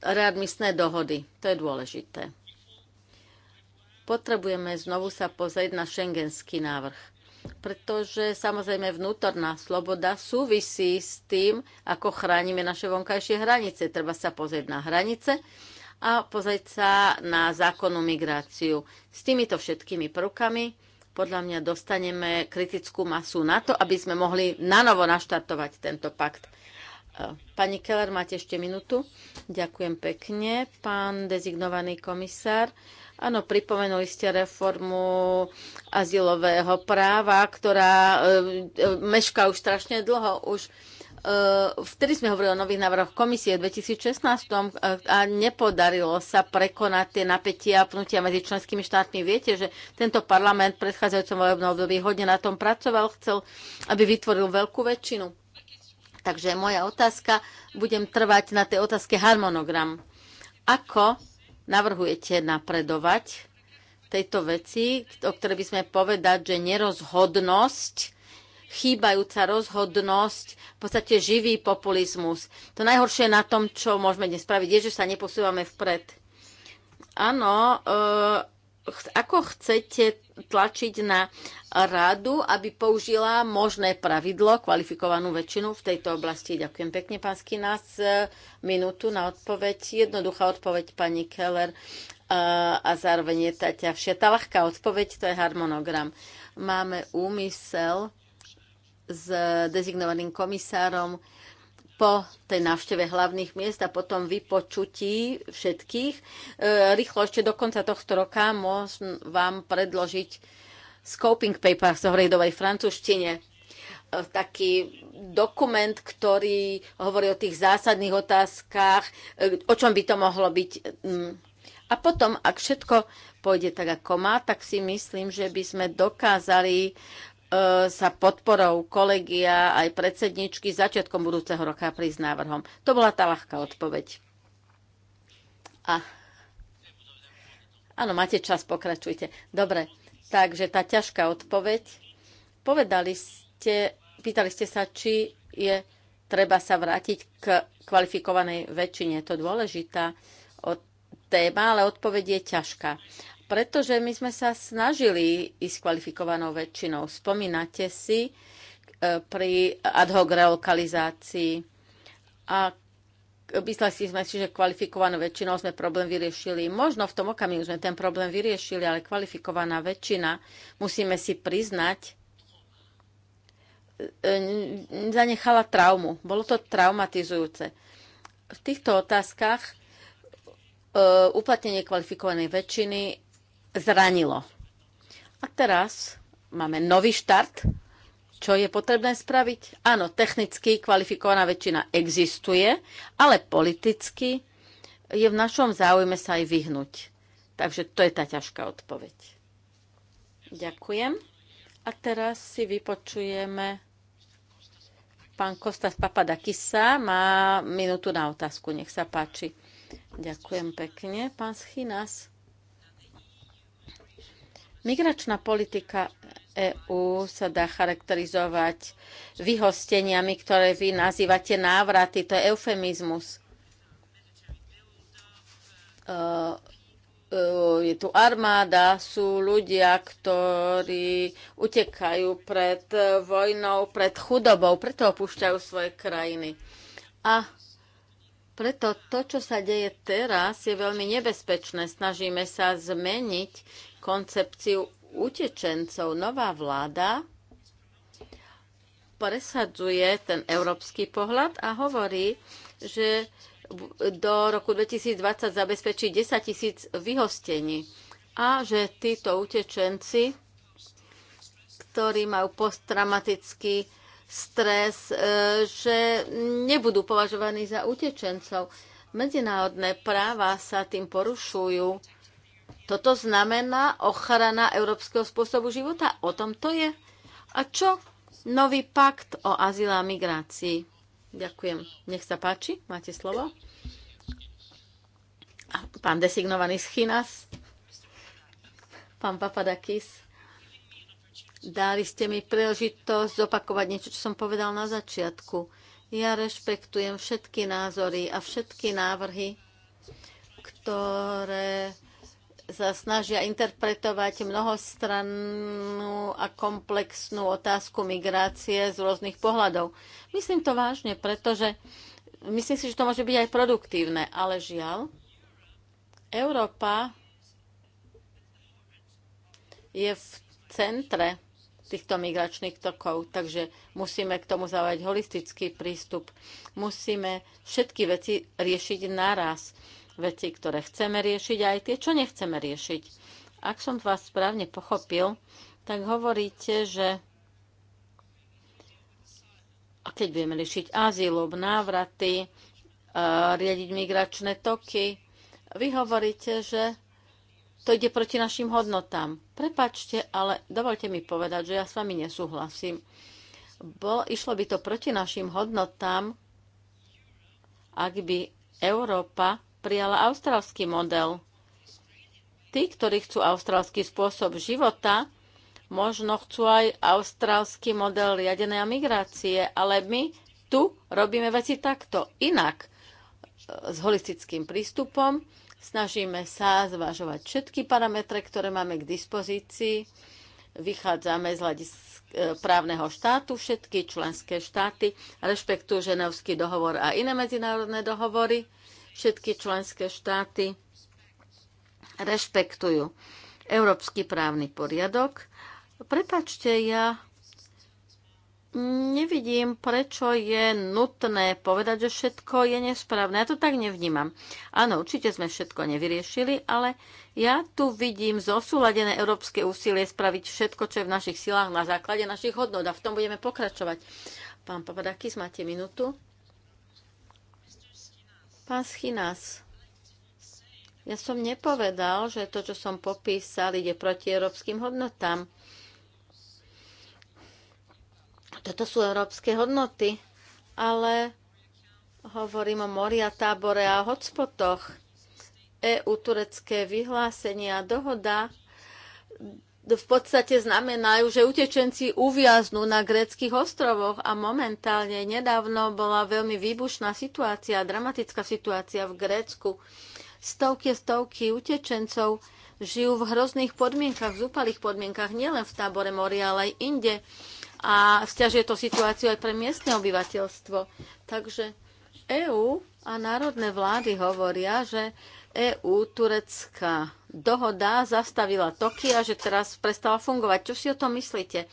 readmisné dohody. To je dôležité. Potrebujeme znovu sa pozrieť na šengenský návrh, pretože samozrejme vnútorná sloboda súvisí s tým, ako chránime naše vonkajšie hranice. Treba sa pozrieť na hranice, a pozrieť sa na zákonnú migráciu. S týmito všetkými prvkami podľa mňa dostaneme kritickú masu na to, aby sme mohli nanovo naštartovať tento pakt. E, pani Keller, máte ešte minútu. Ďakujem pekne, pán dezignovaný komisár. Áno, pripomenuli ste reformu azylového práva, ktorá e, e, mešká už strašne dlho. Už E, vtedy sme hovorili o nových návrhoch komisie v 2016 e, a nepodarilo sa prekonať tie napätia a pnutia medzi členskými štátmi. Viete, že tento parlament v predchádzajúcom volebnom období hodne na tom pracoval, chcel, aby vytvoril veľkú väčšinu. Takže moja otázka, budem trvať na tej otázke harmonogram. Ako navrhujete napredovať tejto veci, o ktorej by sme povedať, že nerozhodnosť chýbajúca rozhodnosť, v podstate živý populizmus. To najhoršie na tom, čo môžeme dnes spraviť, je, že sa neposúvame vpred. Áno, e, ako chcete tlačiť na radu, aby použila možné pravidlo, kvalifikovanú väčšinu v tejto oblasti. Ďakujem pekne, pán Skinas. E, minútu na odpoveď. Jednoduchá odpoveď, pani Keller. E, a zároveň je tá ťažšia. Tá ľahká odpoveď, to je harmonogram. Máme úmysel s dezignovaným komisárom po tej návšteve hlavných miest a potom vypočutí všetkých. E, rýchlo ešte do konca tohto roka môžem vám predložiť scoping paper v zohrejdovej francúzštine e, taký dokument, ktorý hovorí o tých zásadných otázkach, e, o čom by to mohlo byť. Mm. A potom, ak všetko pôjde tak, ako má, tak si myslím, že by sme dokázali E, sa podporou kolegia aj predsedničky začiatkom budúceho roka prísť návrhom. To bola tá ľahká odpoveď. A Áno, máte čas, pokračujte. Dobre, takže tá ťažká odpoveď. Povedali ste, pýtali ste sa, či je treba sa vrátiť k kvalifikovanej väčšine. Je to dôležitá téma, ale odpoveď je ťažká pretože my sme sa snažili ísť kvalifikovanou väčšinou. Spomínate si e, pri ad hoc relokalizácii a mysleli sme si, že kvalifikovanou väčšinou sme problém vyriešili. Možno v tom okamihu sme ten problém vyriešili, ale kvalifikovaná väčšina, musíme si priznať, e, zanechala traumu. Bolo to traumatizujúce. V týchto otázkach e, uplatnenie kvalifikovanej väčšiny zranilo. A teraz máme nový štart. Čo je potrebné spraviť? Áno, technicky kvalifikovaná väčšina existuje, ale politicky je v našom záujme sa aj vyhnúť. Takže to je tá ťažká odpoveď. Ďakujem. A teraz si vypočujeme pán Kostas Papadakisa. Má minútu na otázku, nech sa páči. Ďakujem pekne, pán Schinas. Migračná politika EÚ sa dá charakterizovať vyhosteniami, ktoré vy nazývate návraty. To je eufemizmus. E, e, je tu armáda, sú ľudia, ktorí utekajú pred vojnou, pred chudobou, preto opúšťajú svoje krajiny. A preto to, čo sa deje teraz, je veľmi nebezpečné. Snažíme sa zmeniť koncepciu utečencov. Nová vláda presadzuje ten európsky pohľad a hovorí, že do roku 2020 zabezpečí 10 tisíc vyhostení a že títo utečenci, ktorí majú posttraumatický stres, e, že nebudú považovaní za utečencov. Medzinárodné práva sa tým porušujú toto znamená ochrana európskeho spôsobu života. O tom to je. A čo? Nový pakt o azyle a migrácii. Ďakujem. Nech sa páči, máte slovo. Pán designovaný z Chinas, pán Papadakis, dali ste mi príležitosť zopakovať niečo, čo som povedal na začiatku. Ja rešpektujem všetky názory a všetky návrhy, ktoré sa snažia interpretovať mnohostrannú a komplexnú otázku migrácie z rôznych pohľadov. Myslím to vážne, pretože myslím si, že to môže byť aj produktívne, ale žiaľ, Európa je v centre týchto migračných tokov, takže musíme k tomu zavať holistický prístup. Musíme všetky veci riešiť naraz veci, ktoré chceme riešiť a aj tie, čo nechceme riešiť. Ak som vás správne pochopil, tak hovoríte, že a keď budeme riešiť azylob, návraty, e, riadiť migračné toky, vy hovoríte, že to ide proti našim hodnotám. Prepačte, ale dovolte mi povedať, že ja s vami nesúhlasím. Bo išlo by to proti našim hodnotám, ak by Európa prijala austrálsky model. Tí, ktorí chcú austrálsky spôsob života, možno chcú aj austrálsky model riadenej migrácie, ale my tu robíme veci takto, inak, e, s holistickým prístupom. Snažíme sa zvažovať všetky parametre, ktoré máme k dispozícii. Vychádzame z hľadiska e, právneho štátu. Všetky členské štáty rešpektujú Ženevský dohovor a iné medzinárodné dohovory všetky členské štáty rešpektujú európsky právny poriadok. Prepačte, ja nevidím, prečo je nutné povedať, že všetko je nesprávne. Ja to tak nevnímam. Áno, určite sme všetko nevyriešili, ale ja tu vidím zosúladené európske úsilie spraviť všetko, čo je v našich silách na základe našich hodnot a v tom budeme pokračovať. Pán Papadakis, máte minútu. Pán Schinas, ja som nepovedal, že to, čo som popísal, ide proti európskym hodnotám. Toto sú európske hodnoty, ale hovorím o moria, tábore a hotspotoch. EU-turecké vyhlásenie a dohoda v podstate znamenajú, že utečenci uviaznú na gréckých ostrovoch a momentálne nedávno bola veľmi výbušná situácia, dramatická situácia v Grécku. Stovky stovky utečencov žijú v hrozných podmienkach, v zúpalých podmienkach, nielen v tábore moria, ale aj inde. A stiažuje to situáciu aj pre miestne obyvateľstvo. Takže EÚ a národné vlády hovoria, že EU-turecká dohoda zastavila toky a že teraz prestala fungovať. Čo si o tom myslíte?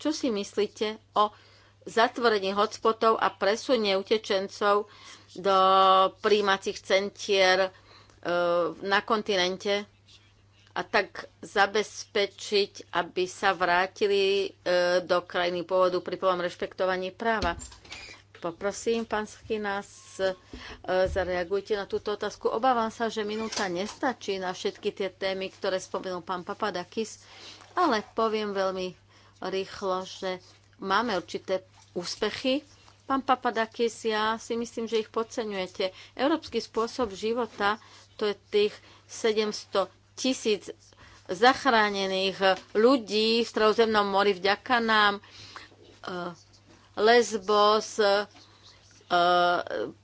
Čo si myslíte o zatvorení hotspotov a presunie utečencov do príjmacích centier e, na kontinente a tak zabezpečiť, aby sa vrátili e, do krajiny pôvodu pri plnom rešpektovaní práva? Poprosím, pán nás, e, zareagujte na túto otázku. Obávam sa, že minúta nestačí na všetky tie témy, ktoré spomenul pán Papadakis, ale poviem veľmi rýchlo, že máme určité úspechy. Pán Papadakis, ja si myslím, že ich podceňujete. Európsky spôsob života, to je tých 700 tisíc zachránených ľudí v Stredozemnom mori vďaka nám e, Lesbos e,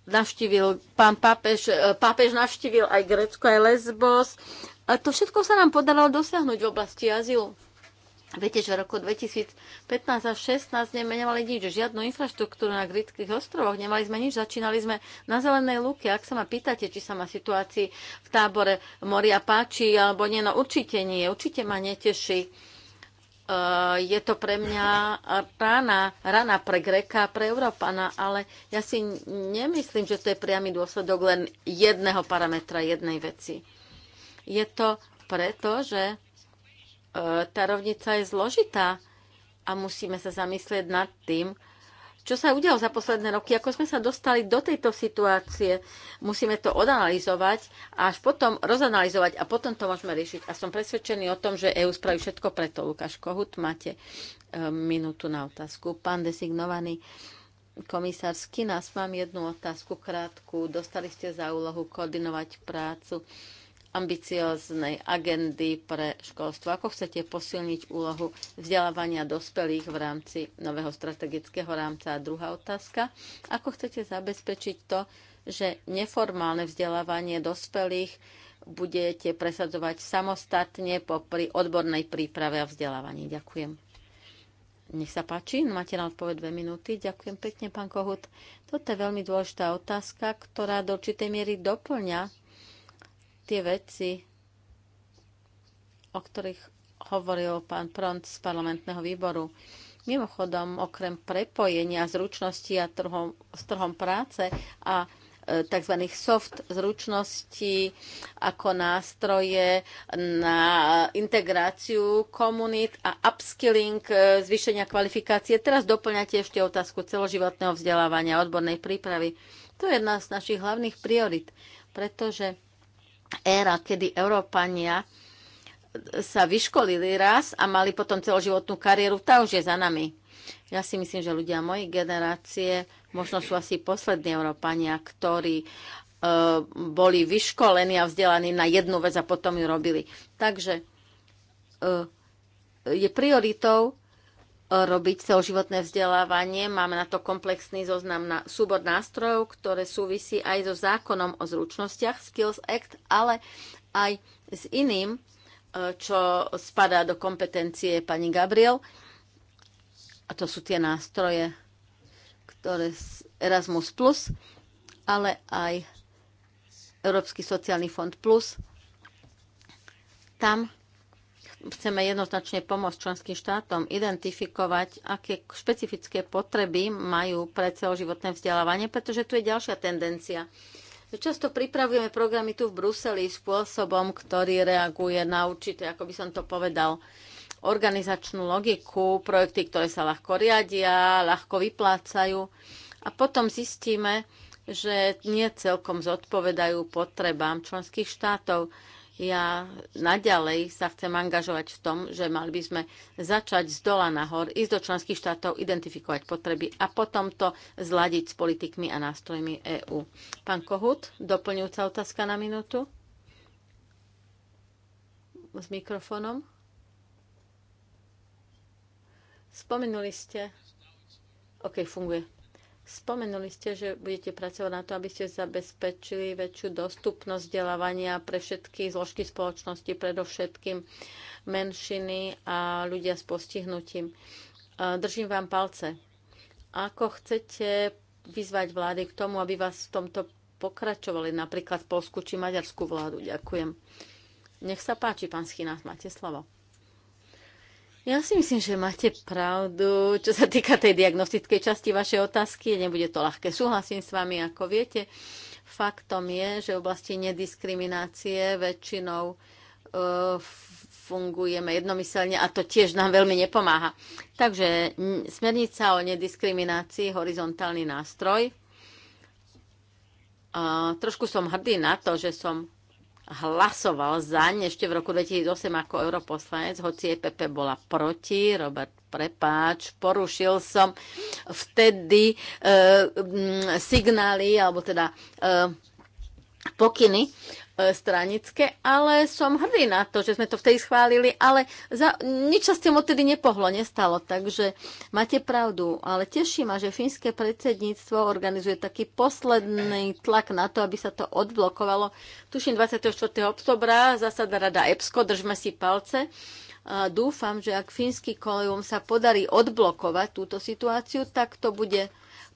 navštívil pán pápež, e, pápež navštívil aj Grécko, aj Lesbos. A to všetko sa nám podarilo dosiahnuť v oblasti azylu. Viete, že v roku 2015 a 2016 sme nemali nič, žiadnu infraštruktúru na gritských ostrovoch, nemali sme nič, začínali sme na Zelenej lúke. Ak sa ma pýtate, či sa ma situácii v tábore moria páči, alebo nie, no určite nie, určite ma neteší Eh, je to pre mňa rána, rána pre Greka, pre Európana, ale ja si nemyslím, že to je priamy dôsledok len jedného parametra, jednej veci. Je to preto, že eh, tá rovnica je zložitá a musíme sa zamyslieť nad tým, čo sa udialo za posledné roky, ako sme sa dostali do tejto situácie. Musíme to odanalizovať a až potom rozanalizovať a potom to môžeme riešiť. A som presvedčený o tom, že EU spraví všetko preto. Lukáš Kohut, máte e, minútu na otázku. Pán designovaný komisár Skinas, mám jednu otázku krátku. Dostali ste za úlohu koordinovať prácu ambicióznej agendy pre školstvo. Ako chcete posilniť úlohu vzdelávania dospelých v rámci nového strategického rámca? A druhá otázka, ako chcete zabezpečiť to, že neformálne vzdelávanie dospelých budete presadzovať samostatne popri odbornej príprave a vzdelávaní? Ďakujem. Nech sa páči, máte na odpoveď dve minúty. Ďakujem pekne, pán Kohut. Toto je veľmi dôležitá otázka, ktorá do určitej miery doplňa tie veci, o ktorých hovoril pán Pront z parlamentného výboru. Mimochodom, okrem prepojenia zručnosti a trhom, s trhom práce a e, tzv. soft zručnosti ako nástroje na integráciu komunít a upskilling, e, zvýšenia kvalifikácie. Teraz doplňate ešte otázku celoživotného vzdelávania, odbornej prípravy. To je jedna z našich hlavných priorit, pretože éra, kedy Európania sa vyškolili raz a mali potom celoživotnú kariéru, tá už je za nami. Ja si myslím, že ľudia mojej generácie možno sú asi poslední Európania, ktorí e, boli vyškolení a vzdelaní na jednu vec a potom ju robili. Takže e, je prioritou robiť celoživotné vzdelávanie. Máme na to komplexný zoznam na súbor nástrojov, ktoré súvisí aj so zákonom o zručnostiach Skills Act, ale aj s iným, e, čo spadá do kompetencie pani Gabriel. A to sú tie nástroje, ktoré z Erasmus+, ale aj Európsky sociálny fond plus. Tam chceme jednoznačne pomôcť členským štátom identifikovať, aké špecifické potreby majú pre celoživotné vzdelávanie, pretože tu je ďalšia tendencia. Často pripravujeme programy tu v Bruseli spôsobom, ktorý reaguje na určité, ako by som to povedal, organizačnú logiku, projekty, ktoré sa ľahko riadia, ľahko vyplácajú a potom zistíme, že nie celkom zodpovedajú potrebám členských štátov. Ja naďalej sa chcem angažovať v tom, že mali by sme začať z dola nahor, ísť do členských štátov, identifikovať potreby a potom to zladiť s politikmi a nástrojmi EÚ. Pán Kohut, doplňujúca otázka na minútu? S mikrofónom. Spomenuli ste. OK, funguje. Spomenuli ste, že budete pracovať na to, aby ste zabezpečili väčšiu dostupnosť vzdelávania pre všetky zložky spoločnosti, predovšetkým menšiny a ľudia s postihnutím. Držím vám palce. Ako chcete vyzvať vlády k tomu, aby vás v tomto pokračovali, napríklad polskú či maďarskú vládu? Ďakujem. Nech sa páči, pán Schinás, máte slovo. Ja si myslím, že máte pravdu, čo sa týka tej diagnostickej časti vašej otázky. Nebude to ľahké. Súhlasím s vami, ako viete. Faktom je, že v oblasti nediskriminácie väčšinou e, fungujeme jednomyselne a to tiež nám veľmi nepomáha. Takže smernica o nediskriminácii, horizontálny nástroj. A trošku som hrdý na to, že som hlasoval zaň ešte v roku 2008 ako europoslanec, hoci EPP bola proti, Robert prepáč, porušil som vtedy e, signály, alebo teda e, pokyny E, stranické, ale som hrdý na to, že sme to vtedy schválili, ale za, nič sa s tým odtedy nepohlo, nestalo, takže máte pravdu, ale teší ma, že fínske predsedníctvo organizuje taký posledný tlak na to, aby sa to odblokovalo. Tuším 24. oktobra zasada rada EPSCO, držme si palce. A dúfam, že ak fínsky kolegom sa podarí odblokovať túto situáciu, tak to bude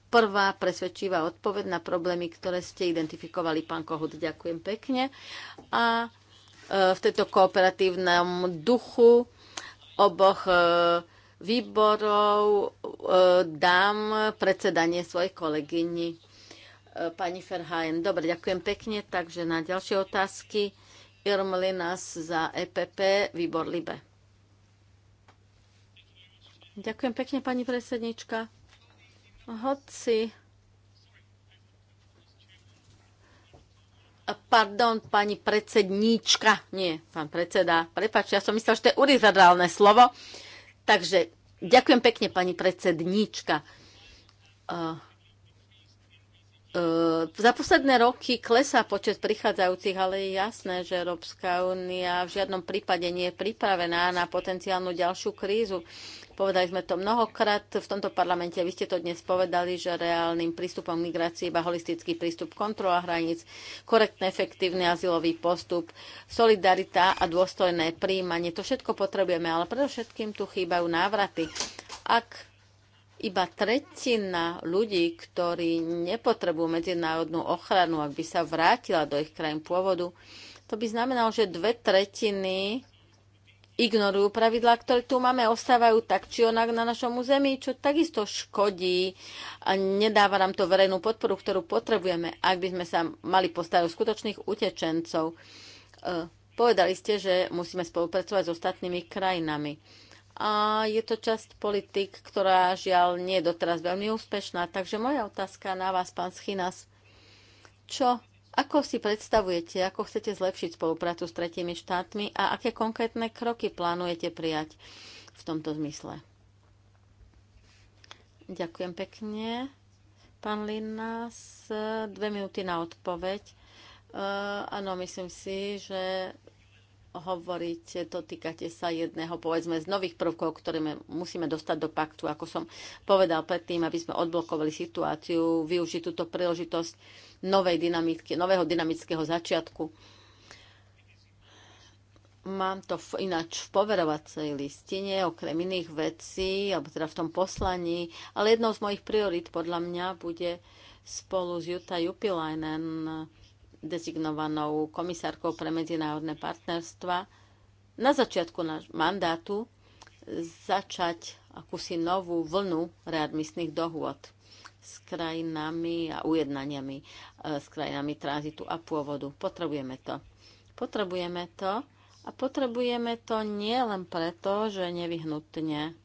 prvá presvedčivá odpoveď na problémy, ktoré ste identifikovali, pán Kohut. Ďakujem pekne. A e, v tejto kooperatívnom duchu oboch e, výborov e, dám predsedanie svojej kolegyni pani Ferhajen. Dobre, ďakujem pekne. Takže na ďalšie otázky nás za EPP, výbor Libe. Ďakujem pekne, pani predsednička. Hoci Pardon, pani predsedníčka. Nie, pán predseda. Prepačte, ja som myslel, že to je urizadrálne slovo. Takže ďakujem pekne, pani predsedníčka. Uh, uh, za posledné roky klesá počet prichádzajúcich, ale je jasné, že Európska únia v žiadnom prípade nie je pripravená na potenciálnu ďalšiu krízu. Povedali sme to mnohokrát v tomto parlamente. Vy ste to dnes povedali, že reálnym prístupom migrácie iba holistický prístup, kontrola hraníc, korektný, efektívny azylový postup, solidarita a dôstojné príjmanie. To všetko potrebujeme, ale predovšetkým tu chýbajú návraty. Ak iba tretina ľudí, ktorí nepotrebujú medzinárodnú ochranu, ak by sa vrátila do ich krajín pôvodu, to by znamenalo, že dve tretiny ignorujú pravidlá, ktoré tu máme, ostávajú tak či onak na našom území, čo takisto škodí a nedáva nám to verejnú podporu, ktorú potrebujeme, ak by sme sa mali postaviť o skutočných utečencov. E, povedali ste, že musíme spolupracovať s ostatnými krajinami. A je to časť politik, ktorá žiaľ nie je doteraz veľmi úspešná. Takže moja otázka na vás, pán Schinas. Čo ako si predstavujete, ako chcete zlepšiť spoluprácu s tretími štátmi a aké konkrétne kroky plánujete prijať v tomto zmysle? Ďakujem pekne. Pán Linnás, dve minúty na odpoveď. Uh, áno, myslím si, že hovoríte, dotýkate sa jedného, povedzme, z nových prvkov, ktoré musíme dostať do paktu, ako som povedal predtým, aby sme odblokovali situáciu, využiť túto príležitosť novej dynamiky, nového dynamického začiatku. Mám to v, ináč v poverovacej listine, okrem iných vecí, alebo teda v tom poslaní, ale jednou z mojich priorit podľa mňa bude spolu s Juta Jupilainen dezignovanou komisárkou pre medzinárodné partnerstva na začiatku náš mandátu začať akúsi novú vlnu readmisných dohôd s krajinami a ujednaniami e, s krajinami tranzitu a pôvodu. Potrebujeme to. Potrebujeme to a potrebujeme to nielen preto, že nevyhnutne,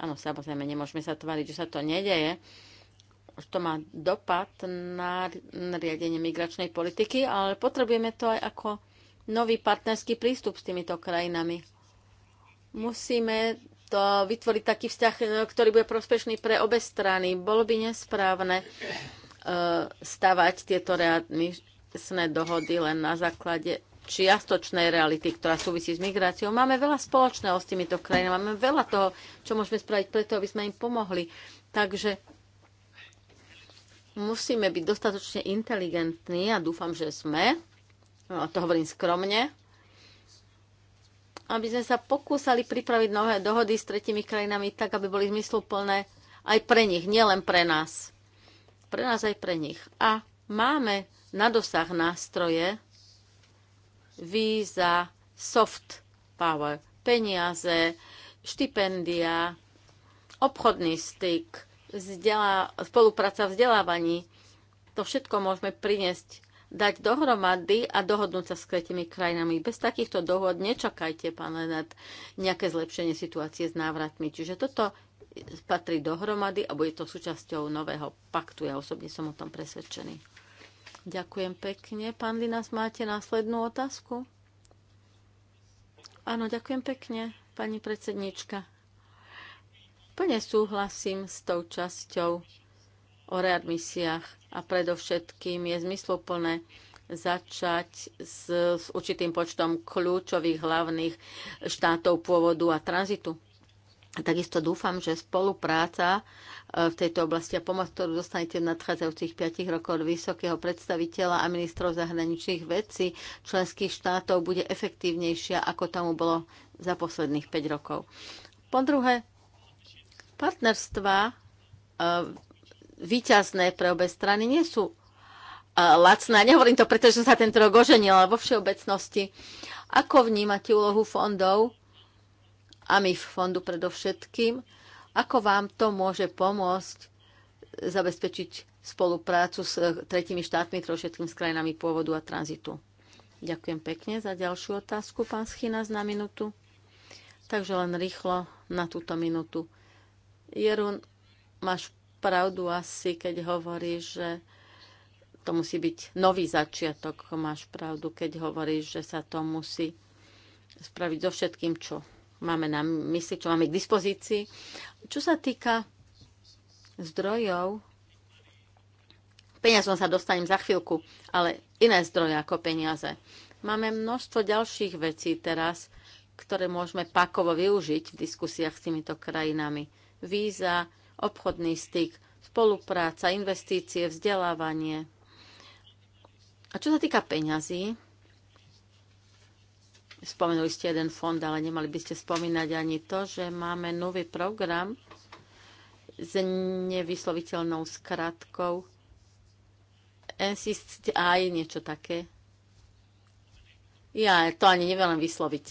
áno, samozrejme, nemôžeme sa tváriť, že sa to nedeje, to má dopad na riadenie migračnej politiky, ale potrebujeme to aj ako nový partnerský prístup s týmito krajinami. Musíme to vytvoriť taký vzťah, e, ktorý bude prospešný pre obe strany. Bolo by nesprávne e, stavať tieto readmisné dohody len na základe čiastočnej reality, ktorá súvisí s migráciou. Máme veľa spoločného s týmito krajinami, máme veľa toho, čo môžeme spraviť preto, aby sme im pomohli. Takže musíme byť dostatočne inteligentní a dúfam, že sme, to hovorím skromne, aby sme sa pokúsali pripraviť nové dohody s tretimi krajinami tak, aby boli zmysluplné aj pre nich, nielen pre nás. Pre nás aj pre nich. A máme na dosah nástroje víza, soft power, peniaze, štipendia, obchodný styk, vzdelá, spolupráca v vzdelávaní. To všetko môžeme priniesť, dať dohromady a dohodnúť sa s tretimi krajinami. Bez takýchto dohod nečakajte, pán Lenard, nejaké zlepšenie situácie s návratmi. Čiže toto patrí dohromady a bude to súčasťou nového paktu. Ja osobne som o tom presvedčený. Ďakujem pekne. Pán Linas, máte následnú otázku? Áno, ďakujem pekne, pani predsednička. Plne súhlasím s tou časťou o readmisiách a predovšetkým je zmysluplné začať s, s určitým počtom kľúčových hlavných štátov pôvodu a tranzitu. Takisto dúfam, že spolupráca e, v tejto oblasti a pomoc, ktorú dostanete v nadchádzajúcich 5 rokoch od vysokého predstaviteľa a ministrov zahraničných vecí členských štátov bude efektívnejšia, ako tomu bolo za posledných 5 rokov. Po druhé, Partnerstva e, výťazné pre obe strany nie sú e, lacné. Nehovorím to, pretože sa tento rok oženil, ale vo všeobecnosti. Ako vnímate úlohu fondov, a my v fondu predovšetkým, ako vám to môže pomôcť zabezpečiť spoluprácu s e, tretími štátmi, trošetkým s krajinami pôvodu a tranzitu? Ďakujem pekne za ďalšiu otázku, pán Schinas, na minútu. Takže len rýchlo na túto minútu. Jerun, máš pravdu asi, keď hovorí, že to musí byť nový začiatok. Máš pravdu, keď hovoríš, že sa to musí spraviť so všetkým, čo máme na mysli, čo máme k dispozícii. Čo sa týka zdrojov, peniazom sa dostanem za chvíľku, ale iné zdroje ako peniaze. Máme množstvo ďalších vecí teraz, ktoré môžeme pakovo využiť v diskusiách s týmito krajinami víza, obchodný styk, spolupráca, investície, vzdelávanie. A čo sa týka peňazí, spomenuli ste jeden fond, ale nemali by ste spomínať ani to, že máme nový program s nevysloviteľnou skratkou NCC, aj niečo také. Ja to ani neviem vysloviť.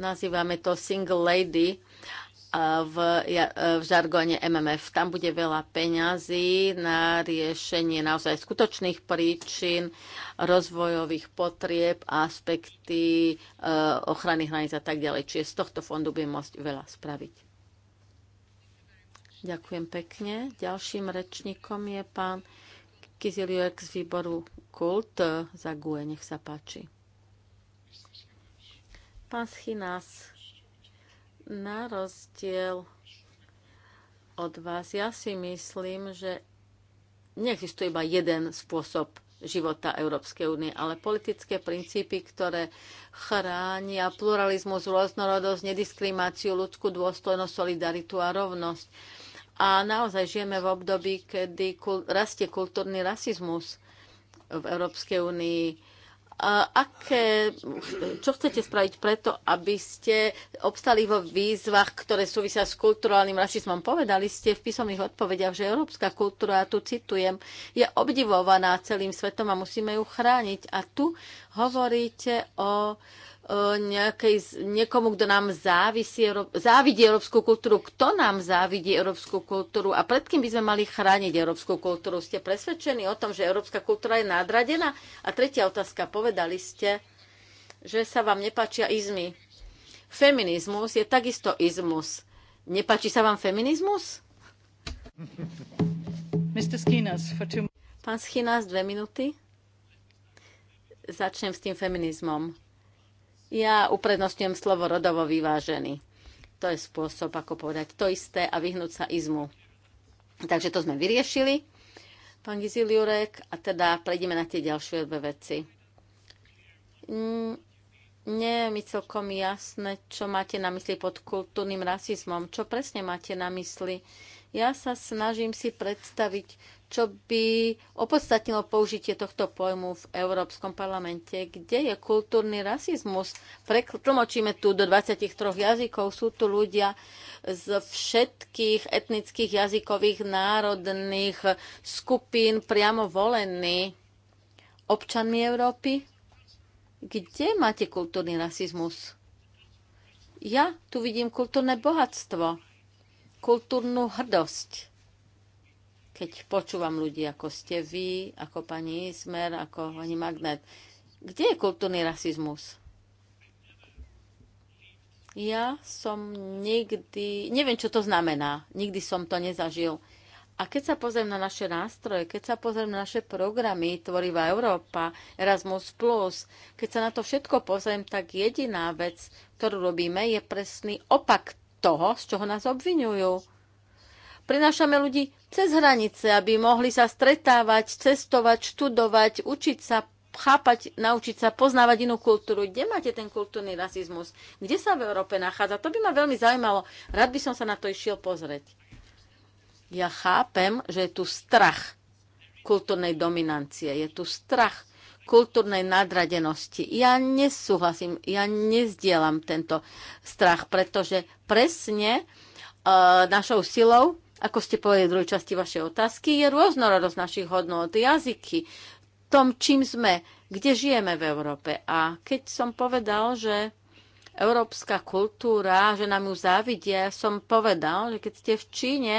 Nazývame to Single Lady v, e, v žargóne MMF. Tam bude veľa peňazí na riešenie naozaj skutočných príčin, rozvojových potrieb, aspekty e, ochrany hraníc a tak ďalej. Čiže z tohto fondu by môcť veľa spraviť. Ďakujem pekne. Ďalším rečníkom je pán Kiziliek z výboru Kult e, za GUE. Nech sa páči. Pán Schinás. Na rozdiel od vás, ja si myslím, že neexistuje iba jeden spôsob života Európskej únie, ale politické princípy, ktoré chránia pluralizmus, rôznorodosť, nediskrimináciu, ľudskú dôstojnosť, solidaritu a rovnosť. A naozaj žijeme v období, kedy rastie kultúrny rasizmus v Európskej únii a aké, čo chcete spraviť preto, aby ste obstali vo výzvach, ktoré súvisia s kulturálnym rasizmom? Povedali ste v písomných odpovediach, že európska kultúra, tu citujem, je obdivovaná celým svetom a musíme ju chrániť. A tu hovoríte o uh, E, nejakej, niekomu, kto nám závisí, závidí európsku kultúru. Kto nám závidí európsku kultúru a pred kým by sme mali chrániť európsku kultúru? Ste presvedčení o tom, že európska kultúra je nadradená? A tretia otázka. Povedali ste, že sa vám nepáčia izmy. Feminizmus je takisto izmus. Nepáči sa vám feminizmus? Mr. Skinas, for two... Pán Schinas, dve minúty. Začnem s tým feminizmom ja uprednostňujem slovo rodovo vyvážený. To je spôsob, ako povedať to isté a vyhnúť sa izmu. Takže to sme vyriešili, pán Giziliurek, a teda prejdeme na tie ďalšie dve veci. Mm, nie je mi celkom jasné, čo máte na mysli pod kultúrnym rasizmom. Čo presne máte na mysli? Ja sa snažím si predstaviť, čo by opodstatnilo použitie tohto pojmu v Európskom parlamente. Kde je kultúrny rasizmus? tlmočíme tu do 23 jazykov. Sú tu ľudia z všetkých etnických, jazykových, národných skupín priamo volení občanmi Európy. Kde máte kultúrny rasizmus? Ja tu vidím kultúrne bohatstvo, kultúrnu hrdosť keď počúvam ľudí, ako ste vy, ako pani Ismer, ako pani Magnet. Kde je kultúrny rasizmus? Ja som nikdy, neviem, čo to znamená, nikdy som to nezažil. A keď sa pozriem na naše nástroje, keď sa pozriem na naše programy Tvorivá Európa, Erasmus+, keď sa na to všetko pozriem, tak jediná vec, ktorú robíme, je presný opak toho, z čoho nás obvinujú prinášame ľudí cez hranice, aby mohli sa stretávať, cestovať, študovať, učiť sa, chápať, naučiť sa, poznávať inú kultúru. Kde máte ten kultúrny rasizmus? Kde sa v Európe nachádza? To by ma veľmi zaujímalo. Rád by som sa na to išiel pozrieť. Ja chápem, že je tu strach kultúrnej dominancie, je tu strach kultúrnej nadradenosti. Ja nesúhlasím, ja nezdielam tento strach, pretože presne e, našou silou ako ste povedali v druhej časti vašej otázky, je rôznorodosť našich hodnot, jazyky, tom, čím sme, kde žijeme v Európe. A keď som povedal, že európska kultúra, že nám ju závidia, som povedal, že keď ste v Číne,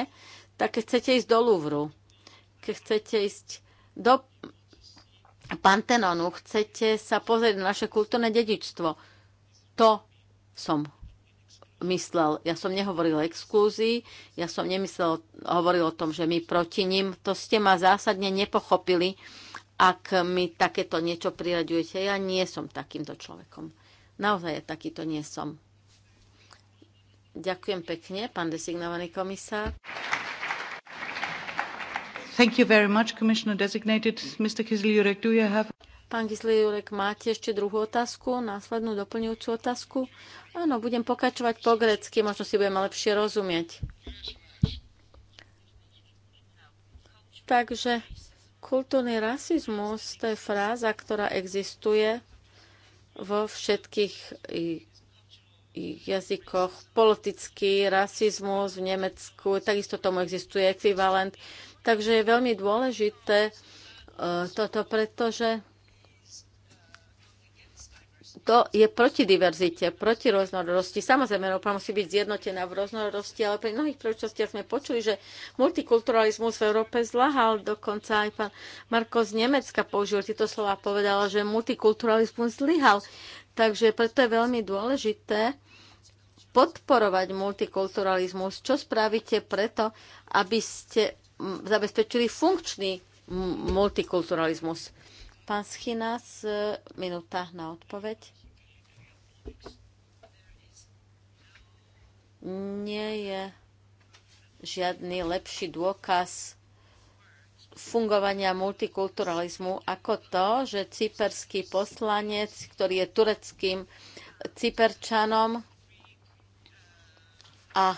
tak keď chcete ísť do Louvru, keď chcete ísť do Pantenonu, chcete sa pozrieť na naše kultúrne dedičstvo. To som myslel. Ja som nehovoril o ja som nemyslel, hovoril o tom, že my proti ním. To ste ma zásadne nepochopili, ak mi takéto niečo priraďujete. Ja nie som takýmto človekom. Naozaj ja takýto nie som. Ďakujem pekne, pán designovaný komisár. Thank you very much, Commissioner Designated. Mr. Kisley, do you have... Pán Gislejurek, máte ešte druhú otázku, následnú doplňujúcu otázku? Áno, budem pokračovať po grecky, možno si budeme lepšie rozumieť. Takže kultúrny rasizmus to je fráza, ktorá existuje vo všetkých jazykoch. Politický rasizmus v Nemecku, takisto tomu existuje ekvivalent. Takže je veľmi dôležité e, toto, pretože to je proti diverzite, proti rôznorodosti. Samozrejme, Európa musí byť zjednotená v rôznorodosti, ale pri mnohých príležitostiach sme počuli, že multikulturalizmus v Európe zlahal. Dokonca aj pán Marko z Nemecka použil tieto slova a povedal, že multikulturalizmus zlyhal. Takže preto je veľmi dôležité podporovať multikulturalizmus. Čo spravíte preto, aby ste zabezpečili funkčný multikulturalizmus? Pán Schinas, e, minúta na odpoveď. Nie je žiadny lepší dôkaz fungovania multikulturalizmu ako to, že cyperský poslanec, ktorý je tureckým cyperčanom a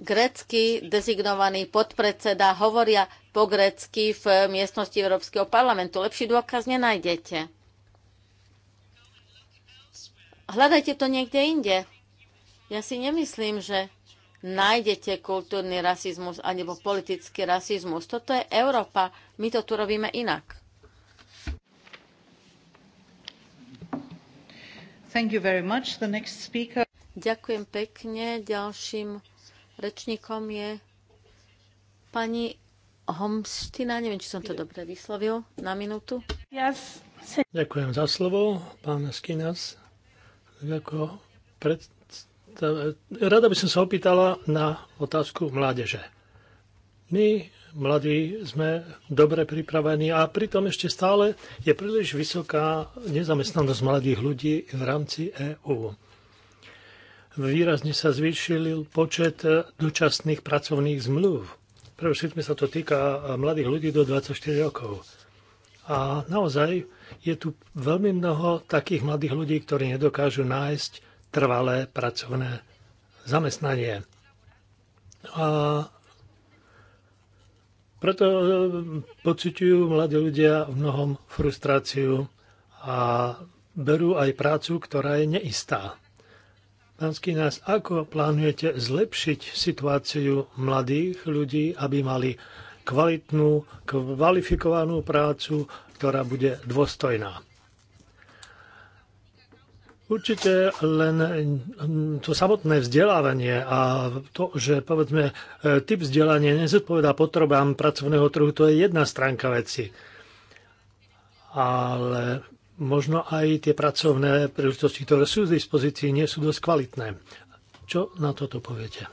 grécky dezignovaný podpredseda hovoria po grecky v miestnosti Európskeho parlamentu. Lepší dôkaz nenájdete. Hľadajte to niekde inde. Ja si nemyslím, že nájdete kultúrny rasizmus alebo politický rasizmus. Toto je Európa. My to tu robíme inak. Thank you very much. The next speaker... Ďakujem pekne. Ďalším rečníkom je pani Homstina, neviem, či som to dobre vyslovil, na minútu. Ďakujem za slovo, pán Skinas. Ako pred... Rada by som sa opýtala na otázku mládeže. My, mladí, sme dobre pripravení a pritom ešte stále je príliš vysoká nezamestnanosť mladých ľudí v rámci EÚ. Výrazne sa zvýšil počet dočasných pracovných zmluv pre sa to týka mladých ľudí do 24 rokov. A naozaj je tu veľmi mnoho takých mladých ľudí, ktorí nedokážu nájsť trvalé pracovné zamestnanie. A preto e, pociťujú mladí ľudia v mnohom frustráciu a berú aj prácu, ktorá je neistá. Pán Skinás, ako plánujete zlepšiť situáciu mladých ľudí, aby mali kvalitnú, kvalifikovanú prácu, ktorá bude dôstojná? Určite len mm, to samotné vzdelávanie a to, že povedzme e, typ vzdelania nezodpovedá potrebám pracovného trhu, to je jedna stránka veci. Ale možno aj tie pracovné príležitosti, ktoré sú v dispozícii, nie sú dosť kvalitné. Čo na toto poviete?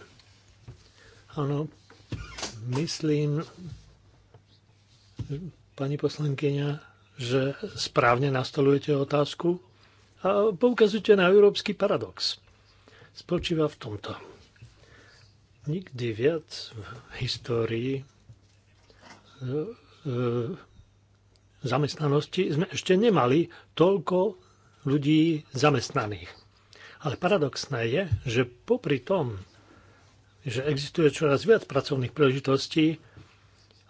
Áno, myslím, pani poslankyňa, že správne nastolujete otázku a poukazujete na európsky paradox. Spočíva v tomto. Nikdy viac v histórii e, e, zamestnanosti sme ešte nemali toľko ľudí zamestnaných. Ale paradoxné je, že popri tom, že existuje čoraz viac pracovných príležitostí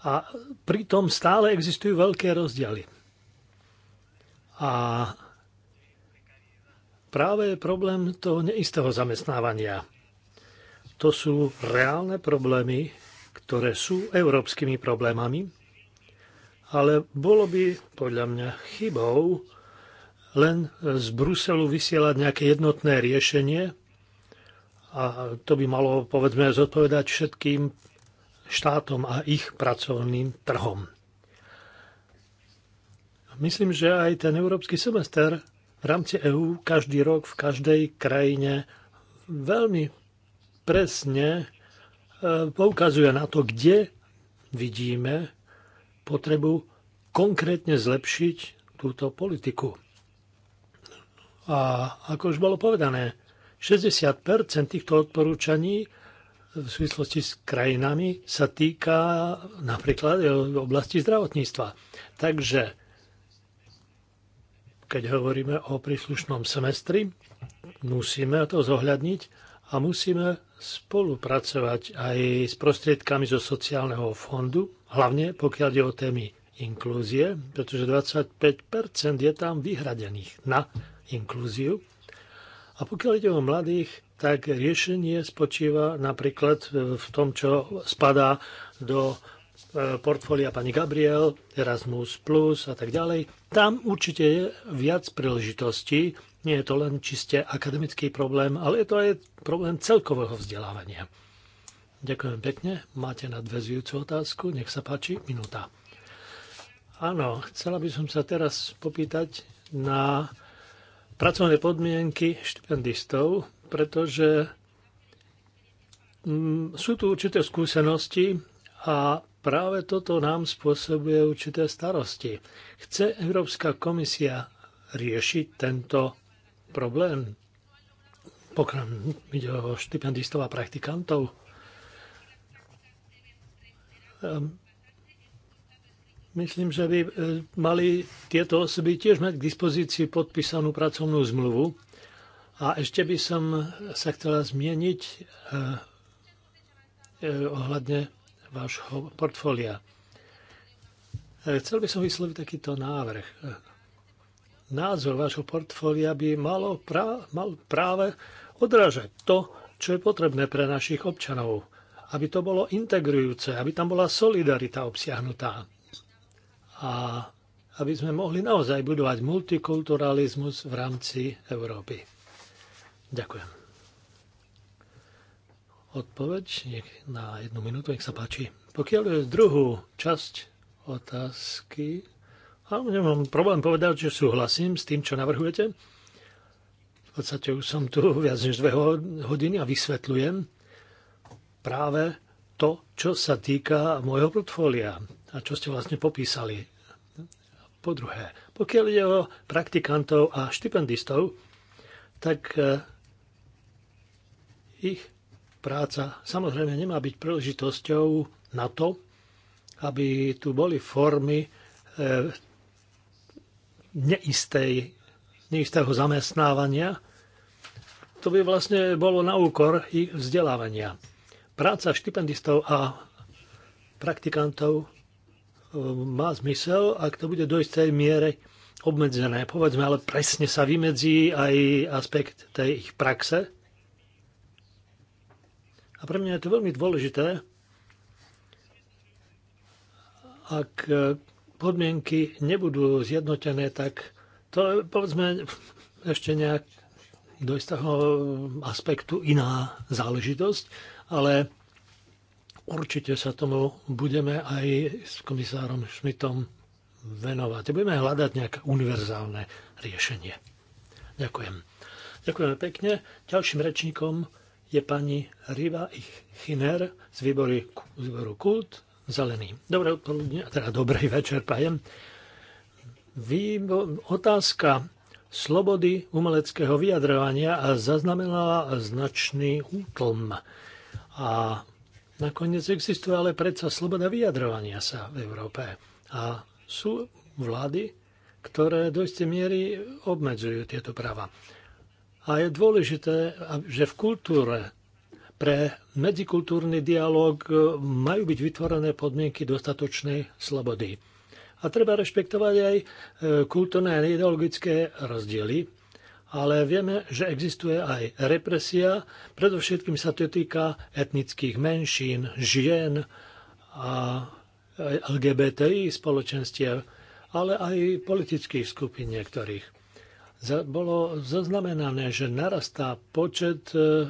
a pritom stále existujú veľké rozdiely. A práve je problém toho neistého zamestnávania. To sú reálne problémy, ktoré sú európskymi problémami ale bolo by podľa mňa chybou len z Bruselu vysielať nejaké jednotné riešenie a to by malo, povedzme, zodpovedať všetkým štátom a ich pracovným trhom. Myslím, že aj ten európsky semester v rámci EÚ každý rok v každej krajine veľmi presne e, poukazuje na to, kde vidíme potrebu konkrétne zlepšiť túto politiku. A ako už bolo povedané, 60 týchto odporúčaní v súvislosti s krajinami sa týka napríklad oblasti zdravotníctva. Takže keď hovoríme o príslušnom semestri, musíme to zohľadniť a musíme spolupracovať aj s prostriedkami zo sociálneho fondu Hlavne pokiaľ je o témy inklúzie, pretože 25 je tam vyhradených na inklúziu. A pokiaľ ide o mladých, tak riešenie spočíva napríklad v tom, čo spadá do e, portfólia pani Gabriel, Erasmus Plus a tak ďalej. Tam určite je viac príležitostí. Nie je to len čiste akademický problém, ale je to aj problém celkového vzdelávania. Ďakujem pekne. Máte nadvezujúcu otázku? Nech sa páči, minúta. Áno, chcela by som sa teraz popýtať na pracovné podmienky štipendistov, pretože mm, sú tu určité skúsenosti a práve toto nám spôsobuje určité starosti. Chce Európska komisia riešiť tento problém? Pokiaľ ide o štipendistov a praktikantov. Ehm, myslím, že by eh, mali tieto osoby tiež mať k dispozícii podpísanú pracovnú zmluvu. A ešte by som sa chcela zmieniť eh, eh, ohľadne vášho portfólia. Chcel by som vysloviť takýto návrh. Názor vášho portfólia by malo mal práve odrážať to, čo je potrebné pre našich občanov aby to bolo integrujúce, aby tam bola solidarita obsiahnutá. A aby sme mohli naozaj budovať multikulturalizmus v rámci Európy. Ďakujem. Odpoveď nech na jednu minútu, nech sa páči. Pokiaľ je druhú časť otázky, a nemám problém povedať, že súhlasím s tým, čo navrhujete. V podstate už som tu viac než dve hodiny a vysvetľujem, práve to, čo sa týka môjho portfólia a čo ste vlastne popísali. Po druhé, pokiaľ ide o praktikantov a štipendistov, tak e, ich práca samozrejme nemá byť príležitosťou na to, aby tu boli formy e, neistej, neistého zamestnávania. To by vlastne bolo na úkor ich vzdelávania práca štipendistov a praktikantov e, má zmysel, ak to bude do istej miere obmedzené. Povedzme, ale presne sa vymedzí aj aspekt tej ich praxe. A pre mňa je to veľmi dôležité, ak podmienky nebudú zjednotené, tak to je, povedzme, ešte nejak do istého aspektu iná záležitosť, ale určite sa tomu budeme aj s komisárom Šmitom venovať. Budeme hľadať nejaké univerzálne riešenie. Ďakujem. Ďakujeme pekne. Ďalším rečníkom je pani Riva Chiner z výboru, z výboru Kult Zelený. Dobré odpoludne, teda dobrý večer, pajem. Výbo, otázka slobody umeleckého vyjadrovania zaznamenala značný útlm. A nakoniec existuje ale predsa sloboda vyjadrovania sa v Európe. A sú vlády, ktoré do istej miery obmedzujú tieto práva. A je dôležité, že v kultúre pre medzikultúrny dialog e, majú byť vytvorené podmienky dostatočnej slobody. A treba rešpektovať aj e, kultúrne a ideologické rozdiely, ale vieme, že existuje aj represia. Predovšetkým sa to týka etnických menšín, žien a LGBTI spoločenstiev, ale aj politických skupín niektorých. Bolo zaznamenané, že narastá počet e,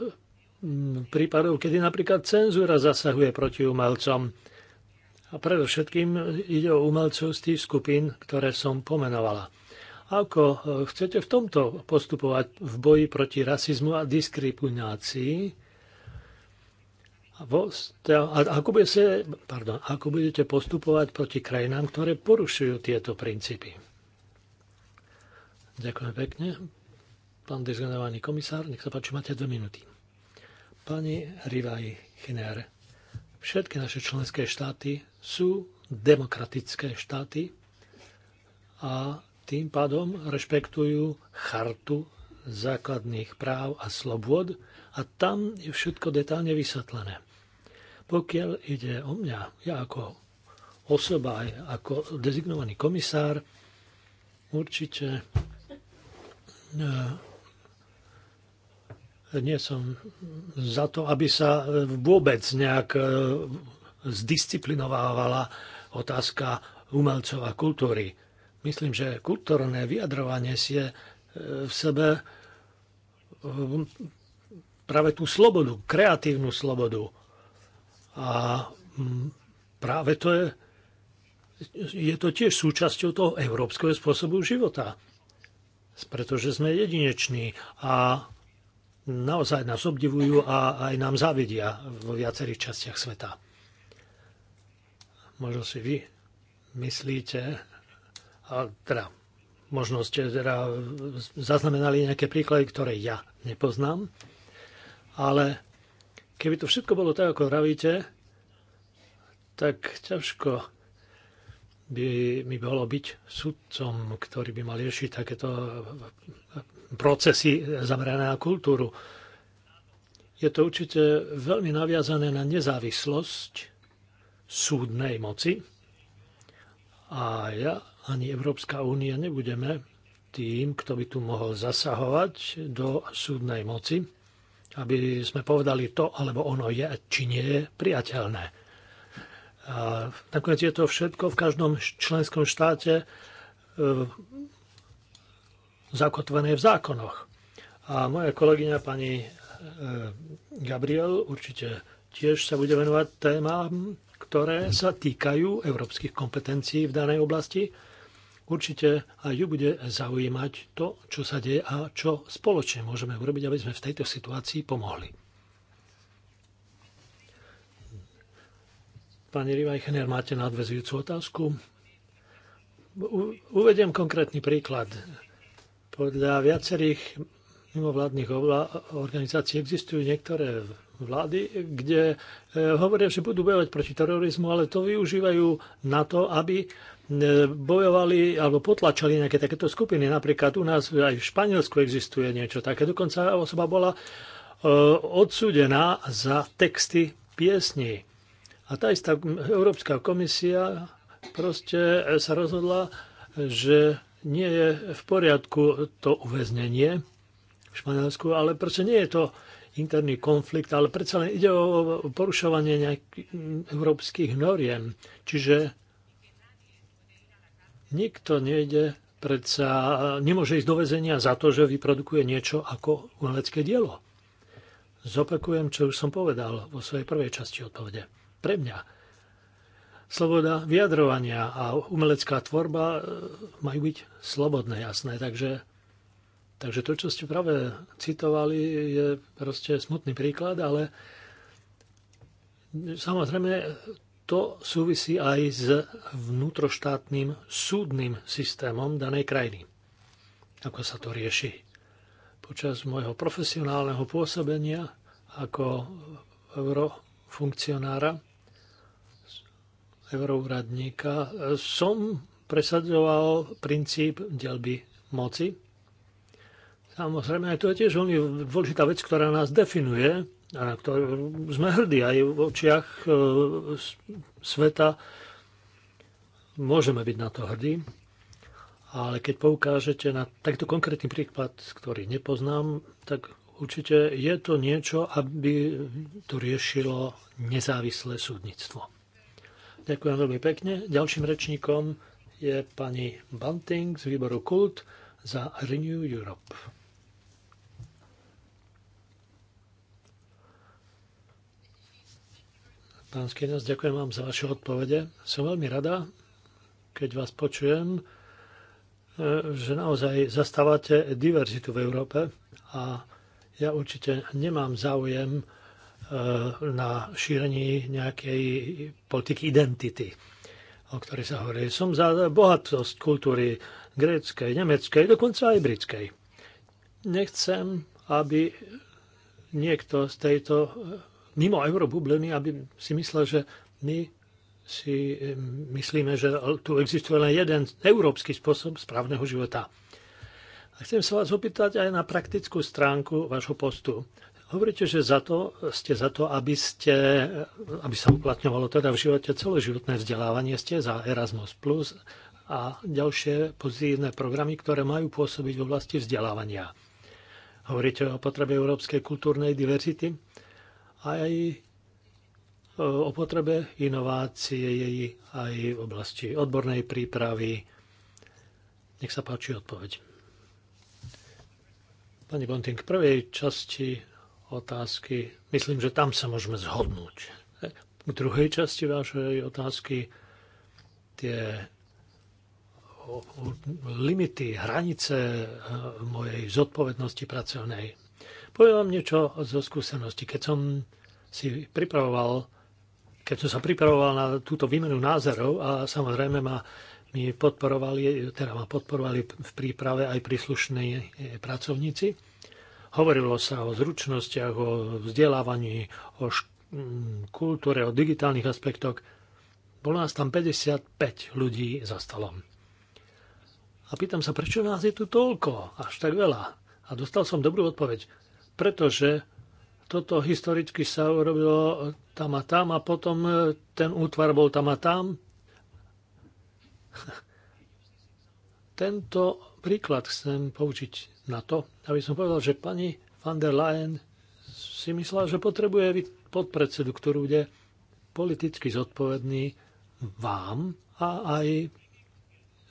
prípadov, kedy napríklad cenzúra zasahuje proti umelcom. A predovšetkým ide o umelcov z tých skupín, ktoré som pomenovala. Ako eh, chcete v tomto postupovať v boji proti rasizmu a diskriminácii? A ako, budete, pardon, ako budete postupovať proti krajinám, ktoré porušujú tieto princípy? Ďakujem pekne. Pán dezgenovaný komisár, nech sa páči, máte dve minúty. Pani Rivaj Chiner, všetky naše členské štáty sú demokratické štáty a tým pádom rešpektujú chartu základných práv a slobôd a tam je všetko detálne vysvetlené. Pokiaľ ide o mňa, ja ako osoba, ako dezignovaný komisár, určite e, nie som za to, aby sa e, vôbec nejak e, zdisciplinovávala otázka umelcov a kultúry Myslím, že kultúrne vyjadrovanie si je e, v sebe e, práve tú slobodu, kreatívnu slobodu. A práve to je, je to tiež súčasťou toho európskeho spôsobu života. Pretože sme jedineční a naozaj nás obdivujú a aj nám závidia vo viacerých častiach sveta. Možno si vy myslíte, a teda možno ste teda zaznamenali nejaké príklady, ktoré ja nepoznám, ale keby to všetko bolo tak, ako vravíte, tak ťažko by mi bolo byť sudcom, ktorý by mal riešiť takéto procesy zamerané na kultúru. Je to určite veľmi naviazané na nezávislosť súdnej moci, a ja ani Európska únia nebudeme tým, kto by tu mohol zasahovať do súdnej moci, aby sme povedali to, alebo ono je, či nie je priateľné. A nakoniec je to všetko v každom členskom štáte e, zakotvené v zákonoch. A moja kolegyňa pani e, Gabriel určite tiež sa bude venovať témam ktoré sa týkajú európskych kompetencií v danej oblasti. Určite aj ju bude zaujímať to, čo sa deje a čo spoločne môžeme urobiť, aby sme v tejto situácii pomohli. Pani Rivajchener, máte nadvezujúcu otázku? uvediem konkrétny príklad. Podľa viacerých mimovládnych organizácií existujú niektoré vlády, kde e, hovoria, že budú bojovať proti terorizmu, ale to využívajú na to, aby e, bojovali alebo potlačali nejaké takéto skupiny. Napríklad u nás aj v Španielsku existuje niečo také. Dokonca osoba bola e, odsúdená za texty piesní. A tá istá Európska komisia proste sa rozhodla, že nie je v poriadku to uväznenie v Španielsku, ale proste nie je to interný konflikt, ale predsa len ide o porušovanie nejakých európskych noriem. Čiže nikto nejde predsa, nemôže ísť do vezenia za to, že vyprodukuje niečo ako umelecké dielo. Zopakujem, čo už som povedal vo svojej prvej časti odpovede. Pre mňa sloboda vyjadrovania a umelecká tvorba e, majú byť slobodné, jasné, takže Takže to, čo ste práve citovali, je proste smutný príklad, ale samozrejme to súvisí aj s vnútroštátnym súdnym systémom danej krajiny. Ako sa to rieši. Počas môjho profesionálneho pôsobenia ako eurofunkcionára, euroúradníka, som presadzoval princíp delby moci Samozrejme, to je tiež veľmi dôležitá vec, ktorá nás definuje a na ktorú sme hrdí aj v očiach e, sveta. Môžeme byť na to hrdí, ale keď poukážete na takto konkrétny príklad, ktorý nepoznám, tak určite je to niečo, aby to riešilo nezávislé súdnictvo. Ďakujem veľmi pekne. Ďalším rečníkom je pani Bunting z výboru Kult za Renew Europe. Pán Skinos, ďakujem vám za vaše odpovede. Som veľmi rada, keď vás počujem, e, že naozaj zastávate diverzitu v Európe a ja určite nemám záujem e, na šírení nejakej politiky identity, o ktorej sa hovorí. Som za bohatosť kultúry gréckej, nemeckej, dokonca aj britskej. Nechcem, aby niekto z tejto mimo eurobubliny, aby si myslel, že my si e, myslíme, že tu existuje len jeden európsky spôsob správneho života. A chcem sa vás opýtať aj na praktickú stránku vášho postu. Hovoríte, že za to, ste za to, aby, ste, aby sa uplatňovalo teda v živote celoživotné vzdelávanie, ste za Erasmus+, plus a ďalšie pozitívne programy, ktoré majú pôsobiť v oblasti vzdelávania. Hovoríte o potrebe európskej kultúrnej diverzity aj e, o potrebe inovácie aj v oblasti odbornej prípravy. Nech sa páči odpoveď. Pani Bonting, k prvej časti otázky, myslím, že tam sa môžeme zhodnúť. K druhej časti vašej otázky tie limity, hranice e, mojej zodpovednosti pracovnej. Poviem vám niečo zo skúsenosti. Keď som si pripravoval, keď som sa pripravoval na túto výmenu názorov a samozrejme ma mi podporovali, teda ma podporovali v príprave aj príslušní e, pracovníci. Hovorilo sa o zručnostiach, o vzdelávaní, o kultúre, o digitálnych aspektoch. Bolo nás tam 55 ľudí za stolom. A pýtam sa, prečo nás je tu toľko, až tak veľa? A dostal som dobrú odpoveď. Pretože toto historicky sa urobilo tam a tam a potom e, ten útvar bol tam a tam. Tento príklad chcem poučiť na to, aby som povedal, že pani van der Leyen si myslela, že potrebuje podpredsedu, ktorú bude politicky zodpovedný vám a aj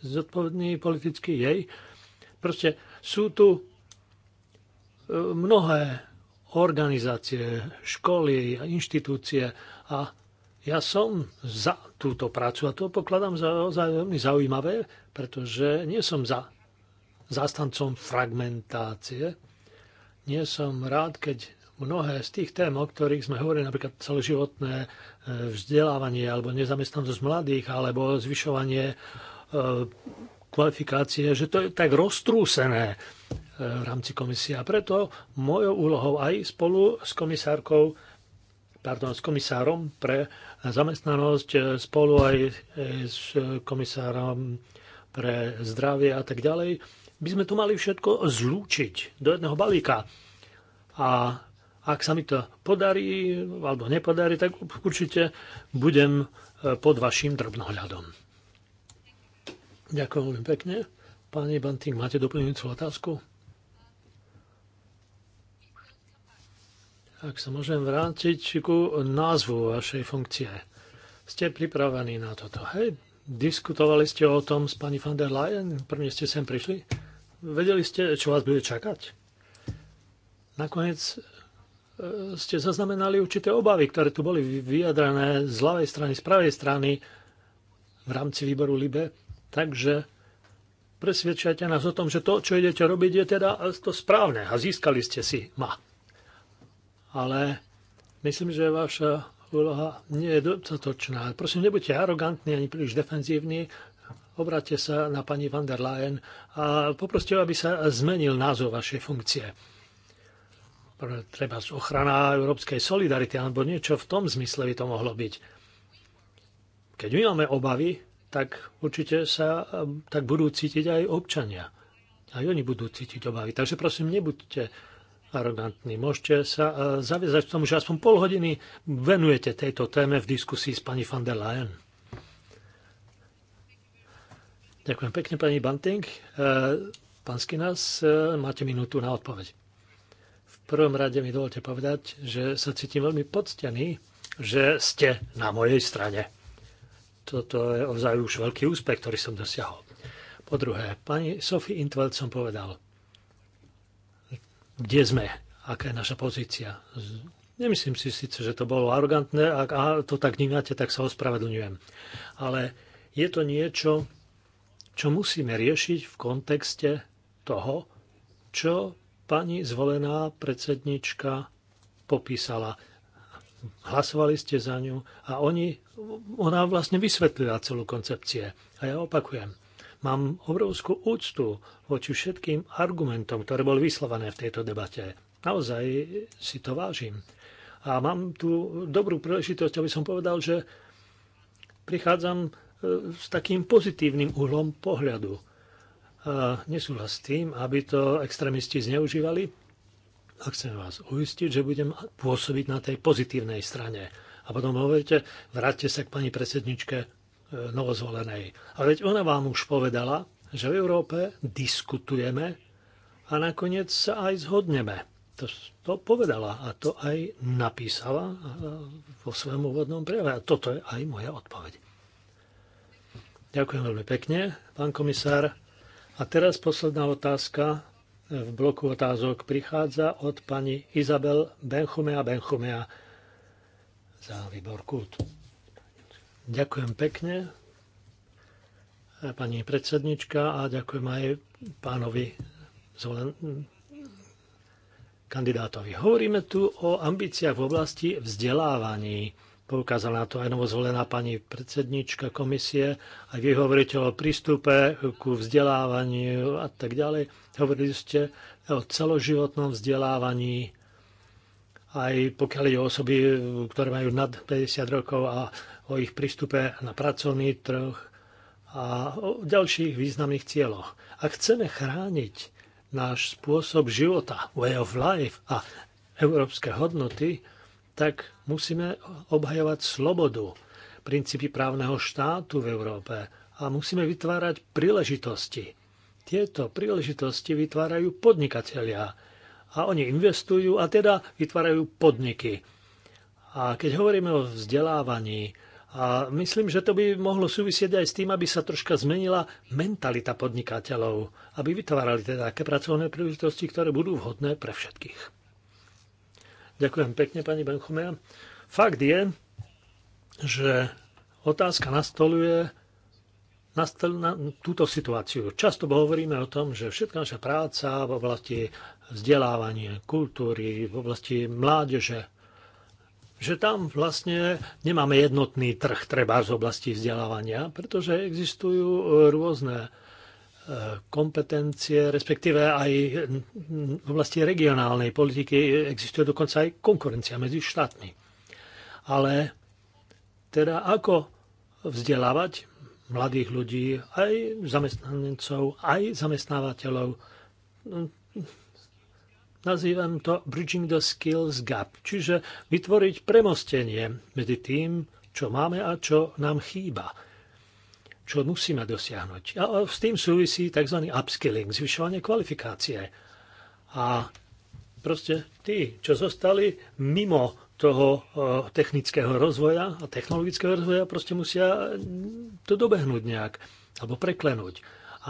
zodpovedný politicky jej. Proste sú tu e, mnohé organizácie, školy, inštitúcie a ja som za túto prácu a to pokladám za naozaj veľmi zaujímavé, pretože nie som za zastancom fragmentácie. Nie som rád, keď mnohé z tých tém, o ktorých sme hovorili, napríklad celoživotné e, vzdelávanie alebo nezamestnanosť mladých alebo zvyšovanie e, kvalifikácie, že to je tak roztrúsené v rámci komisie. A preto mojou úlohou aj spolu s komisárkou pardon, s komisárom pre zamestnanosť, e, spolu aj e, s komisárom pre zdravie a tak ďalej, by sme to mali všetko zlúčiť do jedného balíka. A ak sa mi to podarí alebo nepodarí, tak určite budem e, pod vašim drobnohľadom. Ďakujem veľmi pekne. Pani Banting, máte doplňujúcu otázku? Tak sa môžem vrátiť ku názvu vašej funkcie. Ste pripravení na toto, hej? Diskutovali ste o tom s pani van der Leyen, prvne ste sem prišli? Vedeli ste, čo vás bude čakať? Nakoniec e, ste zaznamenali určité obavy, ktoré tu boli vyjadrané z ľavej strany, z pravej strany v rámci výboru LIBE. Takže presvedčajte nás o tom, že to, čo idete robiť, je teda to správne a získali ste si ma ale myslím, že vaša úloha nie je dostatočná. Prosím, nebuďte arogantní ani príliš defenzívni. Obráťte sa na pani van der Leyen a poproste, aby sa zmenil názov vašej funkcie. Treba ochrana európskej solidarity alebo niečo v tom zmysle by to mohlo byť. Keď my máme obavy, tak určite sa tak budú cítiť aj občania. Aj oni budú cítiť obavy. Takže prosím, nebuďte arogantní. Môžete sa e, zaviazať k tomu, že aspoň pol hodiny venujete tejto téme v diskusii s pani van der Leyen. Ďakujem pekne, pani Banting. E, pán Skinas, e, máte minútu na odpoveď. V prvom rade mi dovolte povedať, že sa cítim veľmi poctený, že ste na mojej strane. Toto je ozaj už veľký úspech, ktorý som dosiahol. Po druhé, pani Sophie Intveld som povedal – kde sme, aká je naša pozícia. Nemyslím si síce, že to bolo arogantné, ak to tak vnímate, tak sa ospravedlňujem. Ale je to niečo, čo musíme riešiť v kontexte toho, čo pani zvolená predsednička popísala. Hlasovali ste za ňu a oni, ona vlastne vysvetlila celú koncepcie. A ja opakujem, Mám obrovskú úctu voči všetkým argumentom, ktoré boli vyslované v tejto debate. Naozaj si to vážim. A mám tu dobrú príležitosť, aby som povedal, že prichádzam e, s takým pozitívnym uhlom pohľadu. A e, nesúhlas s tým, aby to extrémisti zneužívali. A chcem vás uistiť, že budem pôsobiť na tej pozitívnej strane. A potom hovoríte, vráťte sa k pani predsedničke E, novozvolenej. Ale veď ona vám už povedala, že v Európe diskutujeme a nakoniec sa aj zhodneme. To, to povedala a to aj napísala e, vo svojom úvodnom prejave. A toto je aj moja odpoveď. Ďakujem veľmi pekne, pán komisár. A teraz posledná otázka v bloku otázok prichádza od pani Izabel Benchumea Benchumea za výbor kultúry. Ďakujem pekne pani predsednička a ďakujem aj pánovi zvolen... kandidátovi. Hovoríme tu o ambíciách v oblasti vzdelávaní. Poukázala na to aj novozvolená pani predsednička komisie. Aj vy hovoríte o prístupe ku vzdelávaniu a tak ďalej. Hovorili ste o celoživotnom vzdelávaní aj pokiaľ ide o osoby, ktoré majú nad 50 rokov a o ich prístupe na pracovný trh a o ďalších významných cieľoch. Ak chceme chrániť náš spôsob života, way of life a európske hodnoty, tak musíme obhajovať slobodu, princípy právneho štátu v Európe a musíme vytvárať príležitosti. Tieto príležitosti vytvárajú podnikatelia a oni investujú a teda vytvárajú podniky. A keď hovoríme o vzdelávaní, a myslím, že to by mohlo súvisieť aj s tým, aby sa troška zmenila mentalita podnikateľov, aby vytvárali teda také pracovné príležitosti, ktoré budú vhodné pre všetkých. Ďakujem pekne, pani Benchomea. Fakt je, že otázka nastoluje nastol, na túto situáciu. Často hovoríme o tom, že všetká naša práca v oblasti vzdelávania, kultúry, v oblasti mládeže, že tam vlastne nemáme jednotný trh treba z oblasti vzdelávania, pretože existujú e, rôzne e, kompetencie, respektíve aj v oblasti regionálnej politiky existuje dokonca aj konkurencia medzi štátmi. Ale teda ako vzdelávať mladých ľudí, aj zamestnancov, aj zamestnávateľov, no, Nazývam to Bridging the Skills Gap, čiže vytvoriť premostenie medzi tým, čo máme a čo nám chýba, čo musíme dosiahnuť. A s tým súvisí tzv. upskilling, zvyšovanie kvalifikácie. A proste tí, čo zostali mimo toho e, technického rozvoja a technologického rozvoja, proste musia to dobehnúť nejak alebo preklenúť.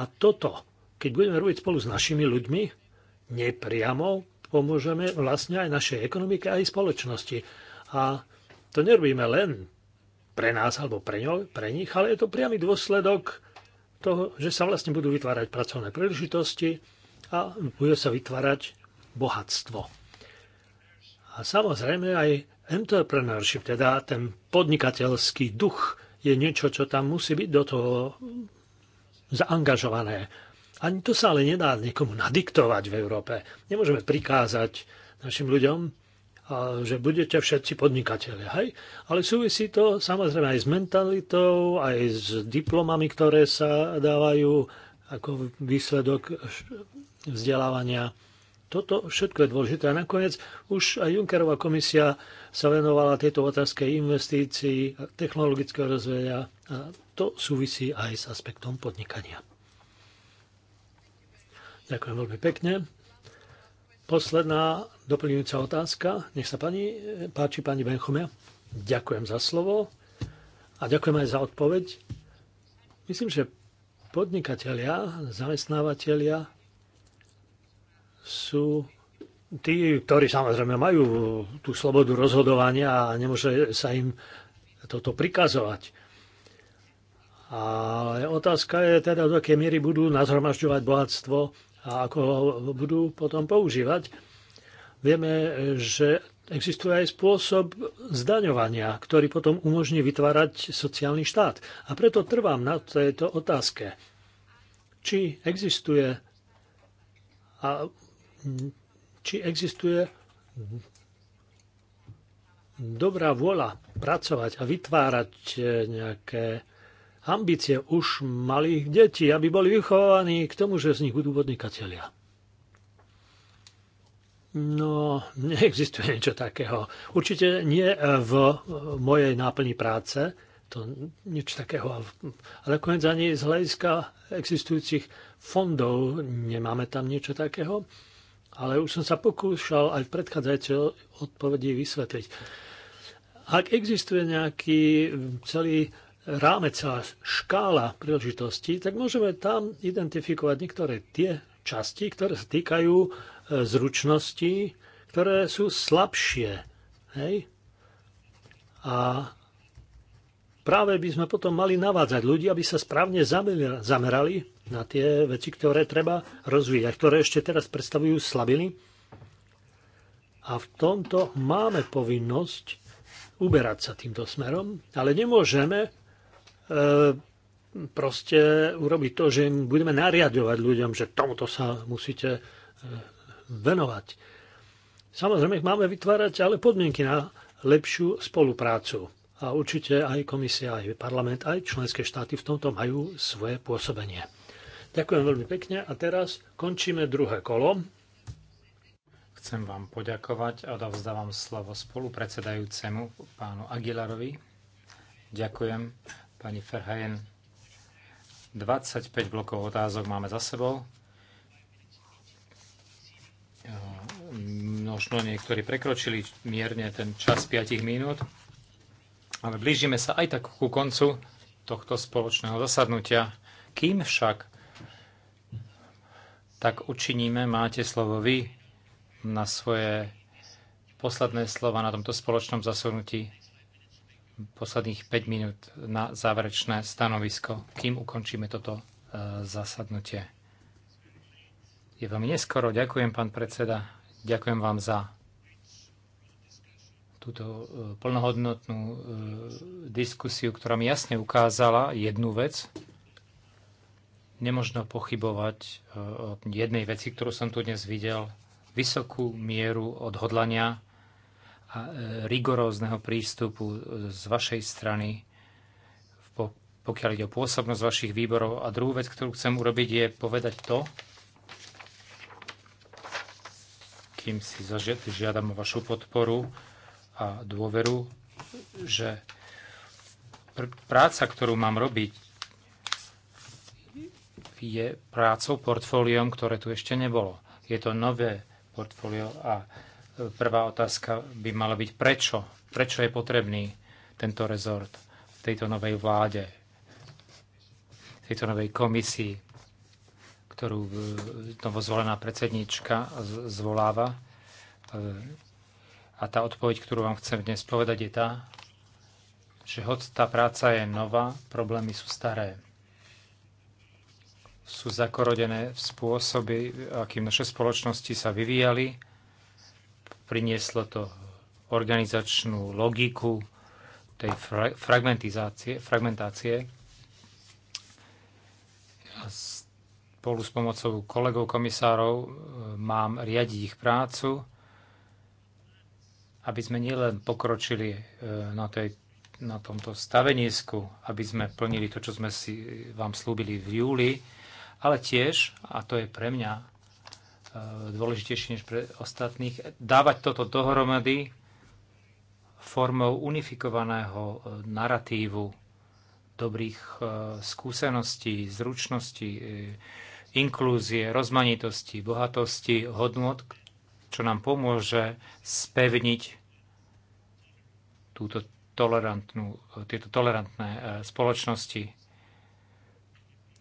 A toto, keď budeme robiť spolu s našimi ľuďmi, nepriamo pomôžeme vlastne aj našej ekonomike, aj spoločnosti. A to nerobíme len pre nás alebo pre, ňo, pre nich, ale je to priamy dôsledok toho, že sa vlastne budú vytvárať pracovné príležitosti a bude sa vytvárať bohatstvo. A samozrejme aj entrepreneurship, teda ten podnikateľský duch je niečo, čo tam musí byť do toho zaangažované. Ani to sa ale nedá niekomu nadiktovať v Európe. Nemôžeme prikázať našim ľuďom, že budete všetci podnikatelia. Hej? Ale súvisí to samozrejme aj s mentalitou, aj s diplomami, ktoré sa dávajú ako výsledok vzdelávania. Toto všetko je dôležité. A nakoniec už aj Junckerová komisia sa venovala tejto otázke investícií, technologického rozvoja a to súvisí aj s aspektom podnikania. Ďakujem veľmi pekne. Posledná doplňujúca otázka. Nech sa pani, páči pani Benchomia. Ďakujem za slovo a ďakujem aj za odpoveď. Myslím, že podnikatelia, zamestnávateľia sú tí, ktorí samozrejme majú tú slobodu rozhodovania a nemôže sa im toto prikazovať. Ale otázka je teda, do akej miery budú nazhromažďovať bohatstvo a ako ho budú potom používať. Vieme, že existuje aj spôsob zdaňovania, ktorý potom umožní vytvárať sociálny štát. A preto trvám na tejto otázke. Či existuje a či existuje dobrá vôľa pracovať a vytvárať nejaké ambície už malých detí, aby boli vychovaní k tomu, že z nich budú podnikatelia. No, neexistuje niečo takého. Určite nie v mojej náplni práce, to niečo takého, ale konec ani z hľadiska existujúcich fondov nemáme tam niečo takého, ale už som sa pokúšal aj v predchádzajúcej odpovedi vysvetliť. Ak existuje nejaký celý rámec a škála príležitostí, tak môžeme tam identifikovať niektoré tie časti, ktoré sa týkajú e, zručností, ktoré sú slabšie. Hej? A práve by sme potom mali navádzať ľudí, aby sa správne zamerali na tie veci, ktoré treba rozvíjať, ktoré ešte teraz predstavujú slabiny. A v tomto máme povinnosť uberať sa týmto smerom, ale nemôžeme E, proste urobiť to, že im budeme nariadovať ľuďom, že tomuto sa musíte e, venovať. Samozrejme, máme vytvárať ale podmienky na lepšiu spoluprácu. A určite aj komisia, aj parlament, aj členské štáty v tomto majú svoje pôsobenie. Ďakujem veľmi pekne a teraz končíme druhé kolo. Chcem vám poďakovať a odovzdávam slovo spolupredsedajúcemu pánu Aguilarovi. Ďakujem pani Ferhajen. 25 blokov otázok máme za sebou. Ehm, možno niektorí prekročili mierne ten čas 5 minút, ale blížime sa aj tak ku koncu tohto spoločného zasadnutia. Kým však tak učiníme, máte slovo vy na svoje posledné slova na tomto spoločnom zasadnutí posledných 5 minút na záverečné stanovisko, kým ukončíme toto e, zasadnutie. Je veľmi neskoro. Ďakujem, pán predseda. Ďakujem vám za túto e, plnohodnotnú e, diskusiu, ktorá mi jasne ukázala jednu vec. Nemožno pochybovať od jednej veci, ktorú som tu dnes videl, vysokú mieru odhodlania a e, rigorózneho prístupu z vašej strany, pokiaľ ide o pôsobnosť vašich výborov. A druhú vec, ktorú chcem urobiť, je povedať to, kým si žiadam vašu podporu a dôveru, že pr- práca, ktorú mám robiť, je prácou, portfóliom, ktoré tu ešte nebolo. Je to nové portfólio a Prvá otázka by mala byť, prečo? Prečo je potrebný tento rezort v tejto novej vláde, v tejto novej komisii, ktorú e, novozvolená predsednička zvoláva? E, a tá odpoveď, ktorú vám chcem dnes povedať, je tá, že hoď tá práca je nová, problémy sú staré sú zakorodené v spôsoby, akým naše spoločnosti sa vyvíjali Prinieslo to organizačnú logiku tej fra- fragmentizácie, fragmentácie. A spolu s pomocou kolegov komisárov e, mám riadiť ich prácu, aby sme nielen pokročili e, na, tej, na tomto stavenisku, aby sme plnili to, čo sme si e, vám slúbili v júli, ale tiež, a to je pre mňa E, dôležitejšie než pre ostatných. Dávať toto dohromady formou unifikovaného e, naratívu, dobrých e, skúseností, zručností, inklúzie, rozmanitosti, bohatosti, hodnot, čo nám pomôže spevniť túto tolerantnú, tieto tolerantné spoločnosti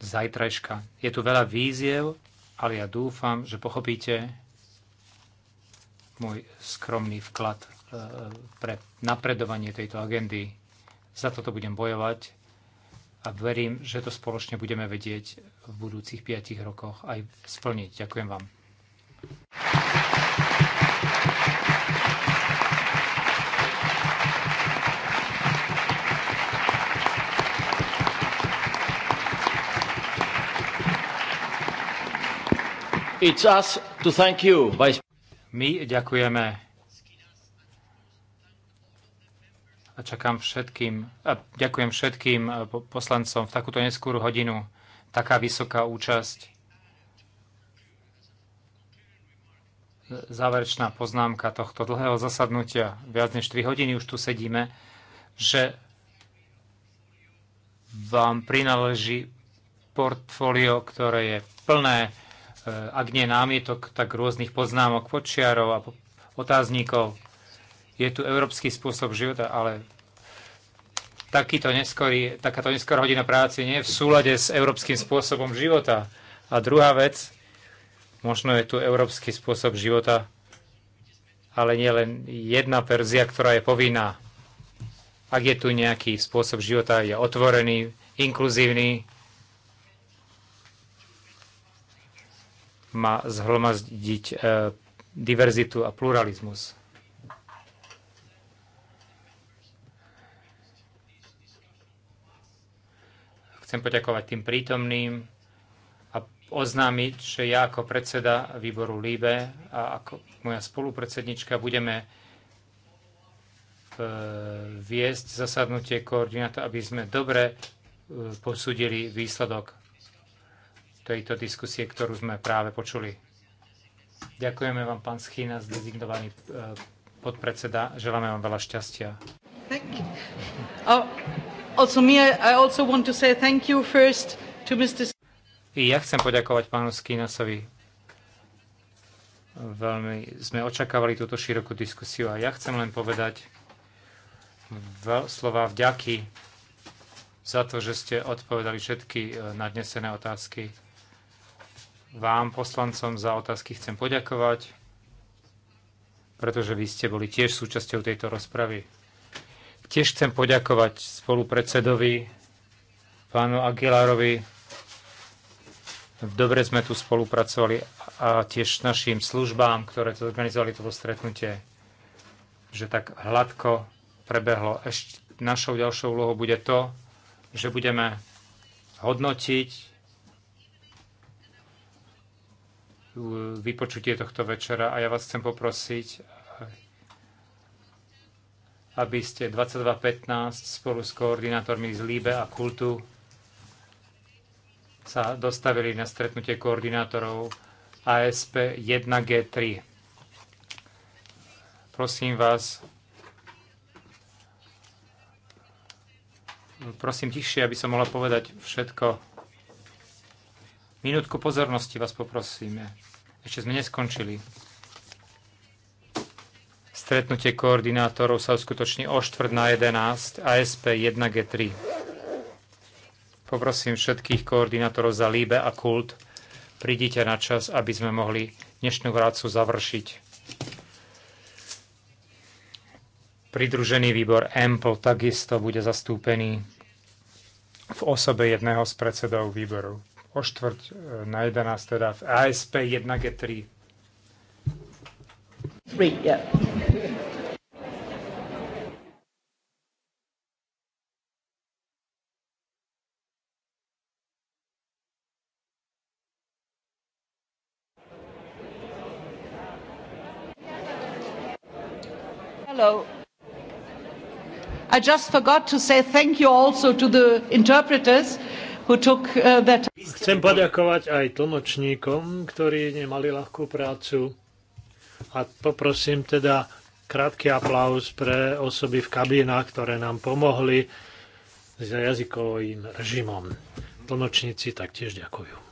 zajtrajška. Je tu veľa víziev, ale ja dúfam, že pochopíte môj skromný vklad e, pre napredovanie tejto agendy. Za toto budem bojovať a verím, že to spoločne budeme vedieť v budúcich 5 rokoch aj splniť. Ďakujem vám. It's us to thank you, Vice... My ďakujeme a čakám všetkým, a ďakujem všetkým e, poslancom v takúto neskúru hodinu. Taká vysoká účasť. Záverečná poznámka tohto dlhého zasadnutia. Viac než 3 hodiny už tu sedíme, že vám prináleží portfólio, ktoré je plné E, ak nie námietok, tak rôznych poznámok, počiarov a otázníkov. Je tu európsky spôsob života, ale takýto neskorý, takáto neskorá hodina práce nie je v súlade s európskym spôsobom života. A druhá vec, možno je tu európsky spôsob života, ale nie len jedna verzia, ktorá je povinná. Ak je tu nejaký spôsob života, je otvorený, inkluzívny, má e, diverzitu a pluralizmus. Chcem poďakovať tým prítomným a oznámiť, že ja ako predseda výboru LIBE a ako moja spolupredsednička budeme e, viesť zasadnutie koordináta, aby sme dobre e, posúdili výsledok tejto diskusie, ktorú sme práve počuli. Ďakujeme vám, pán Schýna, zdezignovaný eh, podpredseda. Želáme vám veľa šťastia. I ja chcem poďakovať pánu Skínasovi. Veľmi sme očakávali túto širokú diskusiu a ja chcem len povedať slova vďaky za to, že ste odpovedali všetky eh, nadnesené otázky vám, poslancom, za otázky chcem poďakovať, pretože vy ste boli tiež súčasťou tejto rozpravy. Tiež chcem poďakovať spolupredsedovi, pánu Aguilarovi. Dobre sme tu spolupracovali a tiež našim službám, ktoré to organizovali toto stretnutie, že tak hladko prebehlo. Ešte našou ďalšou úlohou bude to, že budeme hodnotiť vypočutie tohto večera a ja vás chcem poprosiť, aby ste 22.15 spolu s koordinátormi z Líbe a Kultu sa dostavili na stretnutie koordinátorov ASP 1G3. Prosím vás, prosím tichšie, aby som mohla povedať všetko. Minútku pozornosti vás poprosíme. Ešte sme neskončili. Stretnutie koordinátorov sa uskutoční o štvrt na 11 ASP 1G3. Poprosím všetkých koordinátorov za Líbe a Kult, prídite na čas, aby sme mohli dnešnú vrácu završiť. Pridružený výbor EMPL takisto bude zastúpený v osobe jedného z predsedov výboru o štvrť e, na 11, teda v ASP 1G3. 3, yeah. I just forgot to say thank you also to the interpreters. Uh, Chcem poďakovať aj tlmočníkom, ktorí nemali ľahkú prácu. A poprosím teda krátky aplauz pre osoby v kabínach, ktoré nám pomohli s jazykovým režimom. Tlmočníci taktiež ďakujú.